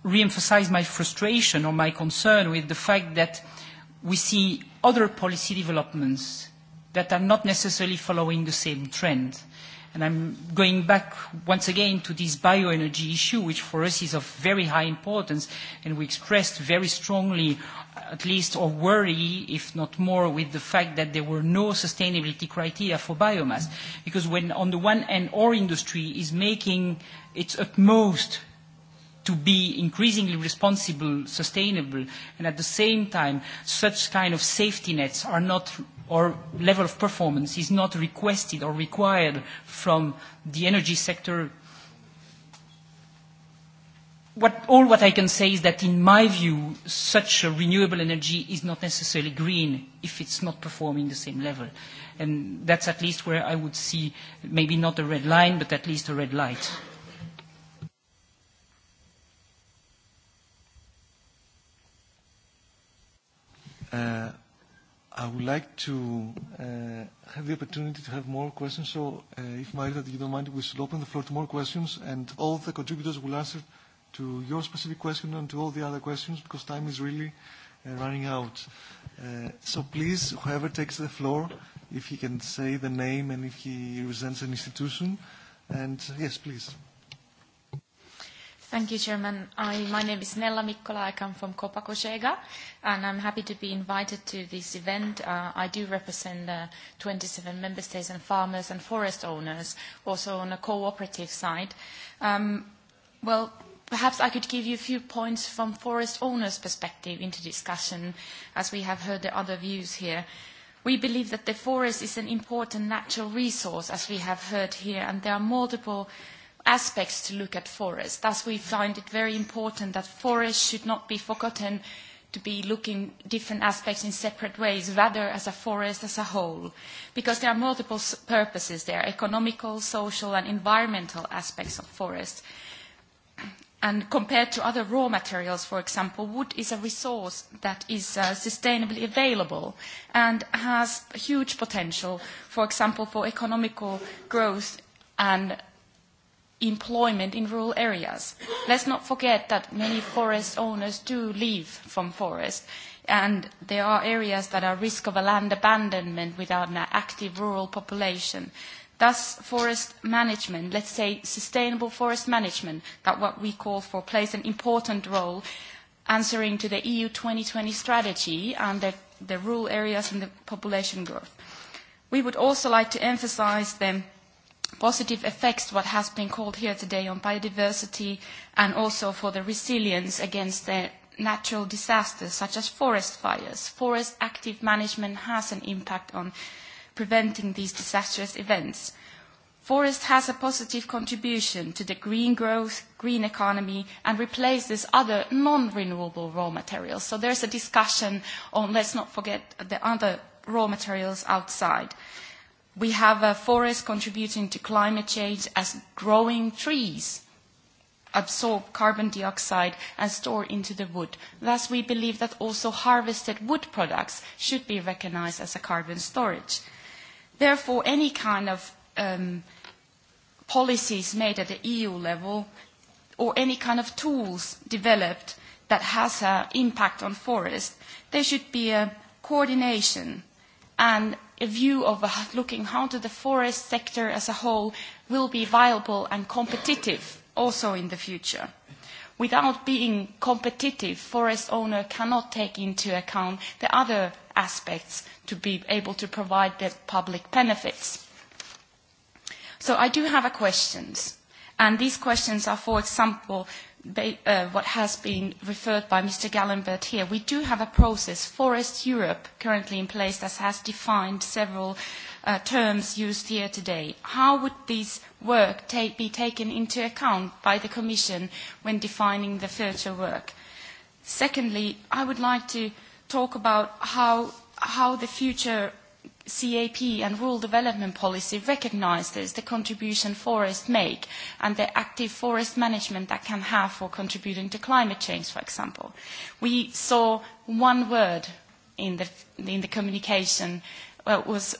re-emphasize my frustration or my concern with the fact that we see other policy developments that are not necessarily following the same trend. And I'm going back once again to this bioenergy issue, which for us is of very high importance, and we expressed very strongly, at least, or worry, if not more, with the fact that there were no sustainability criteria for biomass. Because when, on the one hand, our industry is making its utmost to be increasingly responsible, sustainable, and at the same time, such kind of safety nets are not, or level of performance is not requested or required from the energy sector. What, all what I can say is that in my view, such a renewable energy is not necessarily green if it's not performing the same level. And that's at least where I would see maybe not a red line, but at least a red light. Uh, I would like to uh, have the opportunity to have more questions. So, uh, if Marita, you don't mind, we should open the floor to more questions, and all the contributors will answer to your specific question and to all the other questions because time is really uh, running out. Uh, so please, whoever takes the floor, if he can say the name and if he represents an institution. And yes, please. Thank you, Chairman. I, my name is Nella Mikkola. I come from Copacosega, and I'm happy to be invited to this event. Uh, I do represent the 27 member states and farmers and forest owners, also on a cooperative side. Um, well, perhaps I could give you a few points from forest owners' perspective into discussion, as we have heard the other views here. We believe that the forest is an important natural resource, as we have heard here, and there are multiple aspects to look at forests. Thus, we find it very important that forests should not be forgotten to be looking different aspects in separate ways, rather as a forest as a whole, because there are multiple purposes there, economical, social, and environmental aspects of forests. And compared to other raw materials, for example, wood is a resource that is uh, sustainably available and has huge potential, for example, for economical growth and employment in rural areas. Let's not forget that many forest owners do leave from forest and there are areas that are risk of a land abandonment without an active rural population. Thus, forest management, let's say sustainable forest management, that what we call for, plays an important role answering to the EU 2020 strategy and the, the rural areas and the population growth. We would also like to emphasize the positive effects what has been called here today on biodiversity and also for the resilience against the natural disasters such as forest fires. Forest active management has an impact on preventing these disastrous events. Forest has a positive contribution to the green growth, green economy, and replaces other non-renewable raw materials. So there's a discussion on, let's not forget, the other raw materials outside. Uh, We have a forest contributing to climate change as growing trees absorb carbon dioxide and store into the wood. Thus, we believe that also harvested wood products should be recognized as a carbon storage. Therefore, any kind of um, policies made at the EU level or any kind of tools developed that has an impact on forests, there should be a coordination and a view of uh, looking how to the forest sector as a whole will be viable and competitive also in the future. Without being competitive, forest owner cannot take into account the other aspects to be able to provide the public benefits. So I do have a questions, and these questions are, for example, Uh, what has been referred by Mr. Gallenberg here, we do have a process, Forest Europe, currently in place that has defined several uh, terms used here today. How would these work take, be taken into account by the Commission when defining the future work? Secondly, I would like to talk about how, how the future CAP and rural development policy recognizes the contribution forests make and the active forest management that can have for contributing to climate change, for example. We saw one word in the, in the communication, well, was,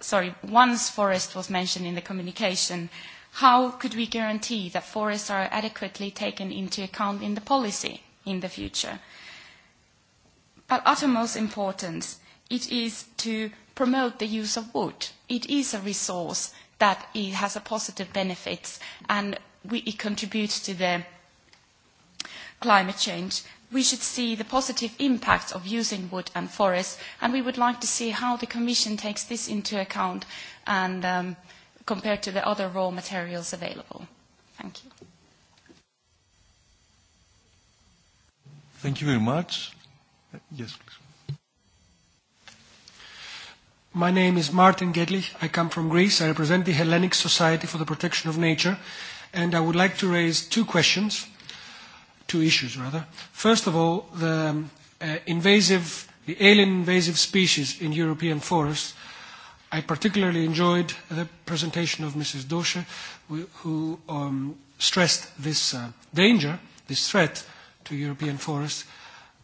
sorry, once forest was mentioned in the communication, how could we guarantee that forests are adequately taken into account in the policy in the future? But uttermost importance, it is to promote the use of wood. It is a resource that it has a positive benefits and we, it contributes to the climate change. We should see the positive impacts of using wood and forests and we would like to see how the Commission takes this into account and um, compared to the other raw materials available. Thank you. Thank you very much. Yes, please. My name is Martin Gedlich. I come from Greece. I represent the Hellenic Society for the Protection of Nature, and I would like to raise two questions, two issues rather. First of all, the um, uh, invasive, the alien invasive species in European forests. I particularly enjoyed the presentation of Mrs. Dosche, who um, stressed this uh, danger, this threat to European forests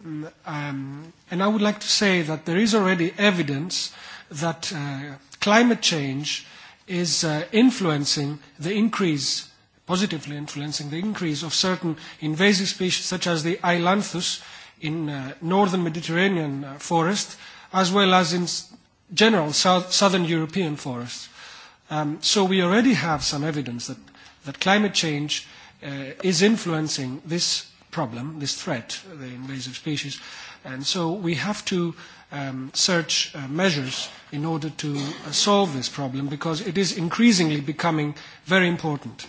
Mm, um, and I would like to say that there is already evidence that uh, climate change is uh, influencing the increase, positively influencing the increase of certain invasive species such as the ailanthus in uh, northern Mediterranean uh, forest, as well as in general south, southern European forests. Um, so we already have some evidence that, that climate change uh, is influencing this problem, this threat, uh, the invasive species. And so we have to um, search uh, measures in order to uh, solve this problem because it is increasingly becoming very important.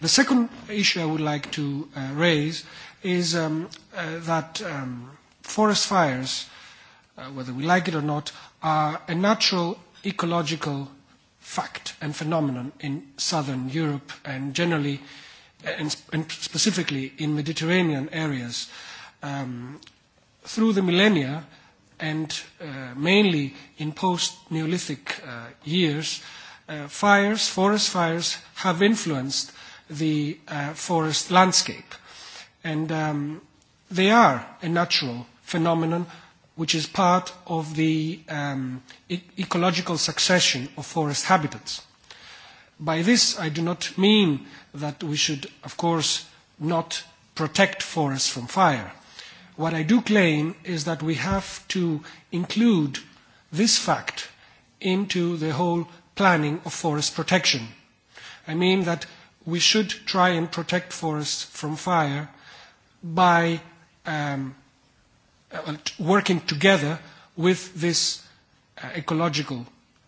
The second issue I would like to uh, raise is um, uh, that um, forest fires, uh, whether we like it or not, are a natural ecological fact and phenomenon in southern Europe and generally uh, and, and specifically in Mediterranean areas, um, through the millennia and uh, mainly in post-Neolithic uh, years, uh, fires, forest fires, have influenced the uh, forest landscape. And um, they are a natural phenomenon which is part of the um, e- ecological succession of forest habitats. By this, I do not mean that we should, of course, not protect forests from fire. What I do claim is that we have to include this fact into the whole planning of forest protection. I mean that we should try and protect forests from fire by um, uh, working together with this uh, ecological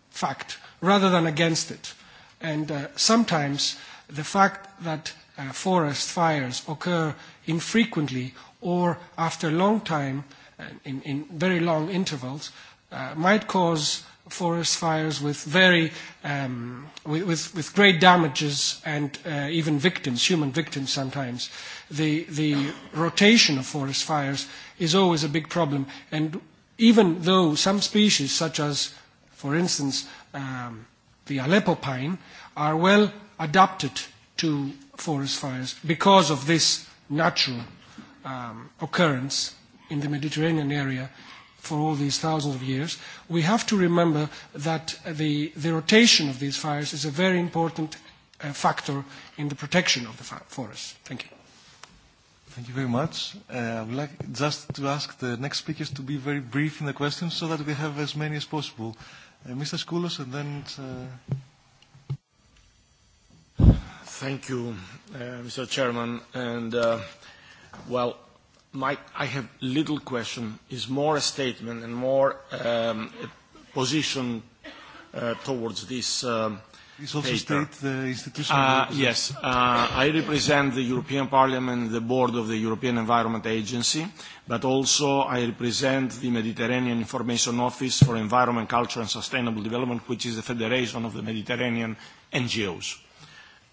fact rather than against it. And uh, sometimes the fact that uh, forest fires occur infrequently or after a long time, uh, in, in very long intervals, uh, might cause forest fires with very um, with, with, with great damages and uh, even victims, human victims sometimes. The the rotation of forest fires is always a big problem, and even though some species, such as, for instance, um, the Aleppo pine, are well adapted to forest fires because of this natural um, occurrence in the Mediterranean area for all these thousands of years, we have to remember that the, the rotation of these fires is a very important uh, factor in the protection of the forest. Thank you. Thank you very much. Uh, I would like just to ask the next speakers to be very brief in the questions so that we have as many as possible. Uh, Uh, Mr. Skoulos, and then. Uh... Thank you, uh, Mr. Chairman. And uh, well, my I have little question. Is more a statement and more um, a position uh, towards this. Um, He's also state the institutional... Uh, yes, uh, I represent the European Parliament, the board of the European Environment Agency, but also I represent the Mediterranean Information Office for Environment, Culture and Sustainable Development, which is the federation of the Mediterranean NGOs,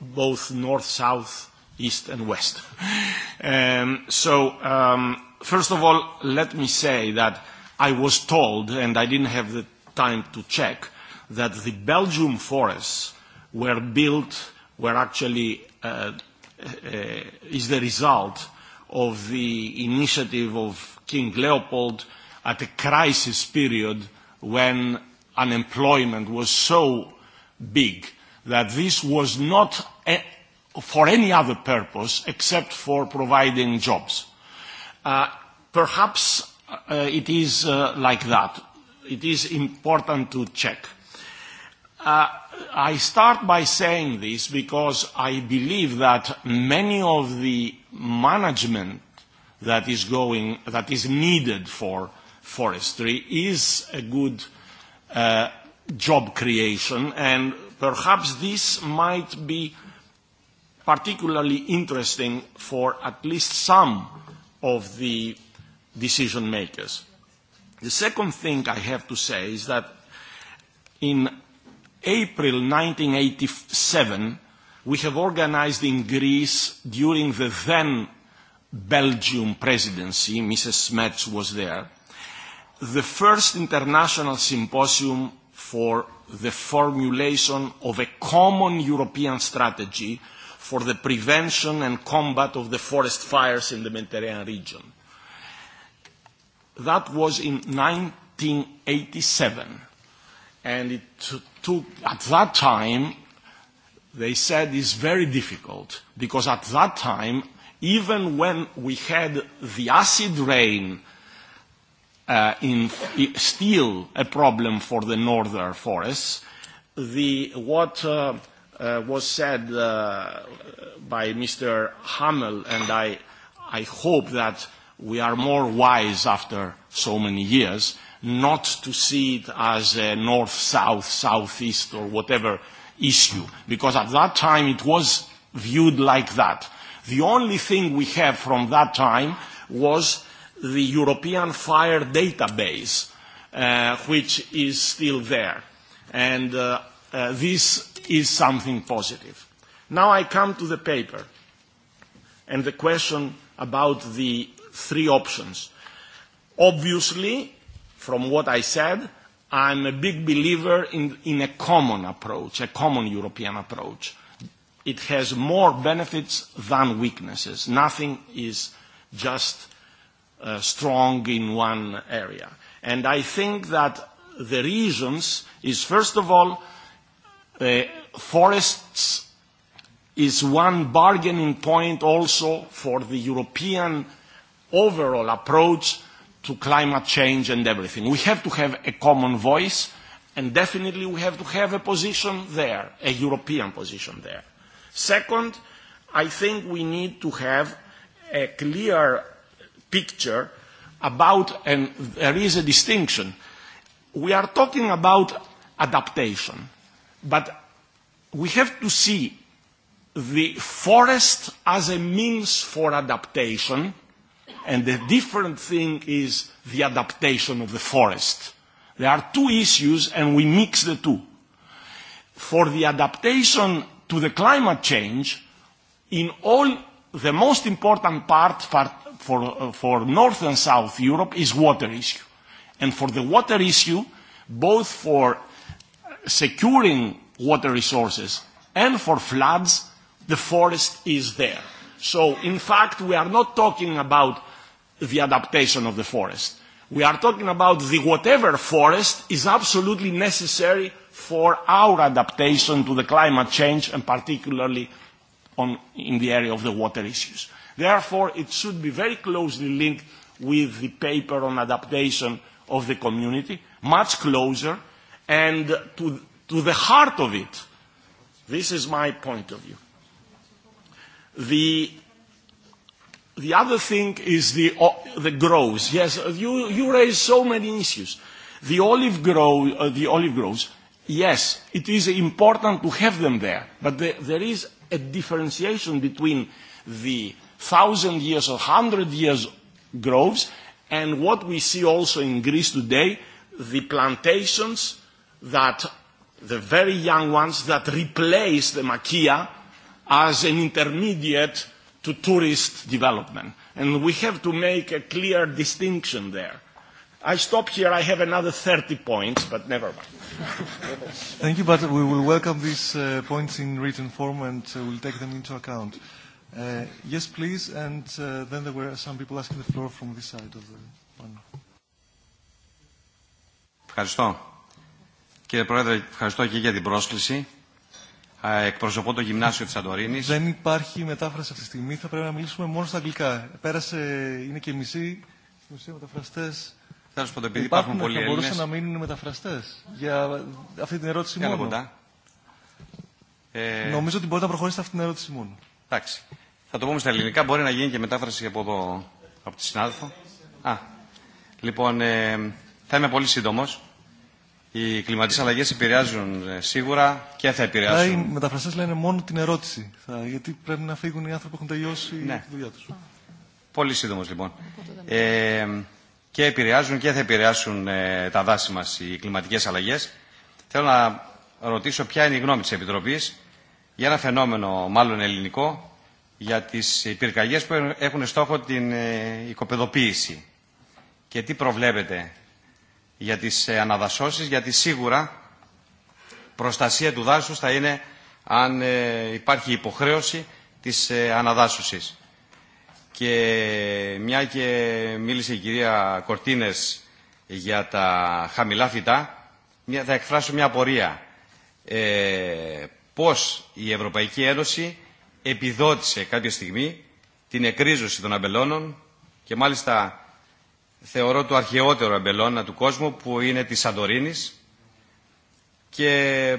both north, south, east and west. um, so, um, first of all, let me say that I was told, and I didn't have the time to check, that the Belgium forests were built were actually uh, uh, is the result of the initiative of King Leopold at a crisis period when unemployment was so big that this was not a, for any other purpose except for providing jobs. Uh, perhaps uh, it is uh, like that. It is important to check. Uh, I start by saying this because I believe that many of the management that is going, that is needed for forestry is a good uh, job creation and perhaps this might be particularly interesting for at least some of the decision makers. The second thing I have to say is that in April 1987, we have organized in Greece during the then Belgium presidency, Mrs. Smets was there, the first international symposium for the formulation of a common European strategy for the prevention and combat of the forest fires in the Mediterranean region. That was in 1987, and it took, at that time, they said is very difficult because at that time, even when we had the acid rain uh, in, still a problem for the northern forests, the, what uh, uh, was said uh, by Mr. Hamel, and I, I hope that we are more wise after so many years, not to see it as a north-south, south-east or whatever issue, because at that time it was viewed like that. The only thing we have from that time was the European Fire Database, uh, which is still there. And uh, uh, this is something positive. Now I come to the paper and the question about the three options. Obviously, from what I said, I'm a big believer in, in a common approach, a common European approach. It has more benefits than weaknesses. Nothing is just uh, strong in one area. And I think that the reasons is, first of all, uh, forests is one bargaining point also for the European overall approach to climate change and everything. We have to have a common voice, and definitely we have to have a position there, a European position there. Second, I think we need to have a clear picture about, and there is a distinction. We are talking about adaptation, but we have to see the forest as a means for adaptation – And the different thing is the adaptation of the forest. There are two issues and we mix the two. For the adaptation to the climate change, in all the most important part for, for, uh, for North and South Europe is water issue. And for the water issue, both for securing water resources and for floods, the forest is there. So, in fact, we are not talking about the adaptation of the forest. We are talking about the whatever forest is absolutely necessary for our adaptation to the climate change and particularly on, in the area of the water issues. Therefore, it should be very closely linked with the paper on adaptation of the community, much closer, and to, to the heart of it. This is my point of view. The the other thing is the, the groves. Yes, you, you raise so many issues. The olive, grow, uh, the olive groves, yes, it is important to have them there, but the, there is a differentiation between the thousand years or hundred years groves and what we see also in Greece today, the plantations that, the very young ones that replace the maquia as an intermediate to tourist development. And we have to make a clear distinction there. I stop here. I have another 30 points, but never mind. Thank you, but we will welcome these uh, points in written form and uh, we'll take them into account. Uh, yes, please. And uh, then there were some people asking the floor from this side of the panel. Ευχαριστώ. Κύριε Πρόεδρε, ευχαριστώ και για την πρόσκληση εκπροσωπώ το γυμνάσιο της Αντορίνης. Δεν υπάρχει μετάφραση αυτή τη στιγμή, θα πρέπει να μιλήσουμε μόνο στα αγγλικά. Πέρασε, είναι και μισή, μισή μεταφραστέ. Θέλω σου πω, επειδή υπάρχουν, υπάρχουν πολλοί Έλληνες... Θα μπορούσαν να μείνουν μεταφραστέ για αυτή την ερώτηση μόνο. Κοντά. Ε... Νομίζω ότι μπορείτε να προχωρήσετε αυτή την ερώτηση μόνο. Εντάξει. Θα το πούμε στα ελληνικά, μπορεί να γίνει και μετάφραση από εδώ, από τη συνάδελφο. Α, λοιπόν, ε, θα είμαι πολύ σύντομος. Οι κλιματικέ αλλαγέ επηρεάζουν σίγουρα και θα επηρεάσουν. Αλλά οι μεταφραστέ λένε μόνο την ερώτηση, θα, γιατί πρέπει να φύγουν οι άνθρωποι που έχουν τελειώσει ναι. τη δουλειά του. Πολύ σύντομο λοιπόν. Ε, και επηρεάζουν και θα επηρεάσουν ε, τα δάση μα οι κλιματικέ αλλαγέ. Θέλω να ρωτήσω ποια είναι η γνώμη τη Επιτροπή για ένα φαινόμενο μάλλον ελληνικό για τι πυρκαγιέ που έχουν στόχο την ε, οικοπεδοποίηση. Και τι προβλέπετε για τις αναδασώσεις, γιατί σίγουρα προστασία του δάσους θα είναι αν υπάρχει υποχρέωση της αναδάσωσης. Και μια και μίλησε η κυρία Κορτίνες για τα χαμηλά φυτά, θα εκφράσω μια απορία. Ε, πώς η Ευρωπαϊκή Ένωση επιδότησε κάποια στιγμή την εκρίζωση των αμπελώνων και μάλιστα θεωρώ το αρχαιότερο εμπελώνα του κόσμου που είναι της Σαντορίνης και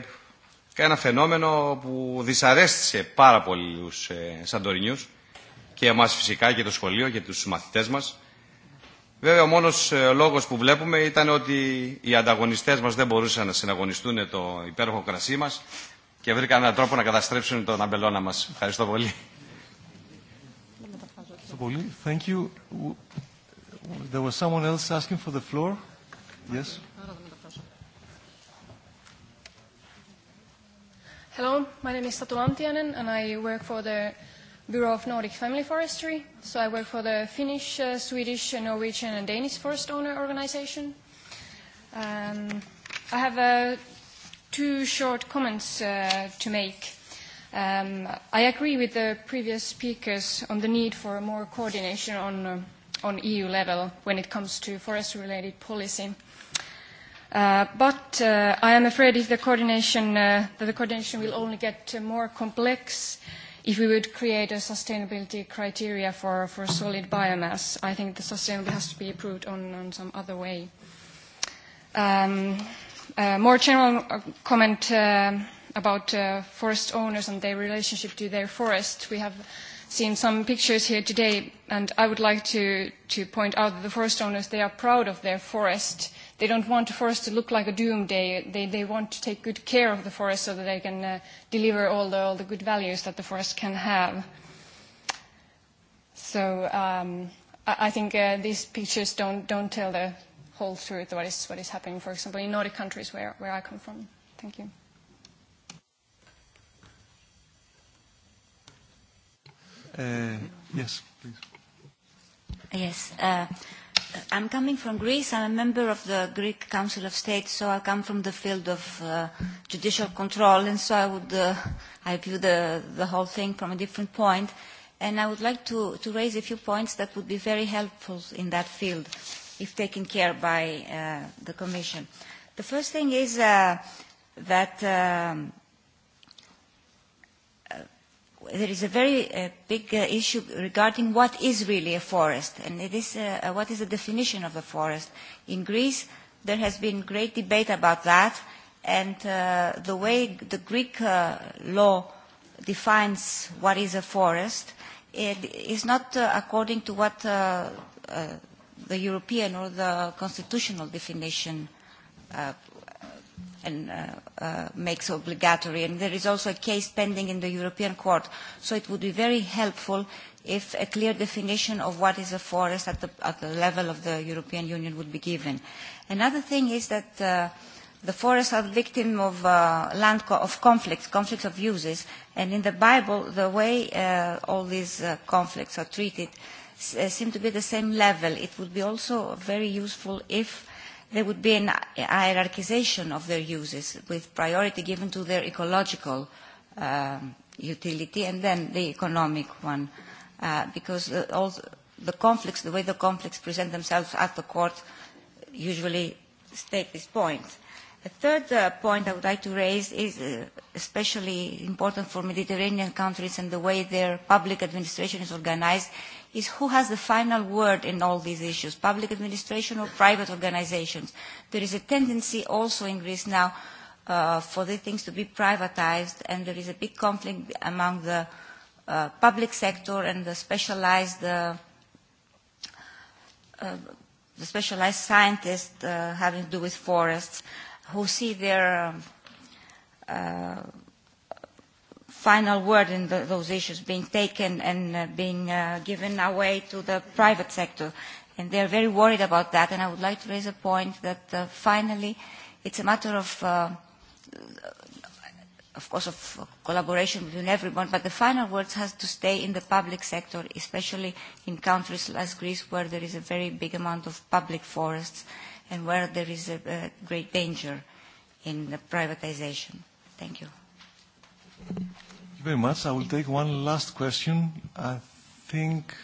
ένα φαινόμενο που δυσαρέστησε πάρα πολλούς ε, Σαντορινιούς και εμάς φυσικά και το σχολείο και τους μαθητές μας. Βέβαια ο μόνος λόγος που βλέπουμε ήταν ότι οι ανταγωνιστές μας δεν μπορούσαν να συναγωνιστούν το υπέροχο κρασί μας και βρήκαν έναν τρόπο να καταστρέψουν τον αμπελώνα μας. Ευχαριστώ πολύ. Thank you. There was someone else asking for the floor? Yes? Hello, my name is Satu Antianen and I work for the Bureau of Nordic Family Forestry. So I work for the Finnish, uh, Swedish, Norwegian and Danish forest owner organization. Um, I have uh, two short comments uh, to make. Um, I agree with the previous speakers on the need for more coordination on uh, on EU level when it comes to forest-related policy. Uh, but uh, I am afraid if the coordination, uh, that the coordination will only get uh, more complex if we would create a sustainability criteria for, for solid biomass. I think the sustainability has to be approved on, on some other way. Um, uh, more general uh, comment uh, about uh, forest owners and their relationship to their forest. We have seen some pictures here today, and I would like to, to point out that the forest owners, they are proud of their forest. They don't want the forest to look like a doomsday. They, they want to take good care of the forest so that they can uh, deliver all the, all the good values that the forest can have. So um, I, I think uh, these pictures don't, don't tell the whole truth what is, what is happening, for example, in Nordic countries where, where I come from. Thank you. Uh, yes, please. Yes. Uh, I'm coming from Greece. I'm a member of the Greek Council of State, so I come from the field of uh, judicial control, and so I would uh, I view the, the whole thing from a different point. And I would like to, to raise a few points that would be very helpful in that field, if taken care by uh, the Commission. The first thing is uh, that um, there is a very uh, big uh, issue regarding what is really a forest, and it is, uh, uh, what is the definition of a forest. In Greece, there has been great debate about that, and uh, the way the Greek uh, law defines what is a forest it is not uh, according to what uh, uh, the European or the constitutional definition uh, and uh, uh, makes obligatory. And there is also a case pending in the European Court. So it would be very helpful if a clear definition of what is a forest at the, at the level of the European Union would be given. Another thing is that uh, the forests are victim of uh, land co of conflicts, conflicts of uses, and in the Bible, the way uh, all these uh, conflicts are treated s uh, seem to be the same level. It would be also very useful if there would be an hierarchization of their uses with priority given to their ecological uh, utility and then the economic one uh, because uh, all the conflicts, the way the conflicts present themselves at the court usually state this point. A third uh, point I would like to raise is uh, especially important for Mediterranean countries and the way their public administration is organized is who has the final word in all these issues, public administration or private organizations. There is a tendency also in Greece now uh, for the things to be privatized, and there is a big conflict among the uh, public sector and the specialized, uh, uh, the specialized scientists uh, having to do with forests, who see their um, uh, final word in the, those issues being taken and uh, being uh, given away to the private sector. And they are very worried about that. And I would like to raise a point that uh, finally it's a matter of, uh, of course, of collaboration between everyone, but the final word has to stay in the public sector, especially in countries like Greece where there is a very big amount of public forests and where there is a, a great danger in the privatization. Thank you very much. I will take one last question. I think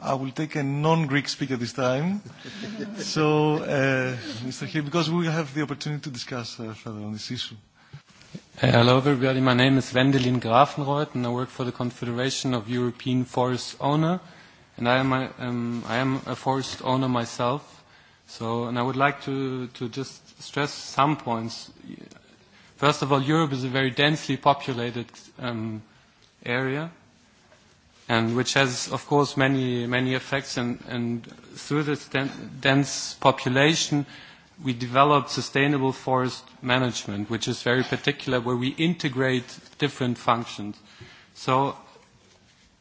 I will take a non-Greek speaker this time. so, uh, Mr. Hill, because we will have the opportunity to discuss uh, further on this issue. Uh, hello, everybody. My name is Wendelin Grafenreuth, and I work for the Confederation of European Forest Owner. And I am, a, um, I am a forest owner myself. So, and I would like to, to just stress some points. First of all, Europe is a very densely populated um, area and which has, of course, many, many effects. And, and through this dense population, we develop sustainable forest management, which is very particular, where we integrate different functions. So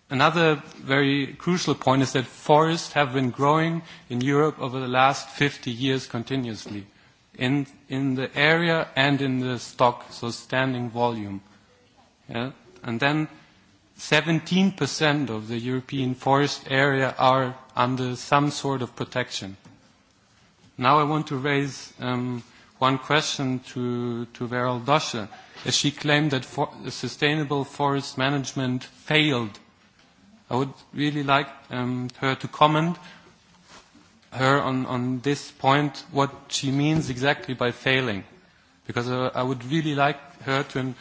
another very crucial point is that forests have been growing in Europe over the last 50 years continuously, in, in the area and in the stock, so standing volume. Yeah? And then 17% of the European forest area are under some sort of protection. Now I want to raise um, one question to, to Veral Dosche, as she claimed that for, sustainable forest management failed. I would really like um, her to comment her on, on this point, what she means exactly by failing, because uh, I would really like her to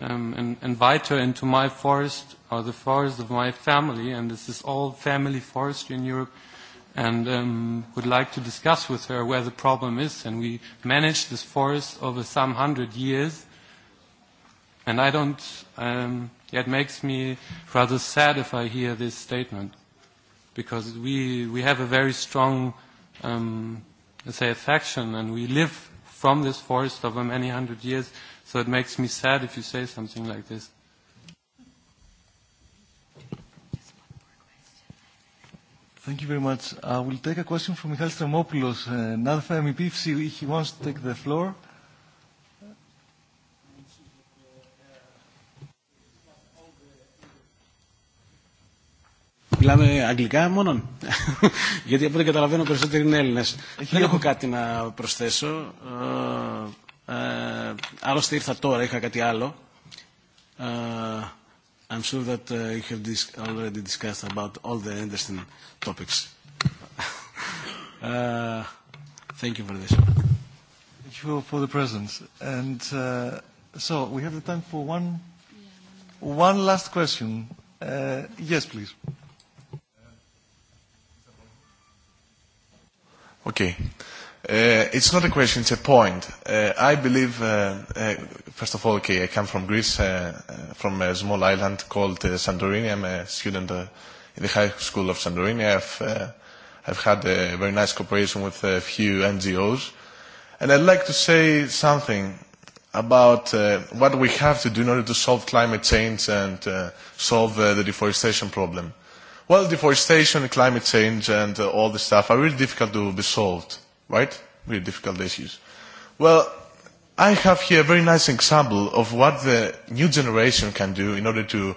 um, and invite her into my forest or the forest of my family, and this is all family forestry in Europe, and um, would like to discuss with her where the problem is. And we managed this forest over some hundred years, and I don't, um, it makes me rather sad if I hear this statement, because we, we have a very strong, um, let's say, affection, and we live from this forest over many hundred years, So it makes me sad if you say something like this. Thank you very much. I will take a question from Michael Stramopoulos, uh, another MEP, if he, wants to take the floor. Μιλάμε αγγλικά μόνον. Γιατί από ό,τι καταλαβαίνω περισσότεροι είναι Έλληνες. Δεν έχω κάτι να προσθέσω άλλωστε ήρθα τώρα, είχα κάτι άλλο. Uh, I'm sure that uh, you have dis already discussed about all the interesting topics. uh, thank you for this. Thank you for the presence. And uh, so we have the time for one, one last question. Uh, yes, please. Okay. Uh, it's not a question, it's a point. Uh, I believe, uh, uh, first of all, okay, I come from Greece, uh, uh, from a small island called uh, Santorini. I'm a student uh, in the high school of Santorini. I've, uh, I've had a very nice cooperation with a few NGOs. And I'd like to say something about uh, what we have to do in order to solve climate change and uh, solve uh, the deforestation problem. Well, deforestation, climate change, and uh, all this stuff are really difficult to be solved right? Very difficult issues. Well, I have here a very nice example of what the new generation can do in order to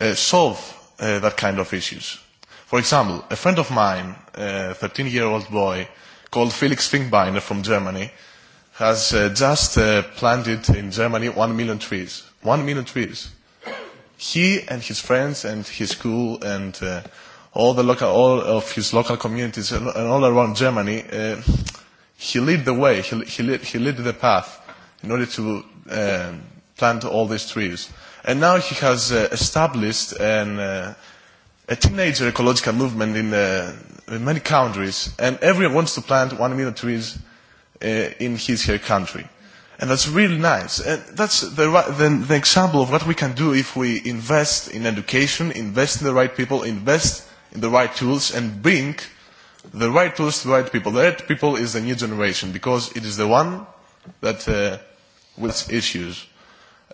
uh, solve uh, that kind of issues. For example, a friend of mine, a 13-year-old boy called Felix Finkbeiner from Germany, has uh, just uh, planted in Germany one million trees. One million trees. He and his friends and his school and uh, all the local, all of his local communities and, and all around Germany, uh, he led the way, he, he, led, he led the path in order to uh, plant all these trees. And now he has uh, established an, uh, a teenager ecological movement in, uh, in many countries, and everyone wants to plant one million trees uh, in his her country. And that's really nice. And that's the, the, the example of what we can do if we invest in education, invest in the right people, invest in the right tools and bring the right tools to the right people. The right people is the new generation because it is the one that uh, with issues.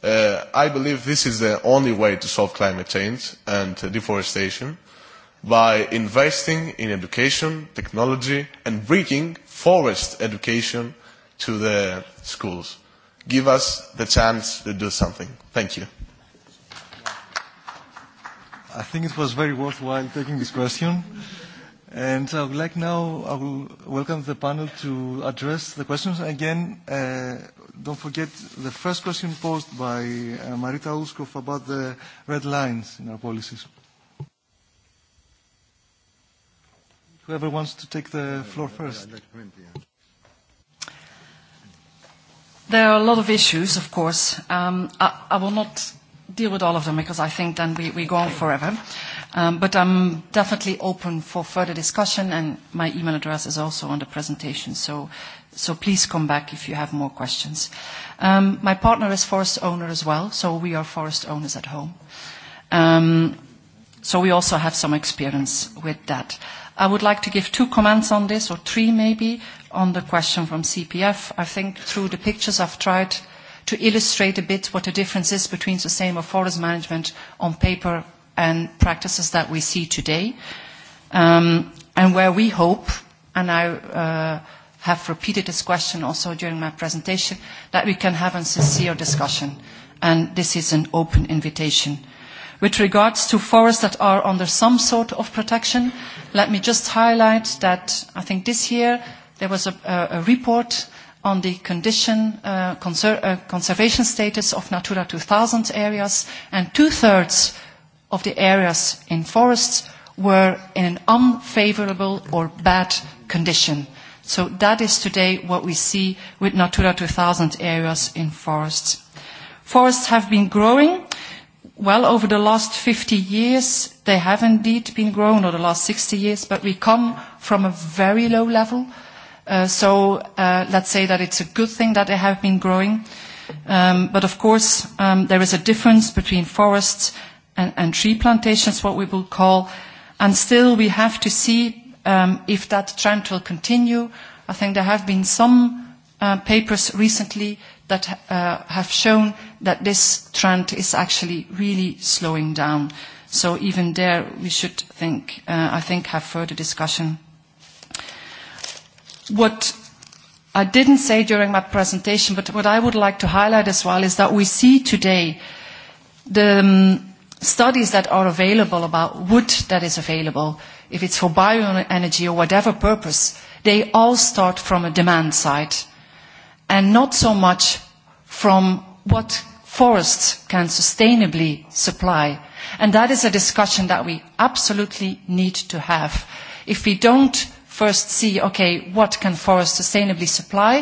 Uh, I believe this is the only way to solve climate change and uh, deforestation by investing in education, technology and bringing forest education to the schools. Give us the chance to do something. Thank you. I think it was very worthwhile taking this question. And I would like now, I will welcome the panel to address the questions. Again, uh, don't forget the first question posed by uh, Marita Uskov about the red lines in our policies. Whoever wants to take the floor first. There are a lot of issues, of course. Um, I, I will not deal with all of them because I think then we, we go on forever. Um, but I'm definitely open for further discussion and my email address is also on the presentation. So, so please come back if you have more questions. Um, my partner is forest owner as well, so we are forest owners at home. Um, so we also have some experience with that. I would like to give two comments on this, or three maybe, on the question from CPF. I think through the pictures I've tried – to illustrate a bit what the difference is between sustainable forest management on paper and practices that we see today. Um, and where we hope, and I uh, have repeated this question also during my presentation, that we can have a sincere discussion. And this is an open invitation. With regards to forests that are under some sort of protection, let me just highlight that I think this year there was a, a, a report on the condition, uh, conser uh, conservation status of Natura 2000 areas, and two-thirds of the areas in forests were in an unfavorable or bad condition. So that is today what we see with Natura 2000 areas in forests. Forests have been growing. Well, over the last 50 years, they have indeed been growing, or the last 60 years, but we come from a very low level. Uh, so uh, let's say that it's a good thing that they have been growing. Um, but of course, um, there is a difference between forests and, tree plantations, what we will call. And still, we have to see um, if that trend will continue. I think there have been some uh, papers recently that have shown that this trend is actually really slowing down. So even there, we should think, I think, have further discussion What I didn't say during my presentation, but what I would like to highlight as well is that we see today the um, studies that are available about wood that is available, if it's for bioenergy or whatever purpose, they all start from a demand side and not so much from what forests can sustainably supply. And that is a discussion that we absolutely need to have. If we don't first see, okay, what can forests sustainably supply?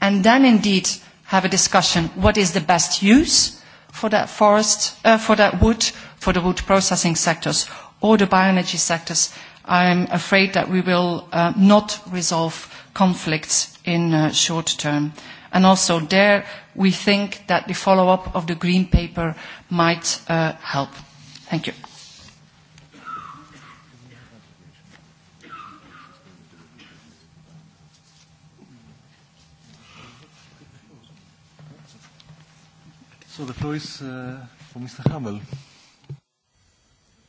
And then indeed have a discussion, what is the best use for that forest, uh, for that wood, for the wood processing sectors or the bioenergy sectors? I'm afraid that we will uh, not resolve conflicts in uh, short term. And also there, we think that the follow-up of the green paper might uh, help. Thank you. So the floor is uh, for Mr. Hamel.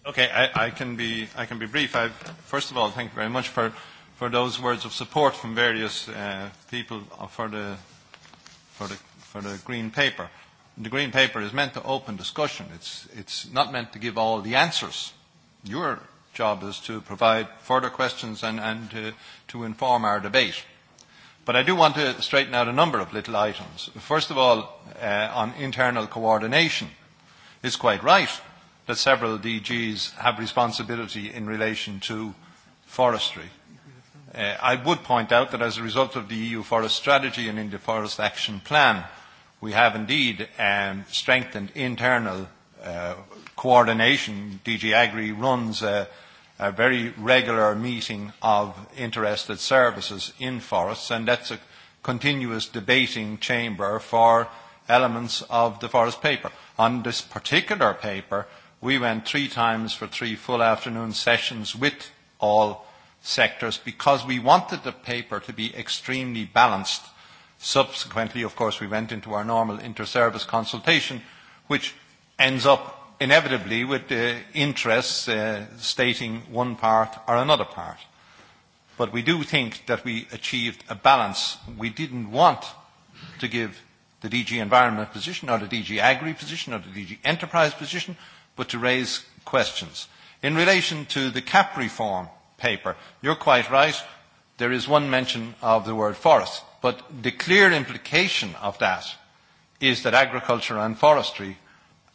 Okay, I, I, can be, I can be brief. I, first of all, thank you very much for, for those words of support from various uh, people for the, for, the, for the Green Paper. The Green Paper is meant to open discussion. It's, it's not meant to give all the answers. Your job is to provide further questions and, and to, to inform our debate. But I do want to straighten out a number of little items. First of all, uh, on internal coordination, it's quite right that several DGs have responsibility in relation to forestry. Uh, I would point out that as a result of the EU Forest Strategy and in the Forest Action Plan, we have indeed um, strengthened internal uh, coordination. DG Agri runs uh, a very regular meeting of interested services in forests, and that's a continuous debating chamber for elements of the forest paper. On this particular paper, we went three times for three full afternoon sessions with all sectors because we wanted the paper to be extremely balanced. Subsequently, of course, we went into our normal inter-service consultation, which ends up inevitably with the interests uh, stating one part or another part. But we do think that we achieved a balance. We didn't want to give the DG Environment position or the DG Agri position or the DG Enterprise position, but to raise questions. In relation to the CAP reform paper, you're quite right. There is one mention of the word forest, but the clear implication of that is that agriculture and forestry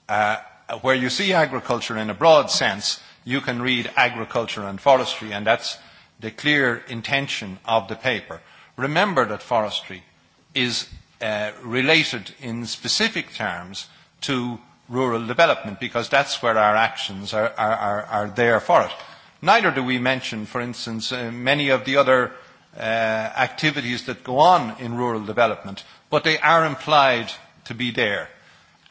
uh, where you see agriculture in a broad sense, you can read agriculture and forestry, and that's the clear intention of the paper. Remember that forestry is uh, related in specific terms to rural development because that's where our actions are, are, are, are there for it. Neither do we mention, for instance, uh, many of the other uh, activities that go on in rural development, but they are implied to be there.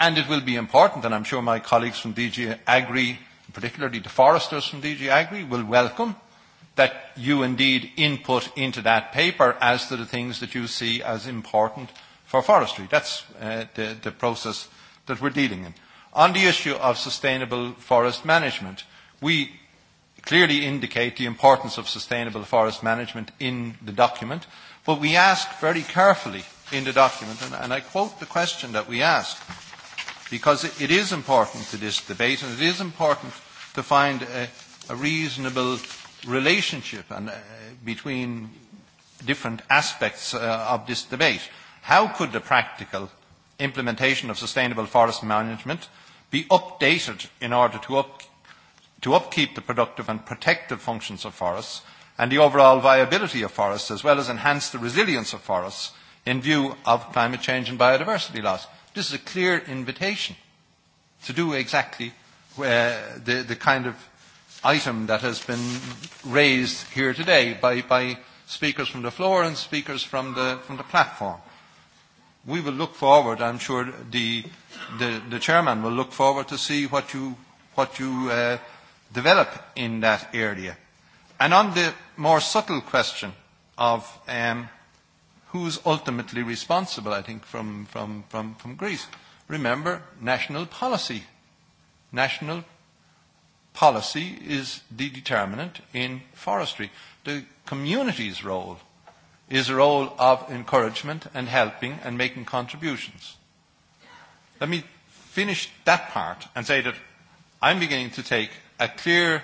And it will be important, and I'm sure my colleagues from DG Agri, particularly the foresters from DG Agri, will welcome that you indeed input into that paper as to the things that you see as important for forestry. That's uh, the, the process that we're dealing in. On the issue of sustainable forest management, we clearly indicate the importance of sustainable forest management in the document, but we ask very carefully in the document, and, and I quote the question that we ask, because it is important to this debate and it is important to find a, a reasonable relationship and, uh, between different aspects uh, of this debate. How could the practical implementation of sustainable forest management be updated in order to, up, to upkeep the productive and protective functions of forests and the overall viability of forests as well as enhance the resilience of forests in view of climate change and biodiversity loss? This is a clear invitation to do exactly uh, the, the kind of item that has been raised here today by, by speakers from the floor and speakers from the, from the platform. We will look forward, I'm sure the, the, the chairman will look forward to see what you, what you uh, develop in that area. And on the more subtle question of um, who's ultimately responsible, I think, from, from, from, from Greece. Remember, national policy. National policy is the determinant in forestry. The community's role is a role of encouragement and helping and making contributions. Let me finish that part and say that I'm beginning to take a clear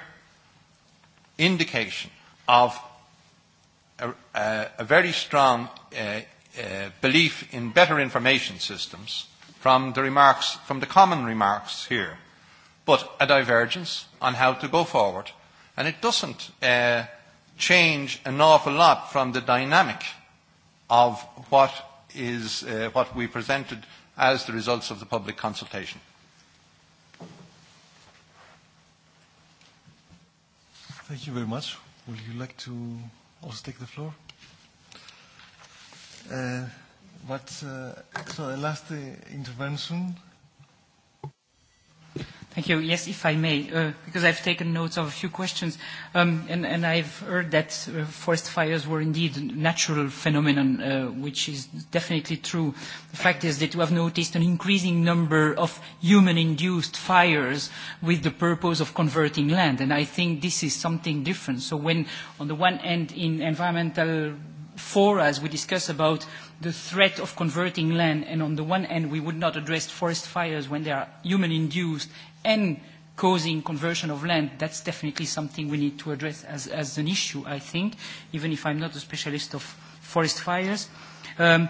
indication of a, a, a very strong uh, uh, belief in better information systems from the remarks, from the common remarks here, but a divergence on how to go forward. And it doesn't uh, change an awful lot from the dynamic of what is uh, what we presented as the results of the public consultation. Thank you very much. Would you like to also take the floor? Uh, but uh, so the last uh, intervention Thank you. Yes, if I may, uh, because I've taken notes of a few questions, um, and, and I've heard that uh, forest fires were indeed a natural phenomenon, uh, which is definitely true. The fact is that you have noticed an increasing number of human-induced fires with the purpose of converting land, and I think this is something different. So when, on the one hand, in environmental forums we discuss about the threat of converting land, and on the one hand we would not address forest fires when they are human-induced and causing conversion of land, that's definitely something we need to address as, as an issue, I think, even if I'm not a specialist of forest fires. Um,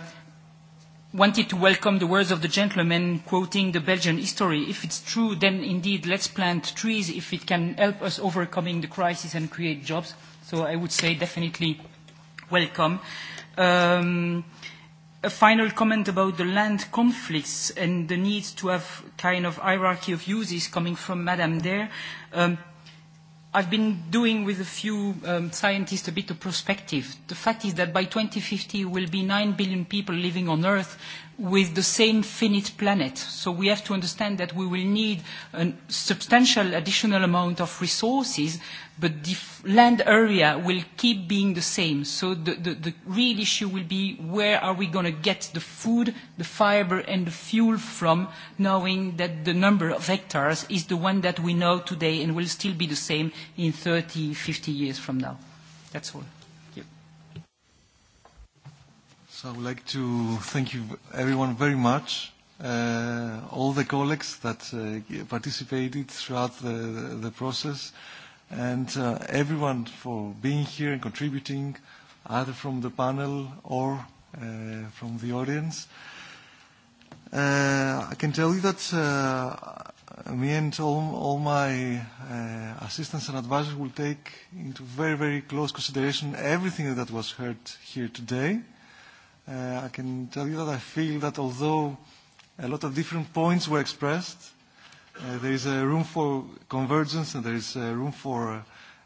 wanted to welcome the words of the gentleman quoting the Belgian history. If it's true, then indeed let's plant trees if it can help us overcoming the crisis and create jobs. So I would say definitely welcome. Um, a final comment about the land conflicts and the need to have kind of hierarchy of uses coming from Madame there. Um, I've been doing with a few um, scientists a bit of perspective. The fact is that by 2050 will be 9 billion people living on Earth with the same finite planet. So we have to understand that we will need a substantial additional amount of resources but the land area will keep being the same. So the, the, the real issue will be where are we going to get the food, the fiber and the fuel from, knowing that the number of hectares is the one that we know today and will still be the same in 30, 50 years from now. That's all. Thank you. So I would like to thank you everyone very much, uh, all the colleagues that uh, participated throughout the, the process and uh, everyone for being here and contributing, either from the panel or uh, from the audience. Uh, I can tell you that uh, me and all, all my uh, assistants and advisors will take into very, very close consideration everything that was heard here today. Uh, I can tell you that I feel that although a lot of different points were expressed, Uh, there is a uh, room for convergence and there is a uh, room for uh,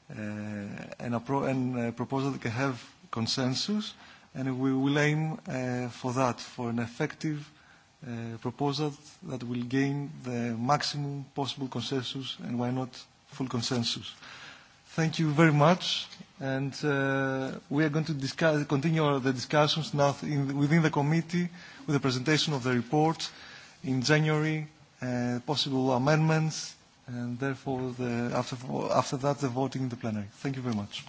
an, appro- proposal that can have consensus and we will aim uh, for that, for an effective uh, proposal that will gain the maximum possible consensus and why not full consensus. Thank you very much and uh, we are going to discuss, continue the discussions now in, within the committee with the presentation of the report in January uh, possible amendments, and therefore, the, after, after that, the voting in the plenary. Thank you very much.